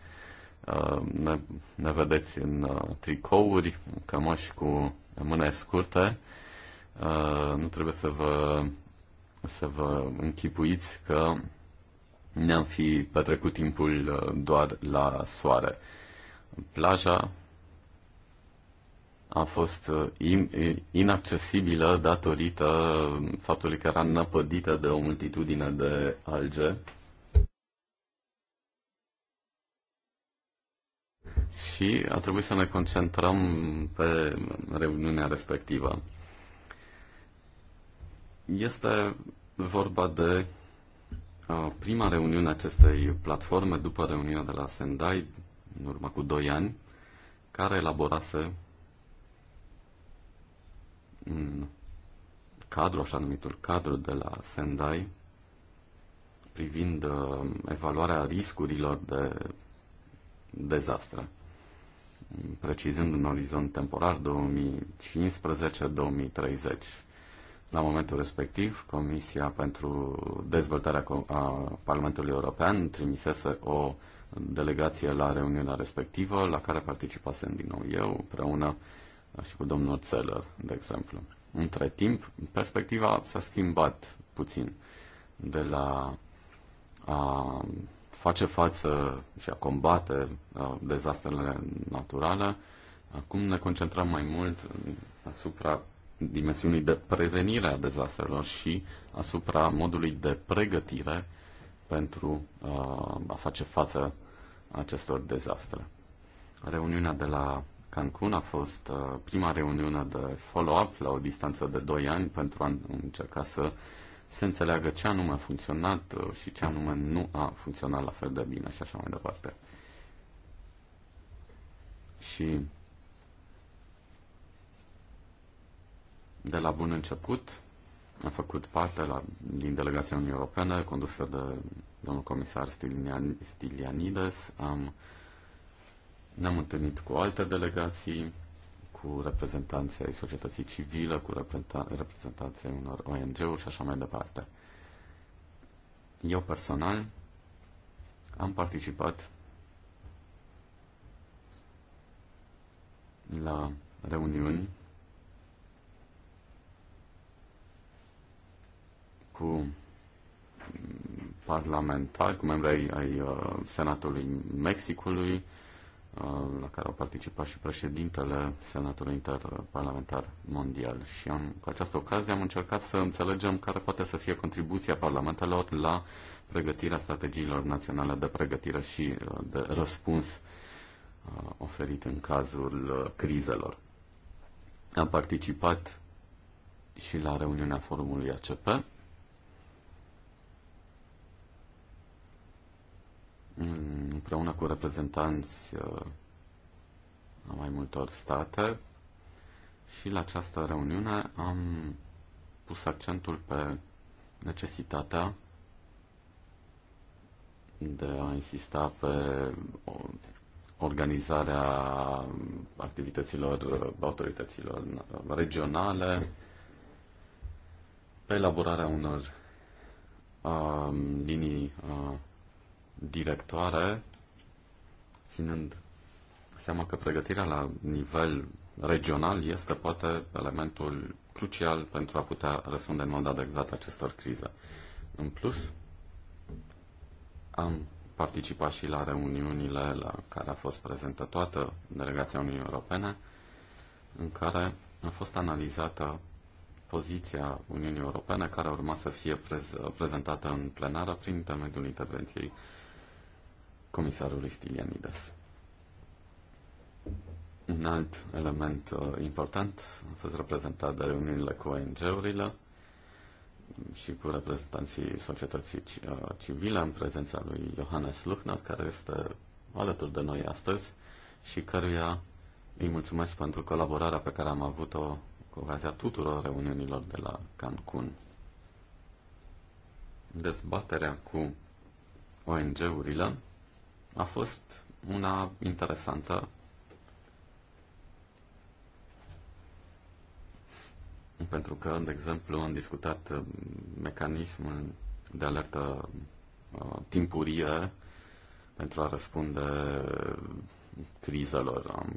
uh, ne, ne vedeți în tricouri, cămăși cu mâne scurte, nu trebuie să vă, să vă închipuiți că ne-am fi petrecut timpul uh, doar la soare. Plaja a fost uh, inaccesibilă datorită faptului că era năpădită de o multitudine de alge. Și a trebuit să ne concentrăm pe reuniunea respectivă. Este vorba de prima reuniune a acestei platforme, după reuniunea de la Sendai, în urmă cu 2 ani, care elaborase un cadru, așa numitul cadru de la Sendai, privind uh, evaluarea riscurilor de dezastre, precizând un orizont temporar 2015-2030 la momentul respectiv, Comisia pentru Dezvoltarea a Parlamentului European trimisese o delegație la reuniunea respectivă, la care participasem din nou eu, împreună și cu domnul Țeller, de exemplu. Între timp, perspectiva s-a schimbat puțin de la a face față și a combate dezastrele naturale. Acum ne concentrăm mai mult asupra dimensiunii de prevenire a dezastrelor și asupra modului de pregătire pentru uh, a face față acestor dezastre. Reuniunea de la Cancun a fost uh, prima reuniune de follow-up la o distanță de 2 ani pentru a încerca să se înțeleagă ce anume a funcționat uh, și ce anume nu a funcționat la fel de bine și așa mai departe. Și de la bun început. A făcut parte la, din delegația Uniunii Europene, condusă de domnul comisar Stilian, Stilianides. Am, ne-am întâlnit cu alte delegații, cu reprezentanții ai societății civile, cu reprezentanții unor ONG-uri și așa mai departe. Eu personal am participat la reuniuni cu parlamentari, cu membrii ai uh, Senatului Mexicului, uh, la care au participat și președintele Senatului Interparlamentar Mondial. Și am, cu această ocazie am încercat să înțelegem care poate să fie contribuția parlamentelor la pregătirea strategiilor naționale de pregătire și uh, de răspuns oferit în cazul crizelor. Am participat și la reuniunea forumului ACP, Mm, împreună cu reprezentanți uh, a mai multor state și la această reuniune am pus accentul pe necesitatea de a insista pe organizarea activităților uh, autorităților uh, regionale, pe elaborarea unor uh, linii uh, directoare, ținând seama că pregătirea la nivel regional este poate elementul crucial pentru a putea răspunde în mod adecvat acestor crize. În plus, am participat și la reuniunile la care a fost prezentă toată delegația Uniunii Europene, în care a fost analizată poziția Uniunii Europene, care urma să fie prez- prezentată în plenară prin intermediul intervenției uh, comisarului Stilianides. Un alt element uh, important a fost reprezentat de reuniunile cu ONG-urile și cu reprezentanții societății uh, civile în prezența lui Johannes Luchner, care este alături de noi astăzi și căruia îi mulțumesc pentru colaborarea pe care am avut-o cu ocazia tuturor reuniunilor de la Cancun. Dezbaterea cu ONG-urile a fost una interesantă. Pentru că, de exemplu, am discutat uh, mecanismul de alertă uh, timpurie pentru a răspunde crizelor. Am,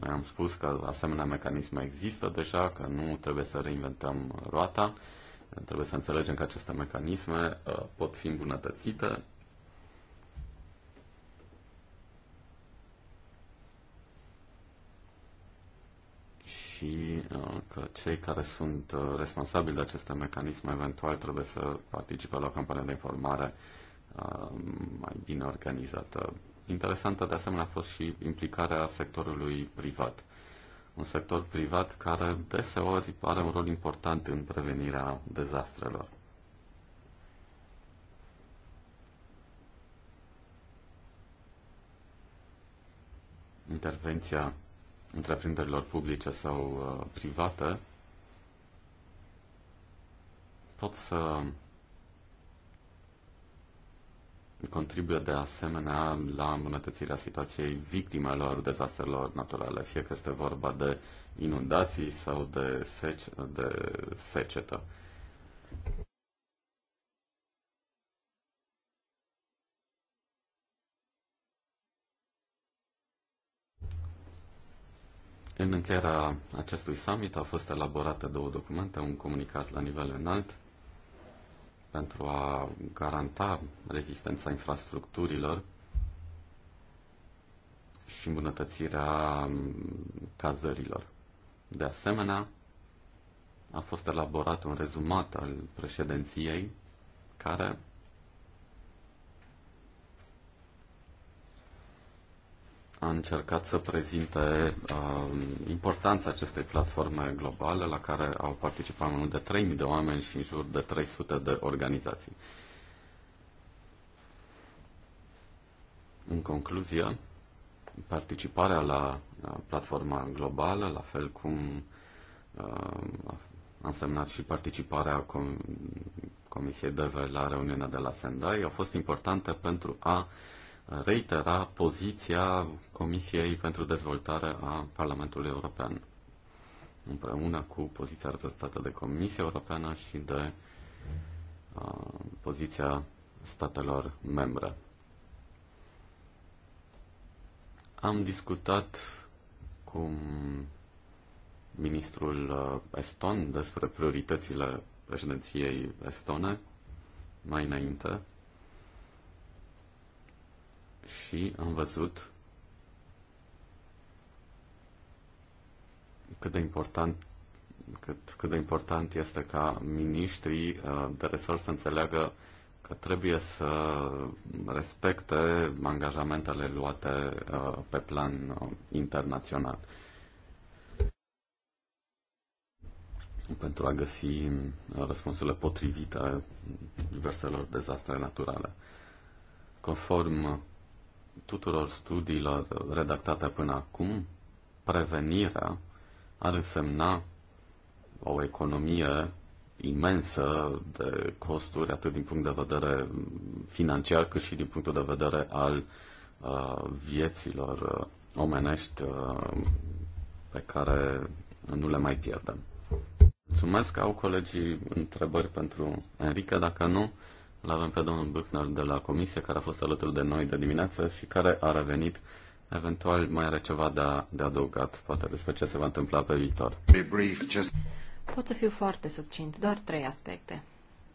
noi am spus că asemenea mecanisme există deja, că nu trebuie să reinventăm roata, trebuie să înțelegem că aceste mecanisme uh, pot fi îmbunătățite și uh, că cei care sunt uh, responsabili de aceste mecanisme eventual trebuie să participe la o campanie de informare uh, mai bine organizată. Interesantă de asemenea a fost și implicarea sectorului privat. Un sector privat care deseori are un rol important în prevenirea dezastrelor. Intervenția întreprinderilor publice sau uh, private, pot să contribuie de asemenea la îmbunătățirea situației victimelor dezastrelor naturale, fie că este vorba de inundații sau de, sec- de secetă. În încheierea acestui summit au fost elaborate două documente, un comunicat la nivel înalt pentru a garanta rezistența infrastructurilor și îmbunătățirea cazărilor. De asemenea, a fost elaborat un rezumat al președinției care a încercat să prezinte uh, importanța acestei platforme globale la care au participat mai mult de 3.000 de oameni și în jur de 300 de organizații. În concluzie, participarea la platforma globală, la fel cum uh, a însemnat și participarea com- Comisiei DV la reuniunea de la Sendai, au fost importante pentru a uh, reitera poziția Comisiei pentru Dezvoltare a Parlamentului European, împreună cu poziția reprezentată de Comisia Europeană și de a, uh, poziția statelor membre. Am discutat cu ministrul uh, eston despre prioritățile președinției estone mai înainte și am văzut cât de important cât, cât de important este ca miniștrii uh, de resort să înțeleagă că trebuie să respecte angajamentele luate uh, pe plan uh, internațional. pentru a găsi răspunsurile potrivite diverselor dezastre naturale. Conform tuturor studiilor redactate până acum, prevenirea ar însemna o economie imensă de costuri, atât din punct de vedere financiar, cât și din punctul de vedere al uh, vieților uh, omenești uh, pe care nu le mai pierdem. Mulțumesc, au colegii întrebări pentru Enrica, dacă nu, îl avem pe domnul Buchner de la comisie, care a fost alături de noi de dimineață și care a revenit. Eventual mai are ceva de, a, de adăugat, poate despre ce se va întâmpla pe viitor. Pot să fiu foarte subțint, doar trei aspecte.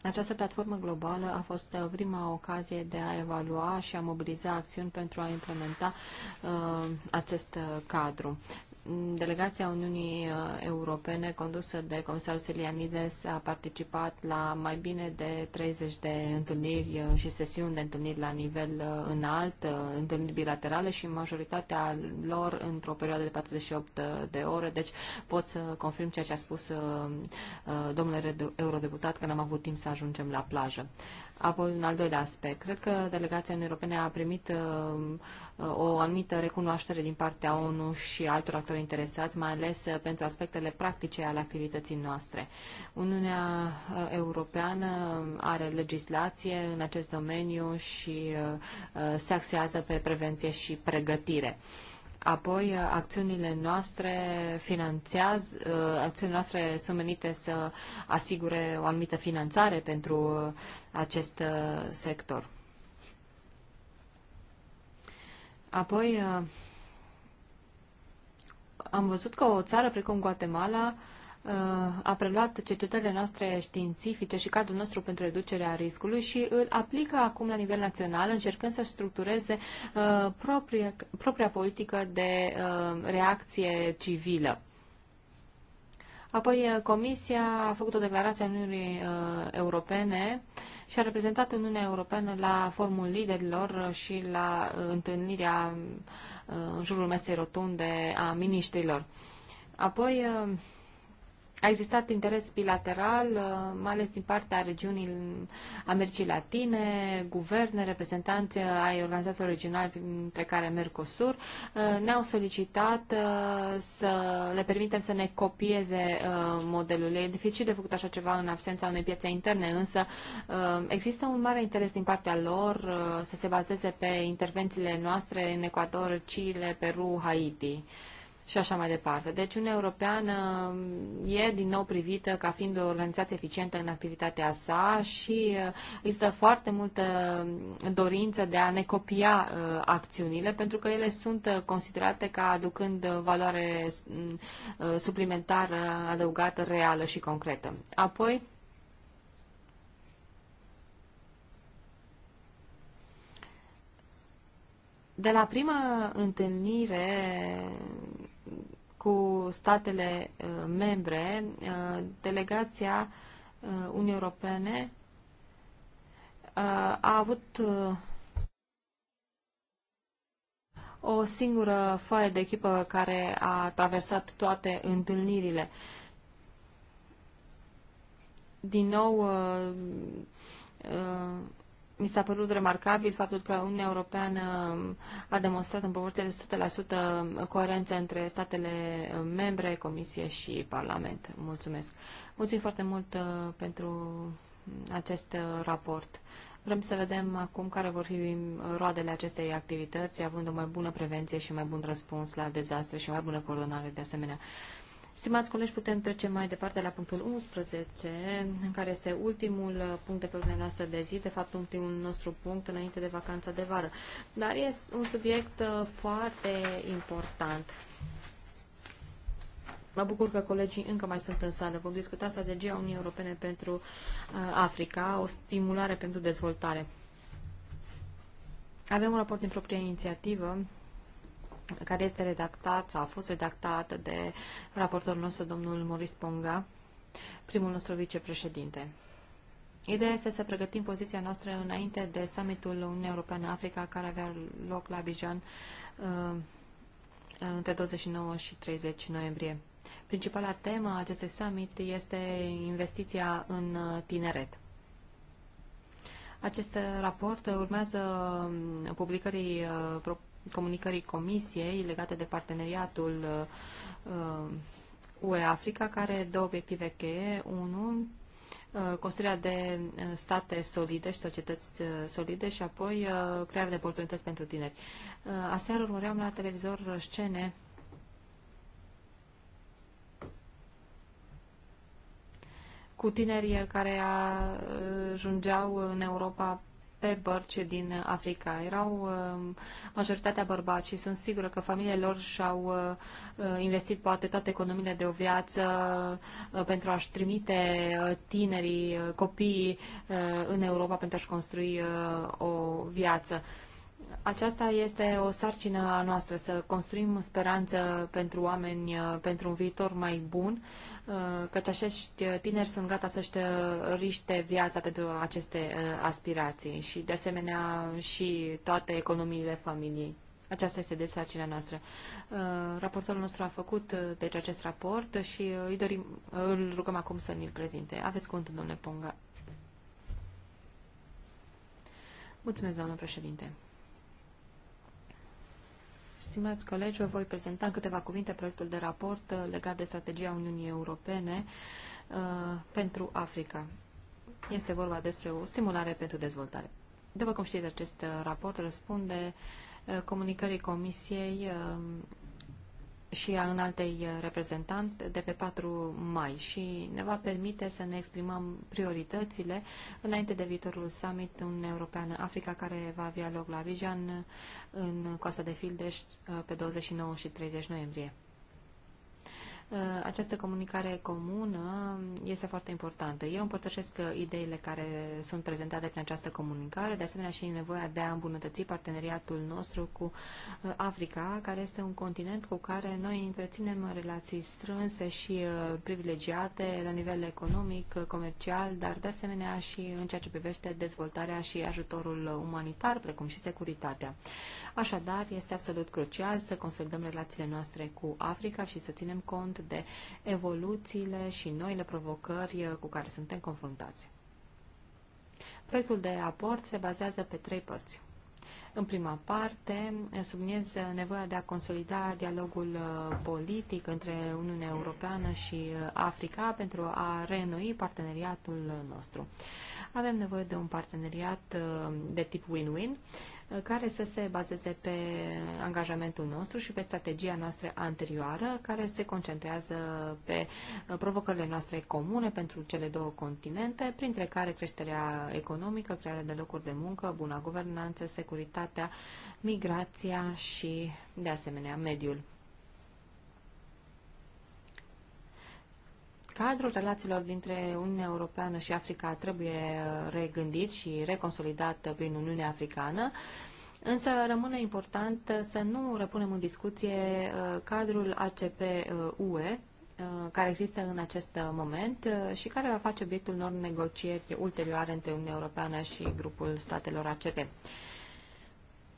Această platformă globală a fost uh, prima ocazie de a evalua și a mobiliza acțiuni pentru a implementa uh, acest uh, cadru. Delegația Uniunii uh, Europene, condusă de comisarul Selianides, a participat la mai bine de 30 de întâlniri uh, și sesiuni de întâlniri la nivel uh, înalt, întâlniri bilaterale și majoritatea lor într-o perioadă de 48 de ore. Deci pot să confirm ceea ce a spus domnule eurodeputat că n-am avut timp să ajungem la plajă. Apoi, un al doilea aspect. Cred că delegația Europeană Europene a primit uh, uh, o anumită recunoaștere din partea ONU și altor actori interesați, mai ales uh, pentru aspectele practice ale activității noastre. Uniunea Europeană are legislație în acest domeniu și se axează pe prevenție și pregătire. Apoi, uh, acțiunile noastre finanțează, uh, acțiunile noastre sunt menite să asigure o anumită finanțare pentru uh, acest sector. Apoi, am văzut că o țară precum Guatemala Uh, a preluat cercetările noastre științifice și cadrul nostru pentru reducerea riscului și îl aplică acum la nivel național, încercând să structureze uh, propria, propria politică de uh, reacție civilă. Apoi, Comisia a făcut o declarație a Uniunii Europene și a reprezentat Uniunea Europeană la formul liderilor și la întâlnirea în jurul mesei rotunde a miniștrilor. Apoi, a existat interes bilateral, uh, mai ales din partea regiunii Americii Latine, guverne, reprezentanți ai organizațiilor regionale, printre care Mercosur, uh, ne-au solicitat uh, să le permitem să ne copieze modelul. E dificil de făcut așa ceva în absența unei piețe interne, însă există un mare interes din partea lor să se bazeze pe intervențiile noastre în Ecuador, Chile, Peru, Haiti și așa mai departe. Deci Uniunea Europeană um, e din nou privită ca fiind o organizație eficientă în activitatea sa și uh, există foarte multă um, dorință de a ne copia uh, acțiunile pentru că ele sunt uh, considerate ca aducând valoare mm, suplimentară adăugată reală și concretă. Apoi, de la prima întâlnire cu statele uh, membre, uh, delegația uh, Uniunii Europene a avut o singură foaie de echipă care a traversat toate întâlnirile. Din nou, mi s-a părut remarcabil faptul că Uniunea Europeană a demonstrat în proporție de 100% coerență între statele membre, Comisie și Parlament. Mulțumesc. Mulțumim foarte mult uh, pentru acest uh, raport. Vrem să vedem acum care vor fi uh, roadele acestei activități, având o mai bună prevenție și mai bun răspuns la dezastre și o mai bună coordonare de asemenea. Stimați colegi, putem trece mai departe la punctul 11, în care este ultimul uh, punct de pe ordinea noastră de zi, de fapt ultimul nostru punct înainte de vacanța de vară. Dar este un subiect uh, foarte important. Mă bucur că colegii încă mai sunt în sală. Vom discuta strategia Uniunii Europene pentru uh, Africa, o stimulare pentru dezvoltare. Avem un raport din propria inițiativă care este redactat sau a fost redactat de raportorul nostru, domnul Maurice Ponga, primul nostru vicepreședinte. Ideea este să pregătim poziția noastră înainte de summitul Uniunea Europeană-Africa care avea loc la Abidjan uh, între 29 și 30 noiembrie. Principala temă a acestui summit este investiția în uh, tineret. Acest raport urmează um, publicării uh, comunicării Comisiei legate de parteneriatul uh, uh, UE-Africa, care are două obiective cheie. Unul, uh, construirea de state solide și societăți solide și apoi crearea de oportunități pentru tineri. Aseară urmăream la televizor scene cu tineri care ajungeau în Europa pe bărci din Africa. Erau uh, majoritatea bărbați și sunt sigură că familiile lor și-au uh, uh, investit poate toate economiile de o viață pentru a-și trimite tinerii, copiii în Europa pentru a-și construi o viață. Aceasta este o sarcină a noastră, să construim speranță pentru oameni, uh, pentru un viitor mai bun, uh, căci acești tineri sunt gata să-și riște viața pentru aceste uh, aspirații și, de asemenea, și toate economiile familiei. Aceasta este de sarcina noastră. Raportorul nostru a făcut deci acest raport și îi dorim, îl rugăm acum să ne-l prezinte. Aveți cuvântul, domnule Ponga. Mulțumesc, doamnă președinte. Stimați colegi, vă voi prezenta în câteva cuvinte proiectul de raport uh, legat de strategia Uniunii Europene uh, pentru Africa. Este vorba despre o stimulare pentru dezvoltare. După cum știți, acest uh, raport răspunde comunicării Comisiei și a înaltei uh, reprezentant de pe 4 mai și ne va permite să ne exprimăm prioritățile înainte de viitorul summit în Europeană-Africa care va avea loc la Vijan uh, în Coasta de Fildeș uh, pe 29 și 30 noiembrie. Uh, această comunicare comună este foarte importantă. Eu împărtășesc uh, ideile care sunt prezentate prin această comunicare, de asemenea și nevoia de a îmbunătăți parteneriatul nostru cu uh, Africa, care este un continent cu care noi întreținem relații strânse și privilegiate la nivel economic, comercial, dar de asemenea și în ceea ce privește dezvoltarea și ajutorul umanitar, precum și securitatea. Așadar, este absolut crucial să consolidăm relațiile noastre cu Africa și să ținem cont de evoluțiile și noile provocări cu care suntem confruntați. Proiectul de aport se bazează pe trei părți. În prima parte, subliniez nevoia de a consolida dialogul uh, politic între Uniunea Europeană și uh, Africa pentru a reînnoi parteneriatul uh, nostru. Avem nevoie de un parteneriat de tip win-win care să se bazeze pe angajamentul nostru și pe strategia noastră anterioară, care se concentrează pe provocările noastre comune pentru cele două continente, printre care creșterea economică, crearea de locuri de muncă, buna guvernanță, securitatea, migrația și, de asemenea, mediul. Cadrul relațiilor dintre Uniunea Europeană și Africa trebuie regândit și reconsolidat prin Uniunea Africană. Însă rămâne important să nu repunem în discuție uh, cadrul ACP-UE, uh, uh, care există în acest moment și care va face obiectul unor negocieri ulterioare între Uniunea Europeană și grupul statelor ACP.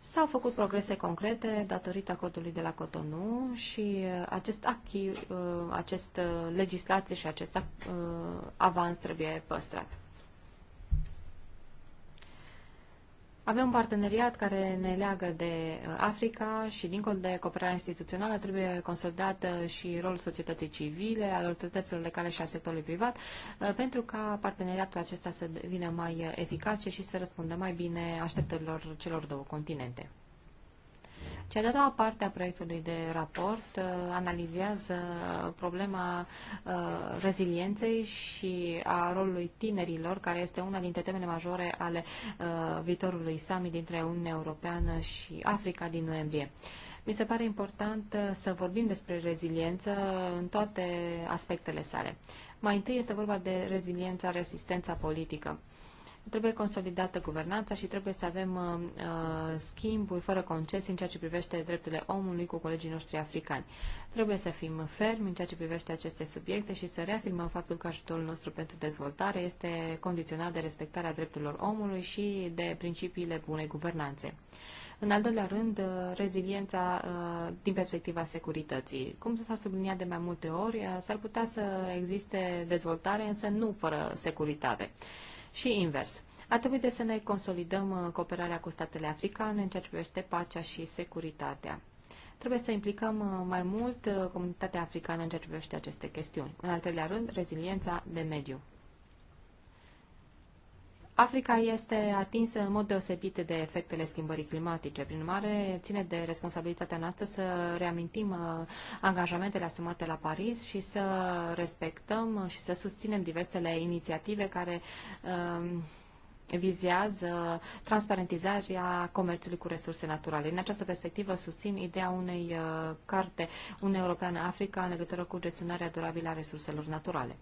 S-au făcut progrese concrete datorită acordului de la Cotonou și uh, acest act, uh, acest uh, legislație și acest avans trebuie păstrat. Avem un parteneriat care ne leagă de uh, Africa și, dincolo de cooperarea instituțională, trebuie consolidat uh, și rolul societății civile, al autorităților locale și al sectorului privat, uh, pentru ca parteneriatul acesta să devină mai eficace și să răspundă mai bine așteptărilor celor două continente. Cea de-a doua parte a proiectului de raport uh, analizează problema uh, rezilienței și a rolului tinerilor, care este una dintre temele majore ale uh, viitorului summit dintre Uniunea Europeană și Africa din noiembrie. Mi se pare important să vorbim despre reziliență în toate aspectele sale. Mai întâi este vorba de reziliența, rezistența politică. Trebuie consolidată guvernanța și trebuie să avem uh, uh, schimburi fără concesii în ceea ce privește drepturile omului cu colegii noștri africani. Trebuie să fim fermi în ceea ce privește aceste subiecte și să reafirmăm faptul că ajutorul nostru pentru dezvoltare este condiționat de respectarea drepturilor omului și de principiile bunei guvernanțe. În al doilea rând, uh, reziliența uh, din perspectiva securității. Cum s-a subliniat de mai multe ori, s-ar putea să existe dezvoltare, însă nu fără securitate și invers. Ar trebui să ne consolidăm uh, cooperarea cu statele africane în ceea ce privește pacea și securitatea. Trebuie să implicăm uh, mai mult uh, comunitatea africană în ceea ce privește aceste chestiuni. În al treilea rând, reziliența de mediu. Africa este atinsă în mod deosebit de efectele schimbării climatice. Prin urmare, ține de responsabilitatea noastră să reamintim uh, angajamentele asumate la Paris și să respectăm și să susținem diversele inițiative care um, vizează transparentizarea comerțului cu resurse naturale. În această perspectivă susțin ideea unei uh, carte Uniunea Europeană-Africa în legătură cu gestionarea durabilă a resurselor naturale.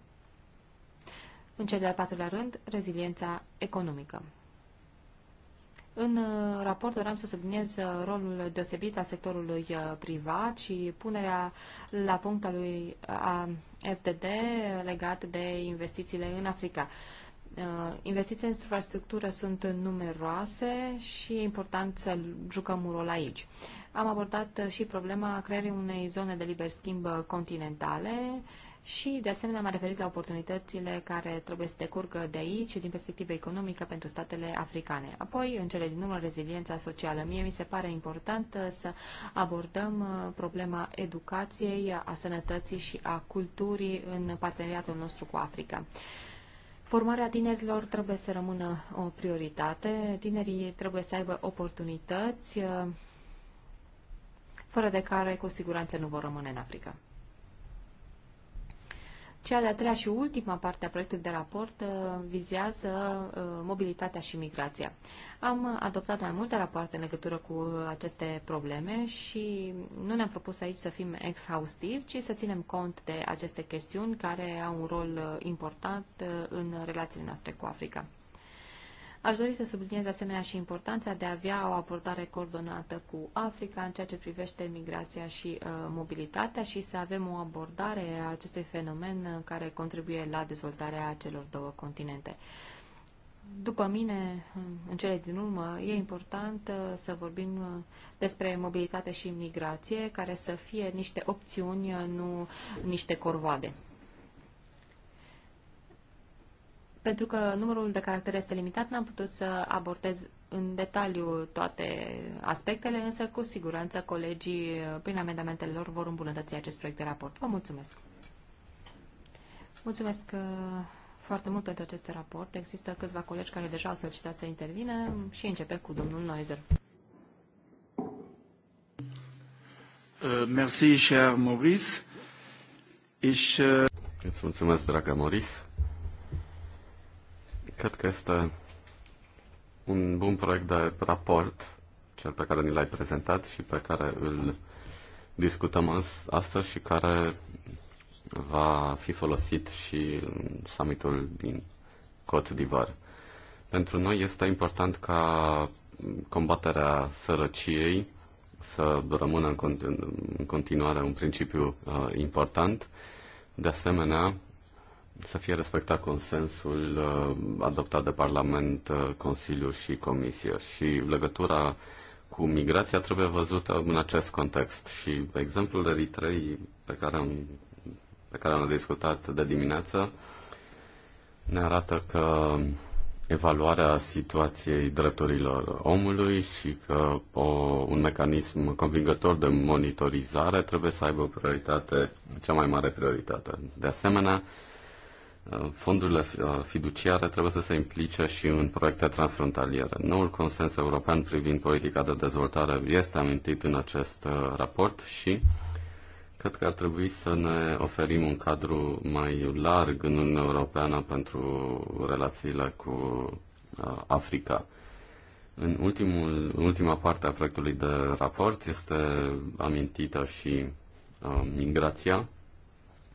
În cel de-al patrulea rând, reziliența economică. În uh, raport doream să subliniez uh, rolul deosebit al sectorului uh, privat și punerea la punct a lui a FDD legat de investițiile în Africa. Investițiile în infrastructură sunt numeroase și e important să jucăm un rol aici. Am abordat și problema creării unei zone de liber schimb continentale și, de asemenea, m-a referit la oportunitățile care trebuie să decurgă de aici din perspectivă economică pentru statele africane. Apoi, în cele din urmă, reziliența socială. Mie mi se pare important uh, să abordăm uh, problema educației, a sănătății și a culturii în parteneriatul nostru cu Africa. Formarea tinerilor trebuie să rămână o prioritate. Tinerii trebuie să aibă oportunități uh, fără de care cu siguranță nu vor rămâne în Africa. Cea de-a treia și ultima parte a proiectului de raport uh, vizează uh, mobilitatea și migrația. Am adoptat mai multe rapoarte în legătură cu aceste probleme și nu ne-am propus aici să fim exhaustivi, ci să ținem cont de aceste chestiuni care au un rol uh, important în relațiile noastre cu Africa. Aș dori să subliniez de asemenea și importanța de a avea o abordare coordonată cu Africa în ceea ce privește migrația și uh, mobilitatea și să avem o abordare a acestui fenomen uh, care contribuie la dezvoltarea celor două continente. După mine, în cele din urmă, e important uh, să vorbim uh, despre mobilitate și migrație, care să fie niște opțiuni, nu niște corvoade. pentru că numărul de caractere este limitat, n-am putut să abordez în detaliu toate aspectele, însă cu siguranță colegii, prin amendamentele lor, vor îmbunătăți acest proiect de raport. Vă mulțumesc! Mulțumesc uh, foarte mult pentru acest raport. Există câțiva colegi care deja au solicitat să intervină și începe cu domnul Noizer. Uh, cher Maurice. Ich, uh... Îți mulțumesc, dragă Maurice. Cred că este un bun proiect de raport, cel pe care ni l-ai prezentat și pe care îl discutăm astăzi și care va fi folosit și în summitul din Cote d'Ivoire. Pentru noi este important ca combaterea sărăciei să rămână în continuare un principiu uh, important. De asemenea, să fie respectat consensul uh, adoptat de Parlament, uh, Consiliu și Comisie. Și legătura cu migrația trebuie văzută în acest context. Și exemplul Eritrei pe care am, pe care am discutat de dimineață ne arată că evaluarea situației drepturilor omului și că o, un mecanism convingător de monitorizare trebuie să aibă prioritate, cea mai mare prioritate. De asemenea, fondurile uh, fiduciare trebuie să se implice și în proiecte transfrontaliere. Noul consens european privind politica de dezvoltare este amintit în acest uh, raport și cred că ar trebui să ne oferim un cadru mai larg în Uniunea Europeană pentru relațiile cu uh, Africa. În ultimul, ultima parte a proiectului de raport este amintită și uh, migrația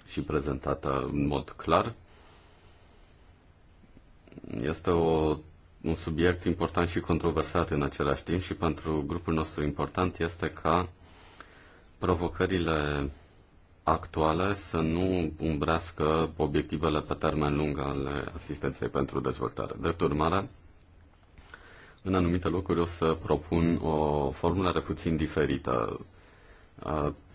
și prezentată în mod clar este o, un subiect important și controversat în același timp și pentru grupul nostru important este ca provocările actuale să nu umbrească obiectivele pe termen lung ale asistenței pentru dezvoltare. Drept urmare, în anumite locuri o să propun o formulare puțin diferită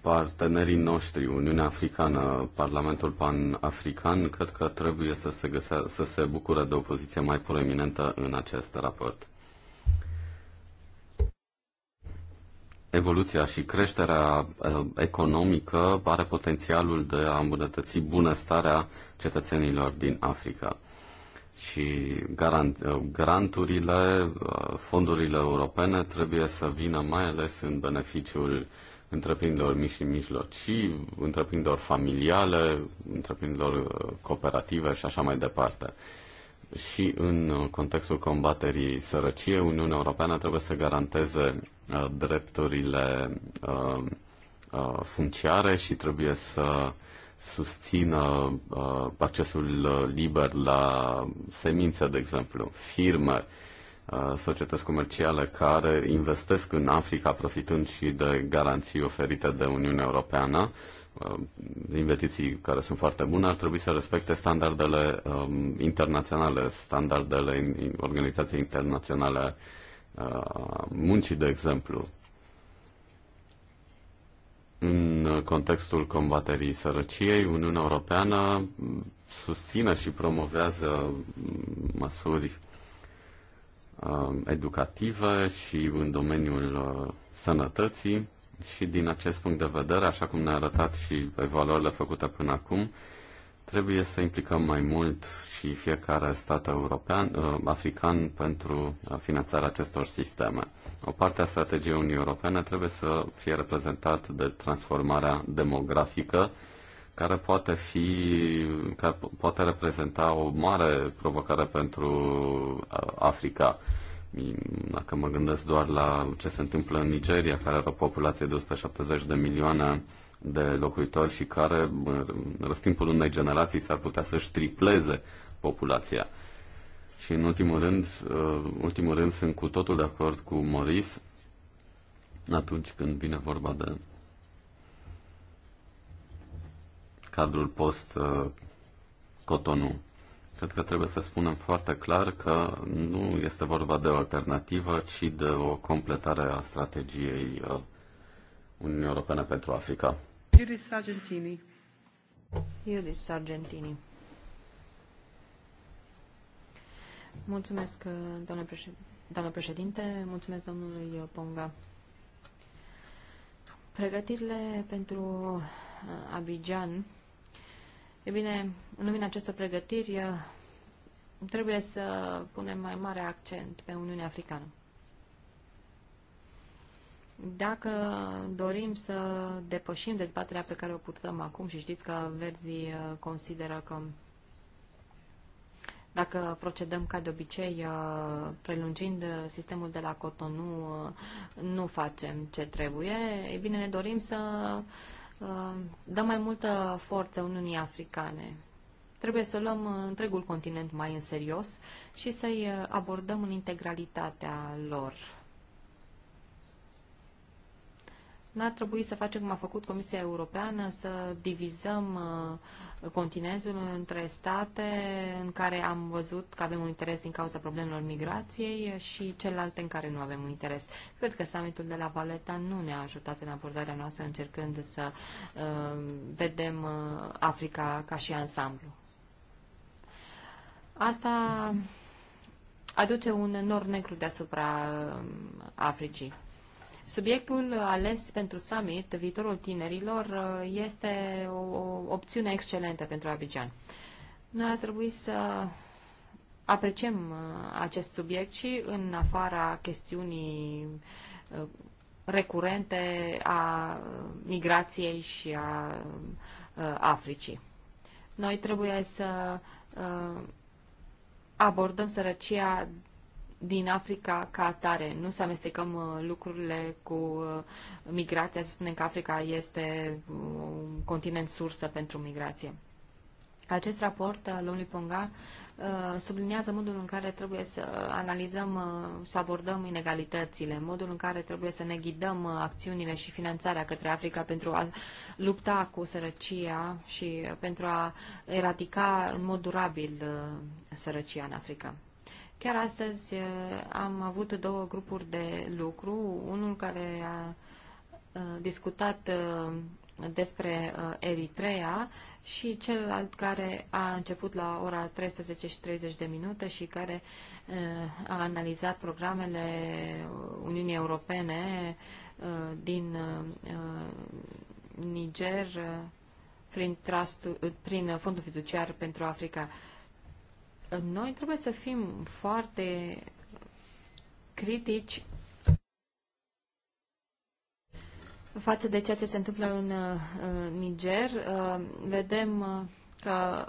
partenerii noștri, Uniunea Africană, Parlamentul Pan-African, cred că trebuie să se, găsea, să se bucure de o poziție mai proeminentă în acest raport. Evoluția și creșterea eh, economică are potențialul de a îmbunătăți bunăstarea cetățenilor din Africa și garant, eh, granturile, eh, fondurile europene trebuie să vină mai ales în beneficiul întreprinderi mici și mijlocii, întreprinderi familiale, întreprinderi uh, cooperative și așa mai departe. Și în uh, contextul combaterii sărăciei, Uniunea Europeană trebuie să garanteze uh, drepturile funciare și trebuie să susțină accesul liber la semințe, de exemplu, firme, societăți comerciale care investesc în Africa profitând și de garanții oferite de Uniunea Europeană, investiții care sunt foarte bune, ar trebui să respecte standardele um, internaționale, standardele Organizației Internaționale a Muncii, de exemplu, în contextul combaterii sărăciei, Uniunea Europeană susține și promovează măsuri Um, educative și în domeniul uh, sănătății și din acest punct de vedere, așa cum ne-a arătat și evaluările făcute până acum, trebuie să implicăm mai mult și fiecare stat european, uh, african pentru uh, finanțarea acestor sisteme. O parte a strategiei Uniunii Europene trebuie să fie reprezentată de transformarea demografică care poate fi, care poate reprezenta o mare provocare pentru Africa. Dacă mă gândesc doar la ce se întâmplă în Nigeria, care are o populație de 170 de milioane de locuitori și care, în răstimpul unei generații, s-ar putea să-și tripleze populația. Și în ultimul rând, ă, ultimul rând sunt cu totul de acord cu Maurice atunci când vine vorba de cadrul post Cotonou. Cred că trebuie să spunem foarte clar că nu este vorba de o alternativă, ci de o completare a strategiei uh, Uniunii Europene pentru Africa. Iuris Argentini. Iuris Argentini. Mulțumesc, uh, doamne, președinte. doamne președinte, mulțumesc domnului Ponga. Pregătirile pentru uh, Abidjan E bine, în lumina acestor pregătiri, eh, trebuie să punem mai mare accent pe Uniunea Africană. Dacă dorim să depășim dezbaterea pe care o putăm acum și știți că verzii eh, consideră că dacă procedăm ca de obicei, eh, prelungind sistemul de la Cotonou, nu facem ce trebuie, e bine, ne dorim să Uh, dă mai multă forță Uniunii Africane. Trebuie să luăm uh, întregul continent mai în serios și să-i uh, abordăm în integralitatea lor N-ar trebui să facem cum a făcut Comisia Europeană, să divizăm uh, continentul între state în care am văzut că avem un interes din cauza problemelor migrației și celelalte în care nu avem un interes. Cred că summitul de la Valeta nu ne-a ajutat în abordarea noastră încercând să uh, vedem uh, Africa ca și ansamblu. Asta aduce un nor negru deasupra uh, Africii. Subiectul ales pentru summit, viitorul tinerilor, este o opțiune excelentă pentru Abidjan. Noi ar trebui să apreciem uh, acest subiect și în afara chestiunii uh, recurente a uh, migrației și a Africii. Noi trebuie să abordăm sărăcia din Africa ca atare. Nu să amestecăm uh, lucrurile cu uh, migrația, să spunem că Africa este uh, un continent sursă pentru migrație. Acest raport al lui Ponga subliniază modul în care trebuie să analizăm, să abordăm inegalitățile, modul în care trebuie să ne ghidăm acțiunile și finanțarea către Africa pentru a lupta cu sărăcia și pentru a eradica în mod durabil sărăcia în Africa. Chiar astăzi eh, am avut două grupuri de lucru, unul care a eh, discutat eh, despre Eritrea și celălalt care a început la ora 13:30 de minute și care a analizat programele Uniunii Europene din Niger prin, trust, prin Fondul Fiduciar pentru Africa noi trebuie să fim foarte critici față de ceea ce se întâmplă în uh, Niger. Uh, vedem uh, că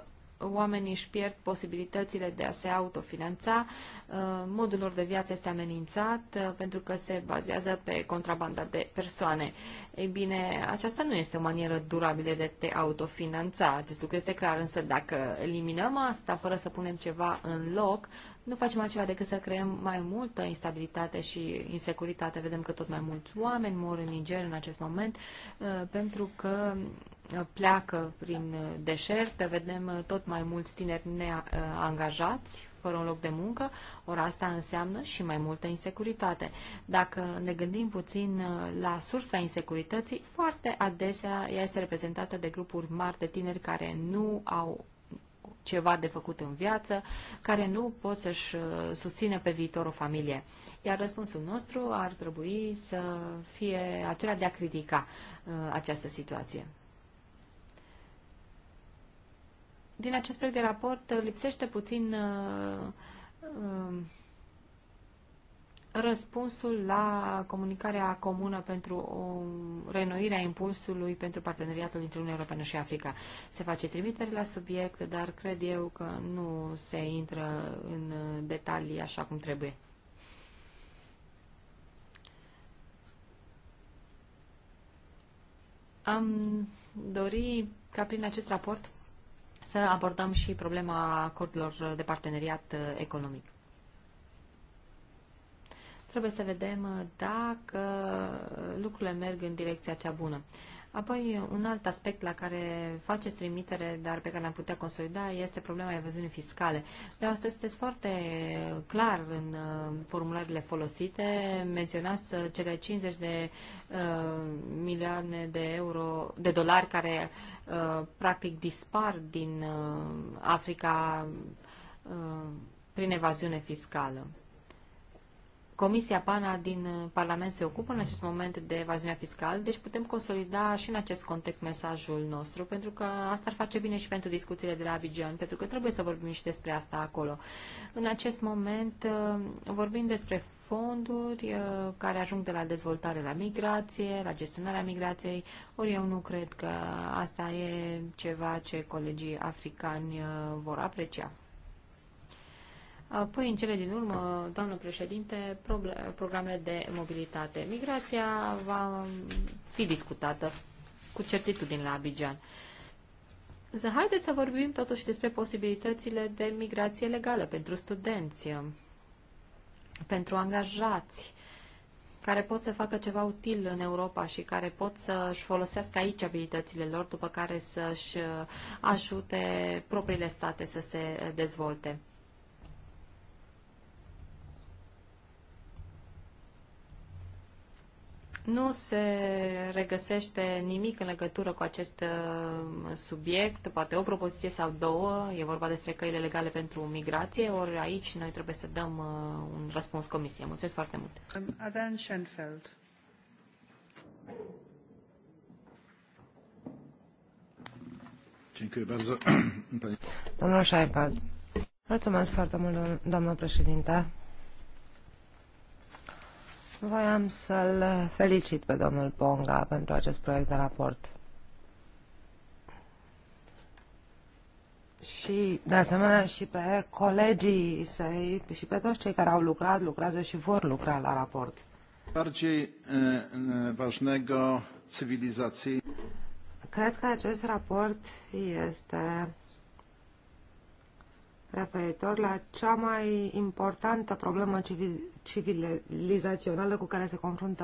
oamenii își pierd posibilitățile de a se autofinanța, uh, modul lor de viață este amenințat uh, pentru că se bazează pe contrabanda de persoane. Ei bine, aceasta nu este o manieră durabilă de te autofinanța, acest lucru este clar, însă dacă eliminăm asta fără să punem ceva în loc, nu facem altceva decât să creăm mai multă instabilitate și insecuritate. Vedem că tot mai mulți oameni mor în Niger în acest moment uh, pentru că pleacă prin uh, deșert, vedem uh, tot mai mulți tineri neangajați, fără un loc de muncă, ori asta înseamnă și mai multă insecuritate. Dacă ne gândim puțin uh, la sursa insecurității, foarte adesea ea este reprezentată de grupuri mari de tineri care nu au ceva de făcut în viață, care nu pot să-și susține pe viitor o familie. Iar răspunsul nostru ar trebui să fie acela de a critica această situație. din acest proiect de raport lipsește puțin uh, um, răspunsul la comunicarea comună pentru o renoire a impulsului pentru parteneriatul dintre Uniunea Europeană și Africa. Se face trimitere la subiect, dar cred eu că nu se intră în detalii așa cum trebuie. Am dori ca prin acest raport să abordăm și problema acordurilor de parteneriat uh, economic. Trebuie să vedem uh, dacă uh, lucrurile merg în direcția cea bună. Apoi, un alt aspect la care faceți trimitere, dar pe care l-am putea consolida, este problema evaziunii fiscale. De asta sunteți foarte clar în uh, formularele folosite. Menționați uh, cele 50 de uh, milioane de euro, de dolari care uh, practic dispar din uh, Africa uh, prin evaziune fiscală. Comisia PANA din uh, Parlament se ocupă în acest moment de evaziunea fiscală, deci putem consolida și în acest context mesajul nostru, pentru că asta ar face bine și pentru discuțiile de la Abidjan, pentru că trebuie să vorbim și despre asta acolo. În acest moment uh, vorbim despre fonduri uh, care ajung de la dezvoltare la migrație, la gestionarea migrației, ori eu nu cred că asta e ceva ce colegii africani vor aprecia. Apoi, în cele din urmă, doamnă președinte, programele de mobilitate. Migrația va fi discutată cu certitudine la Abidjan. Să haideți să vorbim totuși despre posibilitățile de migrație legală pentru studenți, pentru angajați, care pot să facă ceva util în Europa și care pot să-și folosească aici abilitățile lor, după care să-și ajute propriile state să se dezvolte. Nu se regăsește nimic în legătură cu acest uh, subiect, poate o propoziție sau două, e vorba despre căile legale pentru migrație, ori aici noi trebuie să dăm uh, un răspuns comisiei. Mulțumesc foarte mult. Um, Adan Schenfeld. Domnul Șaipal, mulțumesc foarte mult, doamnă președinte. Voiam să-l felicit pe domnul Ponga pentru acest proiect de raport. Și, de asemenea, și pe colegii săi și pe toți cei care au lucrat, lucrează și vor lucra la raport. Bardziej ważnego cywilizacji. Cred că acest raport este referitor la cea mai importantă problemă civilizațională cu care se confruntă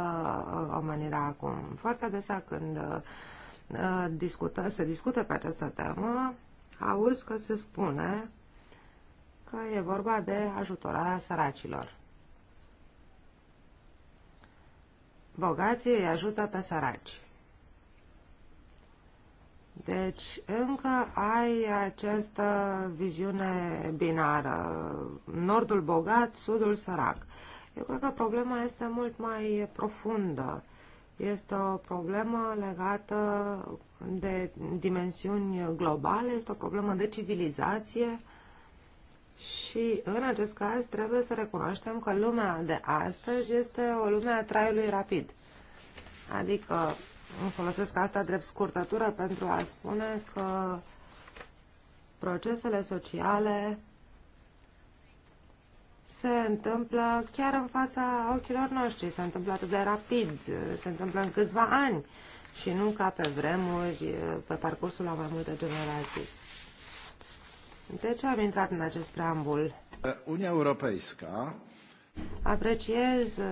uh, omenirea acum. Foarte adesea când uh, uh, discută, se discută pe această temă, auzi că se spune că e vorba de ajutorarea săracilor. Bogații îi ajută pe săraci. Deci, încă ai această viziune binară, nordul bogat, sudul sărac. Eu cred că problema este mult mai profundă. Este o problemă legată de dimensiuni globale, este o problemă de civilizație și în acest caz trebuie să recunoaștem că lumea de astăzi este o lume a traiului rapid. Adică folosesc asta drept scurtătură pentru a spune că procesele sociale se întâmplă chiar în fața ochilor noștri, se întâmplă atât de rapid, se întâmplă în câțiva ani și nu ca pe vremuri, pe parcursul la mai multe generații. De ce am intrat în acest preambul? Uniunea Europeană Apreciez uh,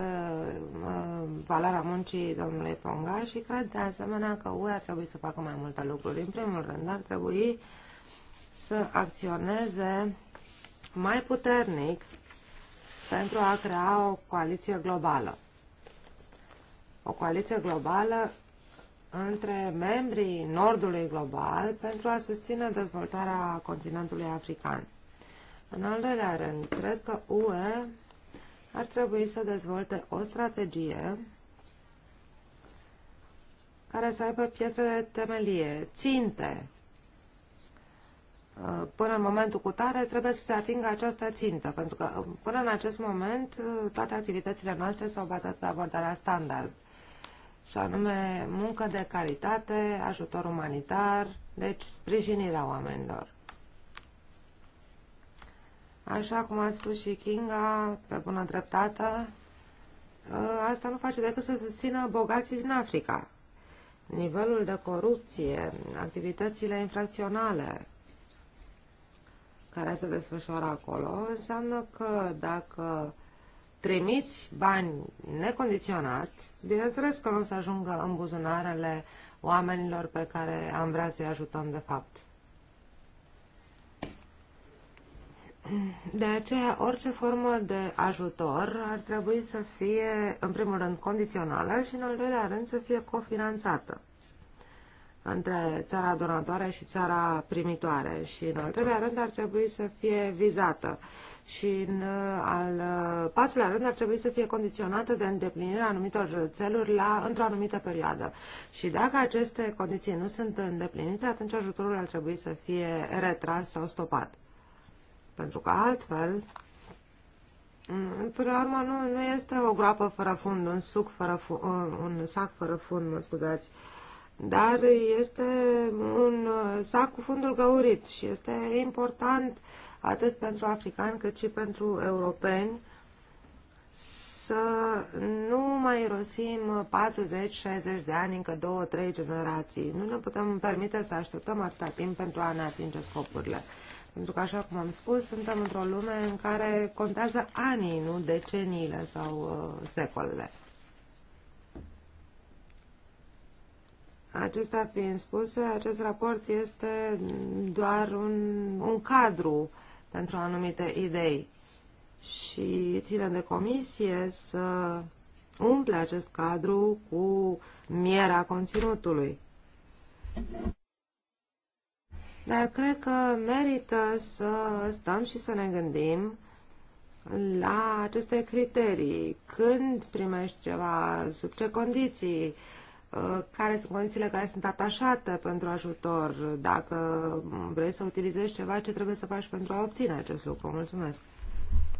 uh, valoarea muncii domnului Ponga și cred de asemenea că UE ar trebui să facă mai multe lucruri. În primul rând, ar trebui să acționeze mai puternic pentru a crea o coaliție globală. O coaliție globală între membrii Nordului Global pentru a susține dezvoltarea continentului african. În al doilea rând, cred că UE ar trebui să dezvolte o strategie care să aibă pietre de temelie, ținte. Uh, până în momentul cu tare trebuie să se atingă această țintă, pentru că uh, până în acest moment uh, toate activitățile noastre s-au bazat pe abordarea standard, și anume muncă de calitate, ajutor umanitar, deci sprijinirea oamenilor. Așa cum a spus și Kinga, pe bună dreptate, ă, asta nu face decât să susțină bogații din Africa. Nivelul de corupție, activitățile infracționale care se desfășoară acolo, înseamnă că dacă trimiți bani necondiționat, bineînțeles că nu o să ajungă în buzunarele oamenilor pe care am vrea să-i ajutăm de fapt. De aceea, orice formă de ajutor ar trebui să fie, în primul rând, condițională și, în al doilea rând, să fie cofinanțată între țara donatoare și țara primitoare și, în al treilea rând, ar trebui să fie vizată și, în al patrulea rând, ar trebui să fie condiționată de îndeplinirea anumitor țeluri la, într-o anumită perioadă. Și dacă aceste condiții nu sunt îndeplinite, atunci ajutorul ar trebui să fie retras sau stopat. Pentru că altfel, până la urmă, nu, nu este o groapă fără fund, un, suc fără fu uh, un sac fără fund, mă scuzați, dar este un uh, sac cu fundul găurit și este important atât pentru africani cât și pentru europeni să nu mai rosim 40-60 de ani, încă 2-3 generații. Nu ne putem permite să așteptăm atâta timp pentru a ne atinge scopurile. Pentru că, așa cum am spus, suntem într-o lume în care contează anii, nu deceniile sau uh, secolele. Acesta fiind spuse, acest raport este doar un, un cadru pentru anumite idei și ține de comisie să umple acest cadru cu mierea conținutului. Dar cred că merită să stăm și să ne gândim la aceste criterii. Când primești ceva, sub ce condiții, ă, care sunt condițiile care sunt atașate pentru ajutor, dacă vrei să utilizezi ceva, ce trebuie să faci pentru a obține acest lucru. Mulțumesc!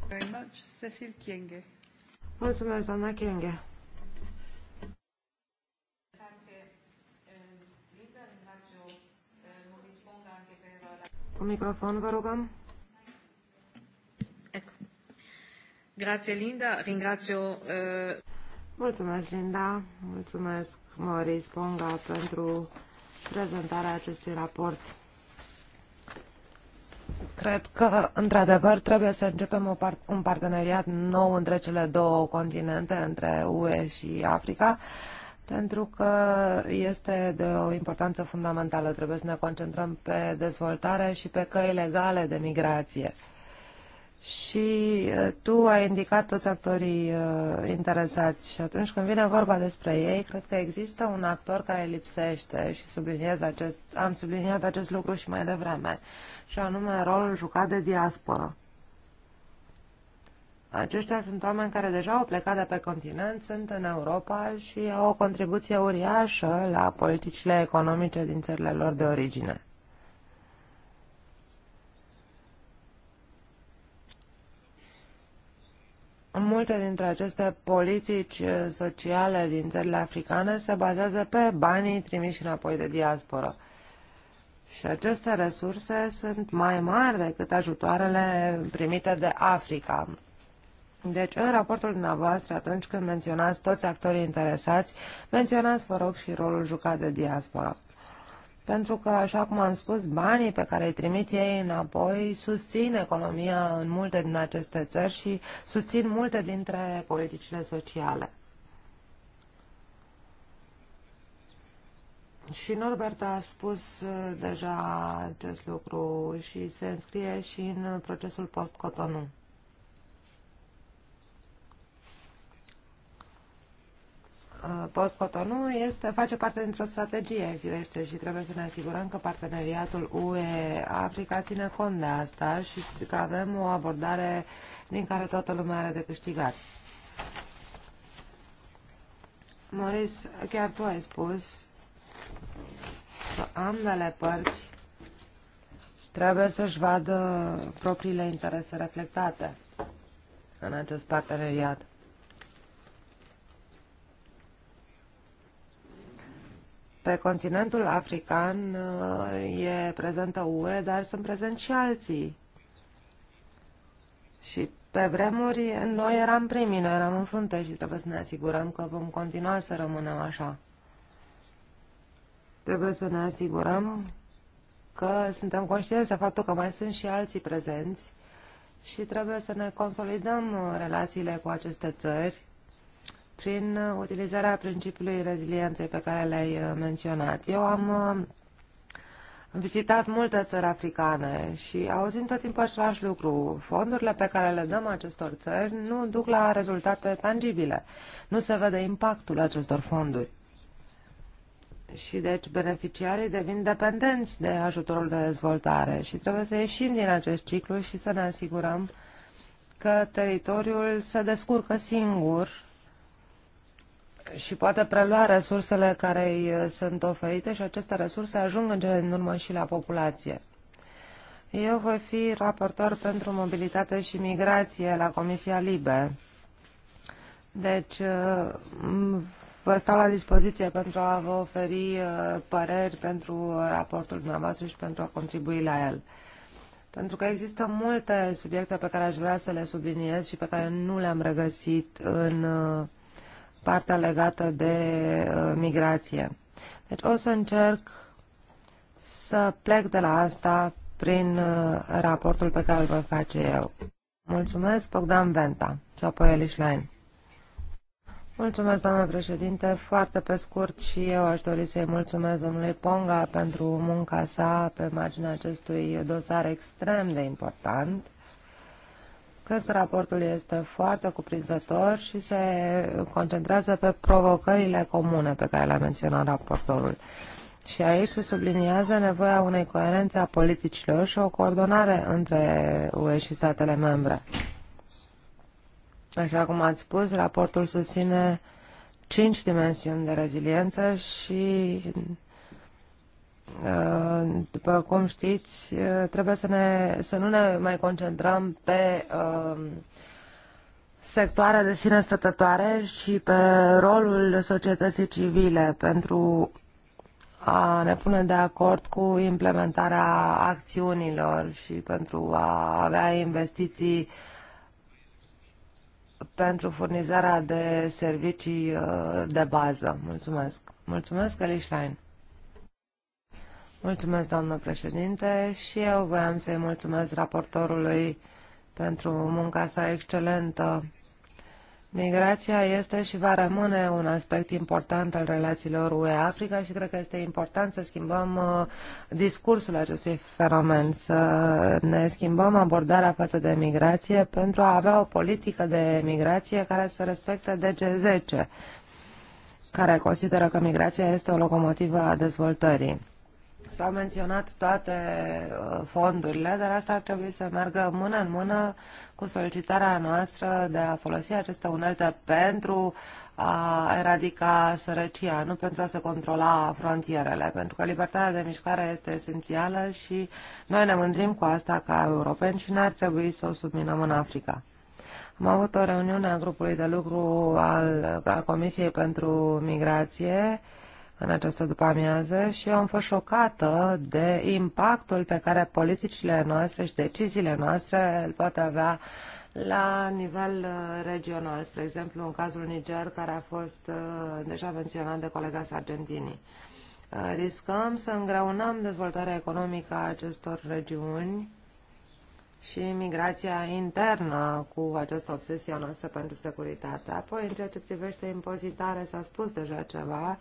Very much, Cecil Kienge. Mulțumesc, doamna Kienge. Un microfon, vă rugăm. Grazie, Linda. Ringrazio... Uh... Mulțumesc, Linda. Mulțumesc, Moris Ponga, pentru prezentarea acestui raport. Cred că, într-adevăr, trebuie să începem o par- un parteneriat nou între cele două continente, între UE și Africa pentru că este de o importanță fundamentală. Trebuie să ne concentrăm pe dezvoltare și pe căi legale de migrație. Și tu ai indicat toți actorii uh, interesați și atunci când vine vorba despre ei, cred că există un actor care lipsește și subliniez acest, am subliniat acest lucru și mai devreme, și anume rolul jucat de diasporă. Aceștia sunt oameni care deja au plecat de pe continent, sunt în Europa și au o contribuție uriașă la politicile economice din țările lor de origine. Multe dintre aceste politici sociale din țările africane se bazează pe banii trimiși înapoi de diasporă. Și aceste resurse sunt mai mari decât ajutoarele primite de Africa. Deci, în raportul dumneavoastră, atunci când menționați toți actorii interesați, menționați, vă rog, și rolul jucat de diaspora. Pentru că, așa cum am spus, banii pe care îi trimit ei înapoi susțin economia în multe din aceste țări și susțin multe dintre politicile sociale. Și Norbert a spus uh, deja acest lucru și se înscrie și în procesul post-Cotonou. Uh, post-Cotonou este, face parte dintr-o strategie, firește, și trebuie să ne asigurăm că parteneriatul UE-Africa ține cont de asta și că avem o abordare din care toată lumea are de câștigat. Moris, chiar tu ai spus că ambele părți trebuie să-și vadă propriile interese reflectate în acest parteneriat. Pe continentul african uh, e prezentă UE, dar sunt prezenți și alții. Și pe vremuri noi eram primii, noi eram în frunte și trebuie să ne asigurăm că vom continua să rămânem așa. Trebuie să ne asigurăm că suntem conștienți de faptul că mai sunt și alții prezenți și trebuie să ne consolidăm uh, relațiile cu aceste țări prin uh, utilizarea principiului rezilienței pe care le-ai uh, menționat. Eu am uh, vizitat multe țări africane și auzim tot timpul același lucru. Fondurile pe care le dăm acestor țări nu duc la rezultate tangibile. Nu se vede impactul acestor fonduri. Și deci beneficiarii devin dependenți de ajutorul de dezvoltare și trebuie să ieșim din acest ciclu și să ne asigurăm că teritoriul se descurcă singur și poate prelua resursele care îi uh, sunt oferite și aceste resurse ajung în cele din urmă și la populație. Eu voi fi raportor pentru mobilitate și migrație la Comisia Libe. Deci uh, vă stau la dispoziție pentru a vă oferi uh, păreri pentru raportul dumneavoastră și pentru a contribui la el. Pentru că există multe subiecte pe care aș vrea să le subliniez și pe care nu le-am regăsit în uh, partea legată de uh, migrație. Deci o să încerc să plec de la asta prin uh, raportul pe care îl voi face eu. Mulțumesc, Bogdan Venta și apoi Elișlein. Mulțumesc, doamnă președinte. Foarte pe scurt și eu aș dori să-i mulțumesc domnului Ponga pentru munca sa pe marginea acestui dosar extrem de important Cred că raportul este foarte cuprinzător și se concentrează pe provocările comune pe care le-a menționat raportorul. Și aici se subliniază nevoia unei coerențe a politicilor și o coordonare între UE și statele membre. Așa cum ați spus, raportul susține cinci dimensiuni de reziliență și Uh, după cum știți, uh, trebuie să, ne, să nu ne mai concentrăm pe uh, sectoare de sine stătătoare și pe rolul societății civile pentru a ne pune de acord cu implementarea acțiunilor și pentru a avea investiții pentru furnizarea de servicii de bază. Mulțumesc. Mulțumesc, Elișlein. Mulțumesc, doamnă președinte, și eu voiam să-i mulțumesc raportorului pentru munca sa excelentă. Migrația este și va rămâne un aspect important al relațiilor UE-Africa și cred că este important să schimbăm uh, discursul acestui fenomen, să ne schimbăm abordarea față de migrație pentru a avea o politică de migrație care să respecte DG10, care consideră că migrația este o locomotivă a dezvoltării. S-au menționat toate uh, fondurile, dar asta ar trebui să meargă mână în mână cu solicitarea noastră de a folosi aceste unelte pentru a eradica sărăcia, nu pentru a se controla frontierele, pentru că libertatea de mișcare este esențială și noi ne mândrim cu asta ca europeni și n-ar trebui să o subminăm în Africa. Am avut o reuniune a grupului de lucru al a Comisiei pentru Migrație, în această după-amiază și eu am fost șocată de impactul pe care politicile noastre și deciziile noastre îl pot avea la nivel uh, regional, spre exemplu în cazul Niger, care a fost uh, deja menționat de colega Sargentini. Uh, riscăm să îngreunăm dezvoltarea economică a acestor regiuni și migrația internă cu această obsesie noastră pentru securitate. Apoi, în ceea ce privește impozitare, s-a spus deja ceva.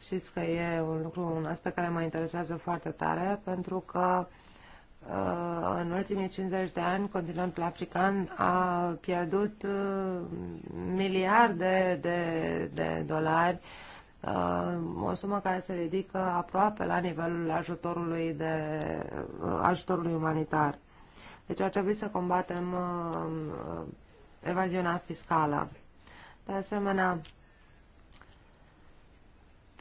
Știți că e un lucru, un aspect care mă interesează foarte tare, pentru că uh, în ultimii 50 de ani continentul african a pierdut uh, miliarde de, de dolari, uh, o sumă care se ridică aproape la nivelul ajutorului, de, ajutorului umanitar. Deci ar trebui să combatem evaziunea fiscală. De asemenea,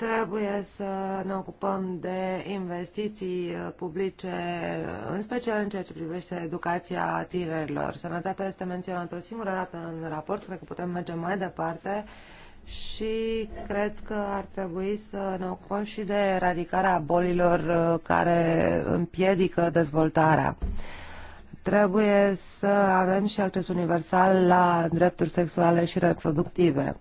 Trebuie să ne ocupăm de investiții uh, publice, uh, în special în ceea ce privește educația tinerilor. Sănătatea este menționată o singură dată în raport, cred că putem merge mai departe și cred că ar trebui să ne ocupăm și de eradicarea bolilor uh, care împiedică dezvoltarea. Trebuie să avem și acces universal la drepturi sexuale și reproductive.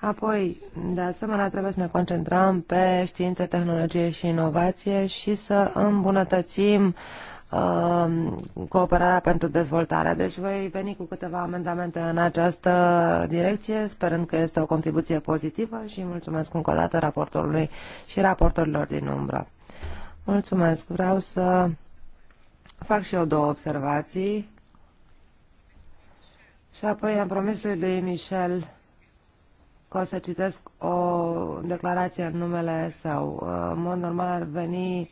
Apoi, de asemenea, trebuie să ne concentrăm pe știință, tehnologie și inovație și să îmbunătățim uh, cooperarea pentru dezvoltare. Deci voi veni cu câteva amendamente în această direcție, sperând că este o contribuție pozitivă și mulțumesc încă o dată raportorului și raportorilor din umbră. Mulțumesc. Vreau să fac și eu două observații și apoi am promis lui Michel că o să citesc o declarație în numele său. În mod normal ar veni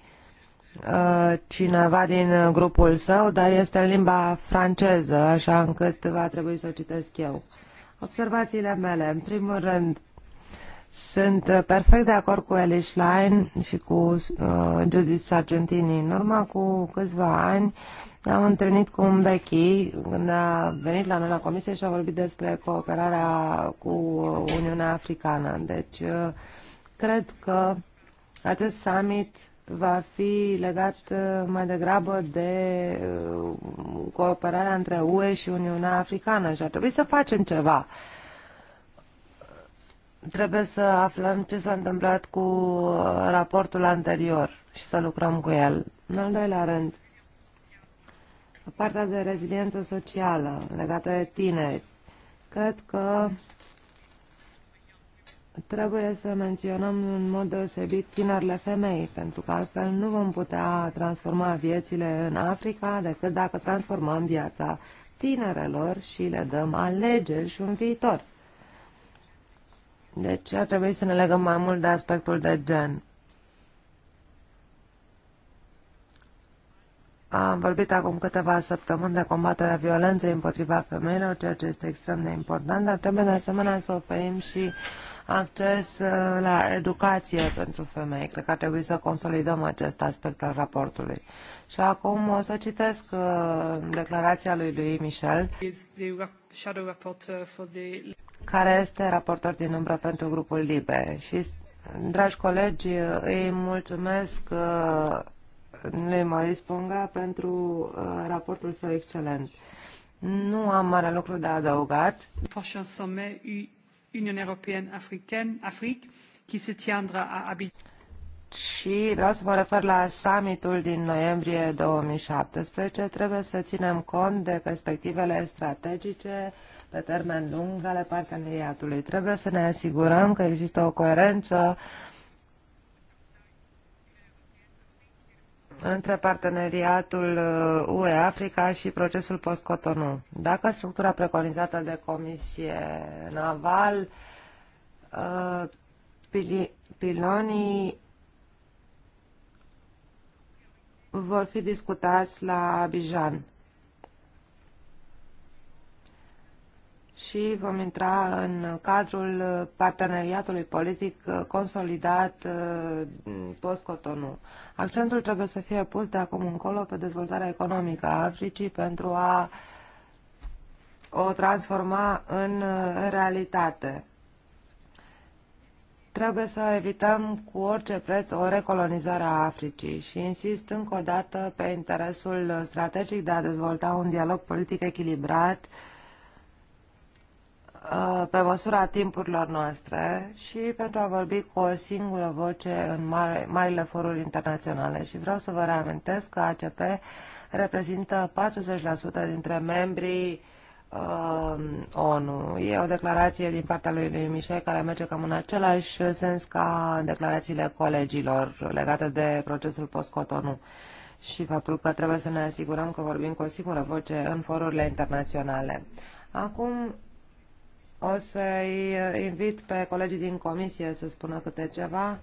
uh, cineva din grupul său, dar este în limba franceză, așa încât va trebui să o citesc eu. Observațiile mele, în primul rând, sunt perfect de acord cu Elish Line și cu uh, Judith Sargentini. În urma cu câțiva ani am întâlnit cu un Becky când a venit la noi la comisie și a vorbit despre cooperarea cu Uniunea Africană. Deci, uh, cred că acest summit va fi legat uh, mai degrabă de uh, cooperarea între UE și Uniunea Africană și ar trebui să facem ceva. Trebuie să aflăm ce s-a întâmplat cu raportul anterior și să lucrăm cu el. În al doilea rând, partea de reziliență socială legată de tineri. Cred că trebuie să menționăm în mod deosebit tinerile femei, pentru că altfel nu vom putea transforma viețile în Africa decât dacă transformăm viața tinerelor și le dăm alegeri și un viitor. Deci ar trebui să ne legăm mai mult de aspectul de gen. Am vorbit acum câteva săptămâni de combaterea violenței împotriva femeilor, ceea ce este extrem de important, dar trebuie de asemenea să oferim și acces uh, la educație pentru femei. Cred că ar trebui să consolidăm acest aspect al raportului. Și acum o să citesc uh, declarația lui lui Michel, care este raportor din umbră pentru grupul LIBE. Și, dragi colegi, îi mulțumesc uh, lui Maris Ponga pentru uh, raportul său excelent. Nu am mare lucru de adăugat. Prochain sommet Union Européenne Africaine Afrique qui se tiendra à Abidjan. Și vreau să mă refer la summitul din noiembrie 2017. Trebuie să ținem cont de perspectivele strategice pe termen lung ale parteneriatului. Trebuie să ne asigurăm că există o coerență uh, între parteneriatul UE-Africa uh, și procesul post-Cotonou. Dacă structura preconizată de comisie naval, uh, pilonii vor fi discutați la Abidjan. și vom intra în cadrul parteneriatului politic consolidat uh, post-Cotonou. Accentul trebuie să fie pus de acum încolo pe dezvoltarea economică a Africii pentru a o transforma în uh, realitate. Trebuie să evităm cu orice preț o recolonizare a Africii și insist încă o dată pe interesul strategic de a dezvolta un dialog politic echilibrat Uh, pe măsura timpurilor noastre și pentru a vorbi cu o singură voce în mare, marile foruri internaționale. Și vreau să vă reamintesc că ACP reprezintă 40% dintre membrii uh, ONU. E o declarație din partea lui, lui Michel care merge cam în același sens ca declarațiile colegilor legate de procesul post cotonu și faptul că trebuie să ne asigurăm că vorbim cu o singură voce în forurile internaționale. Acum o să-i uh, invit pe colegii din comisie să spună câte ceva,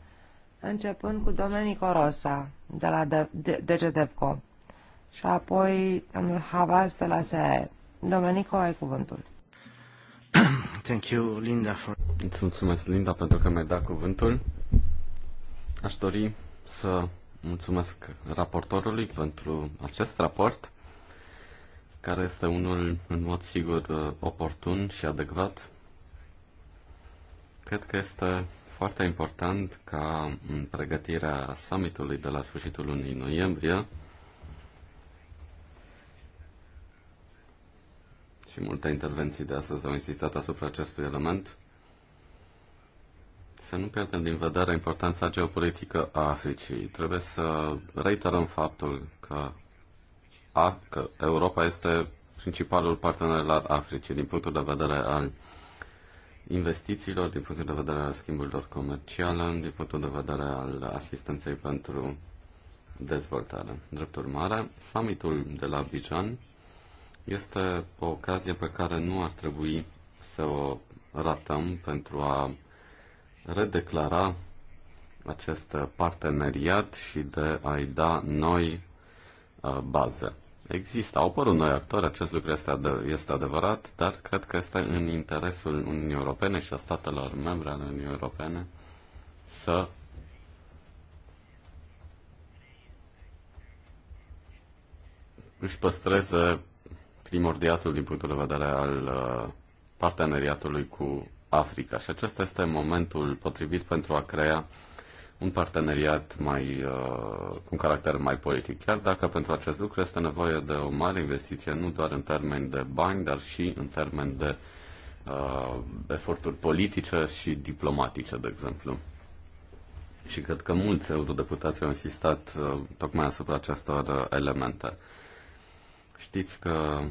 începând cu Domenico Rosa de la DGDEPCO și apoi domnul Havas de la SAE. Domenico, ai cuvântul. Thank you, Linda. For... Îți mulțumesc, Linda, pentru că mi-ai dat cuvântul. Aș dori să mulțumesc raportorului pentru acest raport care este unul în mod sigur uh, oportun și adecvat. Cred că este foarte important ca în pregătirea summitului de la sfârșitul lunii noiembrie și multe intervenții de astăzi au insistat asupra acestui element, să nu pierdem din vedere importanța geopolitică a Africii. Trebuie să reiterăm faptul că a, că Europa este principalul partener al Africii din punctul de vedere al investițiilor, din punctul de vedere al schimburilor comerciale, din punctul de vedere al asistenței pentru dezvoltare. Drept urmare, summitul de la Bijan este o ocazie pe care nu ar trebui să o ratăm pentru a redeclara acest parteneriat și de a-i da noi Uh, bază. Există, au părut noi actori, acest lucru este, adev- este adevărat, dar cred că este în interesul Uniunii Europene și a statelor membre ale Uniunii Europene să își păstreze primordiatul din punctul de vedere al uh, parteneriatului cu Africa. Și acesta este momentul potrivit pentru a crea uh, un parteneriat mai, uh, cu un caracter mai politic. Chiar dacă pentru acest lucru este nevoie de o mare investiție, nu doar în termeni de bani, dar și în termeni de uh, eforturi politice și diplomatice, de exemplu. Și cred că mulți eurodeputați au insistat uh, tocmai asupra acestor uh, elemente. Știți că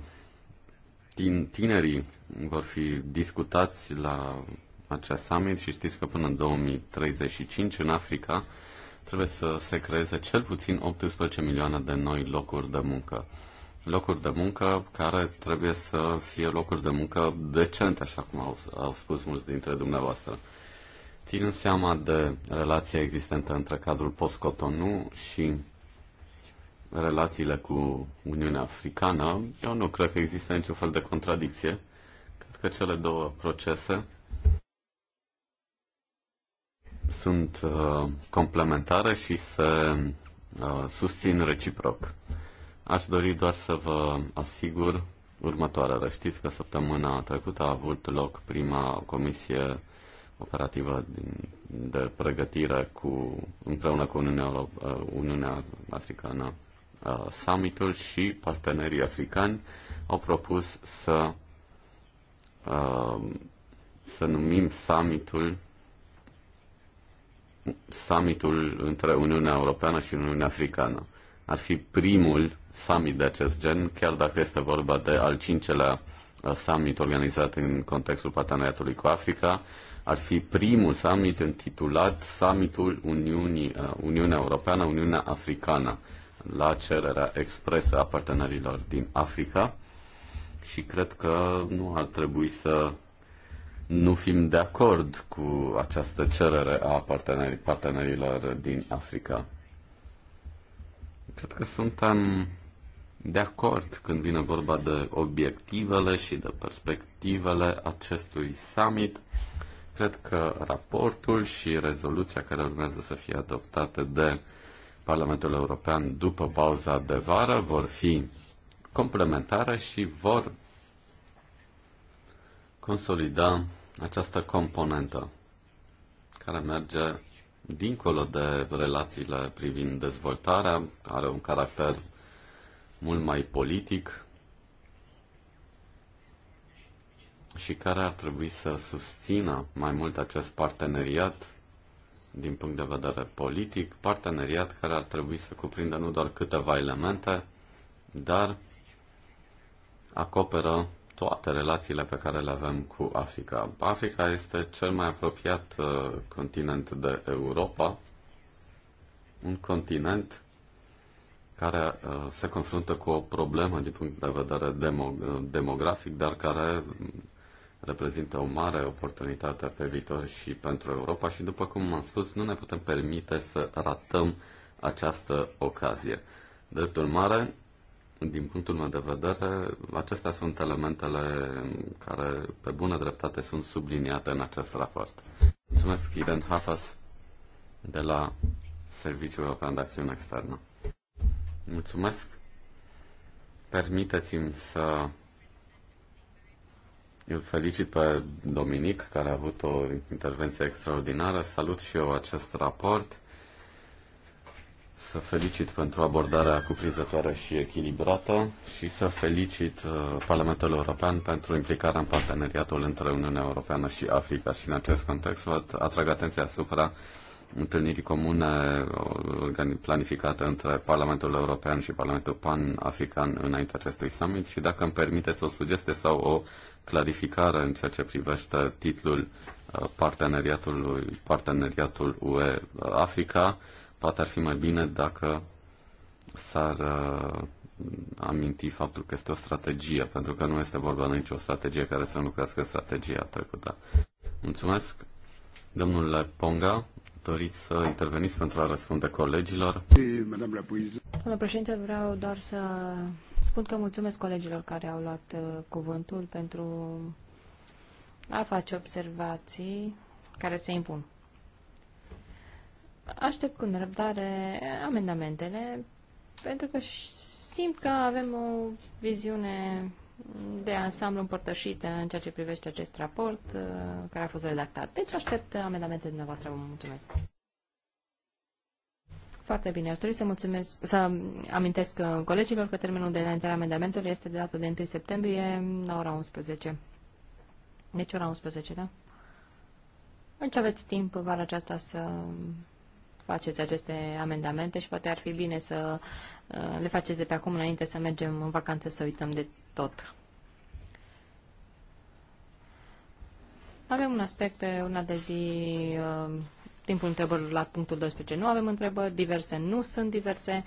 tinerii vor fi discutați la acest summit și știți că până în 2035 în Africa trebuie să se creeze cel puțin 18 milioane de noi locuri de muncă. Locuri de muncă care trebuie să fie locuri de muncă decente, așa cum au, au spus mulți dintre dumneavoastră. Ținând seama de relația existentă între cadrul post-Cotonou și relațiile cu Uniunea Africană, eu nu cred că există niciun fel de contradicție. Cred că cele două procese sunt uh, complementare și se uh, susțin reciproc. Aș dori doar să vă asigur următoarele. Știți că săptămâna trecută a avut loc prima comisie operativă din, de pregătire cu, împreună cu Uniunea, uh, Uniunea Africană uh, summitul și partenerii africani au propus să, uh, să numim summitul summitul între Uniunea Europeană și Uniunea Africană. Ar fi primul summit de acest gen, chiar dacă este vorba de al cincelea uh, summit organizat în contextul parteneriatului cu Africa, ar fi primul summit intitulat Summitul Uniunii, uh, Uniunea Europeană, Uniunea Africană, la cererea expresă a partenerilor din Africa și cred că nu ar trebui să nu fim de acord cu această cerere a partenerii, partenerilor din Africa. Cred că suntem de acord când vine vorba de obiectivele și de perspectivele acestui summit. Cred că raportul și rezoluția care urmează să fie adoptate de Parlamentul European după pauza de vară vor fi complementare și vor consolida această componentă care merge dincolo de relațiile privind dezvoltarea, are un caracter mult mai politic și care ar trebui să susțină mai mult acest parteneriat din punct de vedere politic, parteneriat care ar trebui să cuprindă nu doar câteva elemente, dar acoperă toate relațiile pe care le avem cu Africa. Africa este cel mai apropiat uh, continent de Europa, un continent care uh, se confruntă cu o problemă din punct de vedere demo- uh, demografic, dar care mm, reprezintă o mare oportunitate pe viitor și pentru Europa și, după cum am spus, nu ne putem permite să ratăm această ocazie. Drept urmare, din punctul meu de vedere, acestea sunt elementele care, pe bună dreptate, sunt subliniate în acest raport. Mulțumesc, Irene Hafas, de la Serviciul European de Acțiune Externă. Mulțumesc. Permiteți-mi să îl felicit pe Dominic, care a avut o intervenție extraordinară. Salut și eu acest raport să felicit pentru abordarea cuprinzătoare și echilibrată și să felicit uh, Parlamentul European pentru implicarea în parteneriatul între Uniunea Europeană și Africa. Și în acest context vă atrag atenția asupra întâlnirii comune uh, planificate între Parlamentul European și Parlamentul Pan-African înainte acestui summit și dacă îmi permiteți o sugestie sau o clarificare în ceea ce privește titlul uh, parteneriatului, parteneriatul UE-Africa, Poate ar fi mai bine dacă s-ar uh, aminti faptul că este o strategie, pentru că nu este vorba de nicio strategie care să înlocuiască strategia trecută. Mulțumesc. Domnule Ponga, doriți să interveniți pentru a răspunde colegilor? Domnule președinte, vreau doar să spun că mulțumesc colegilor care au luat uh, cuvântul pentru a face observații care se impun aștept cu nerăbdare amendamentele, pentru că simt că avem o viziune de ansamblu împărtășită în ceea ce privește acest raport uh, care a fost redactat. Deci aștept amendamentele dumneavoastră. Vă mulțumesc. Foarte bine. Aș dori să, mulțumesc, să amintesc uh, colegilor că termenul de înaintare amendamentului este de data de 1 septembrie la ora 11. Deci ora 11, da? Deci aveți timp vara aceasta să faceți aceste amendamente și poate ar fi bine să uh, le faceți de pe acum înainte să mergem în vacanță să uităm de tot. Avem un aspect pe una de zi, uh, timpul întrebărilor la punctul 12. Nu avem întrebări, diverse nu sunt diverse.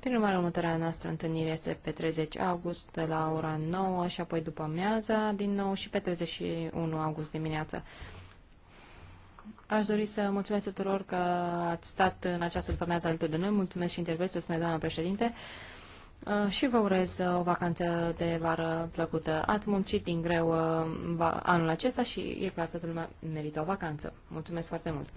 Prin urmare, următoarea noastră întâlnire este pe 30 august la ora 9 și apoi după amiaza din nou și pe 31 august dimineața. Aș dori să mulțumesc tuturor că ați stat în această după-amiază alături de noi. Mulțumesc și intervenție, spune doamna președinte. Uh, și vă urez uh, o vacanță de vară plăcută. Ați muncit din greu uh, anul acesta și e clar, toată lumea merită o vacanță. Mulțumesc foarte mult!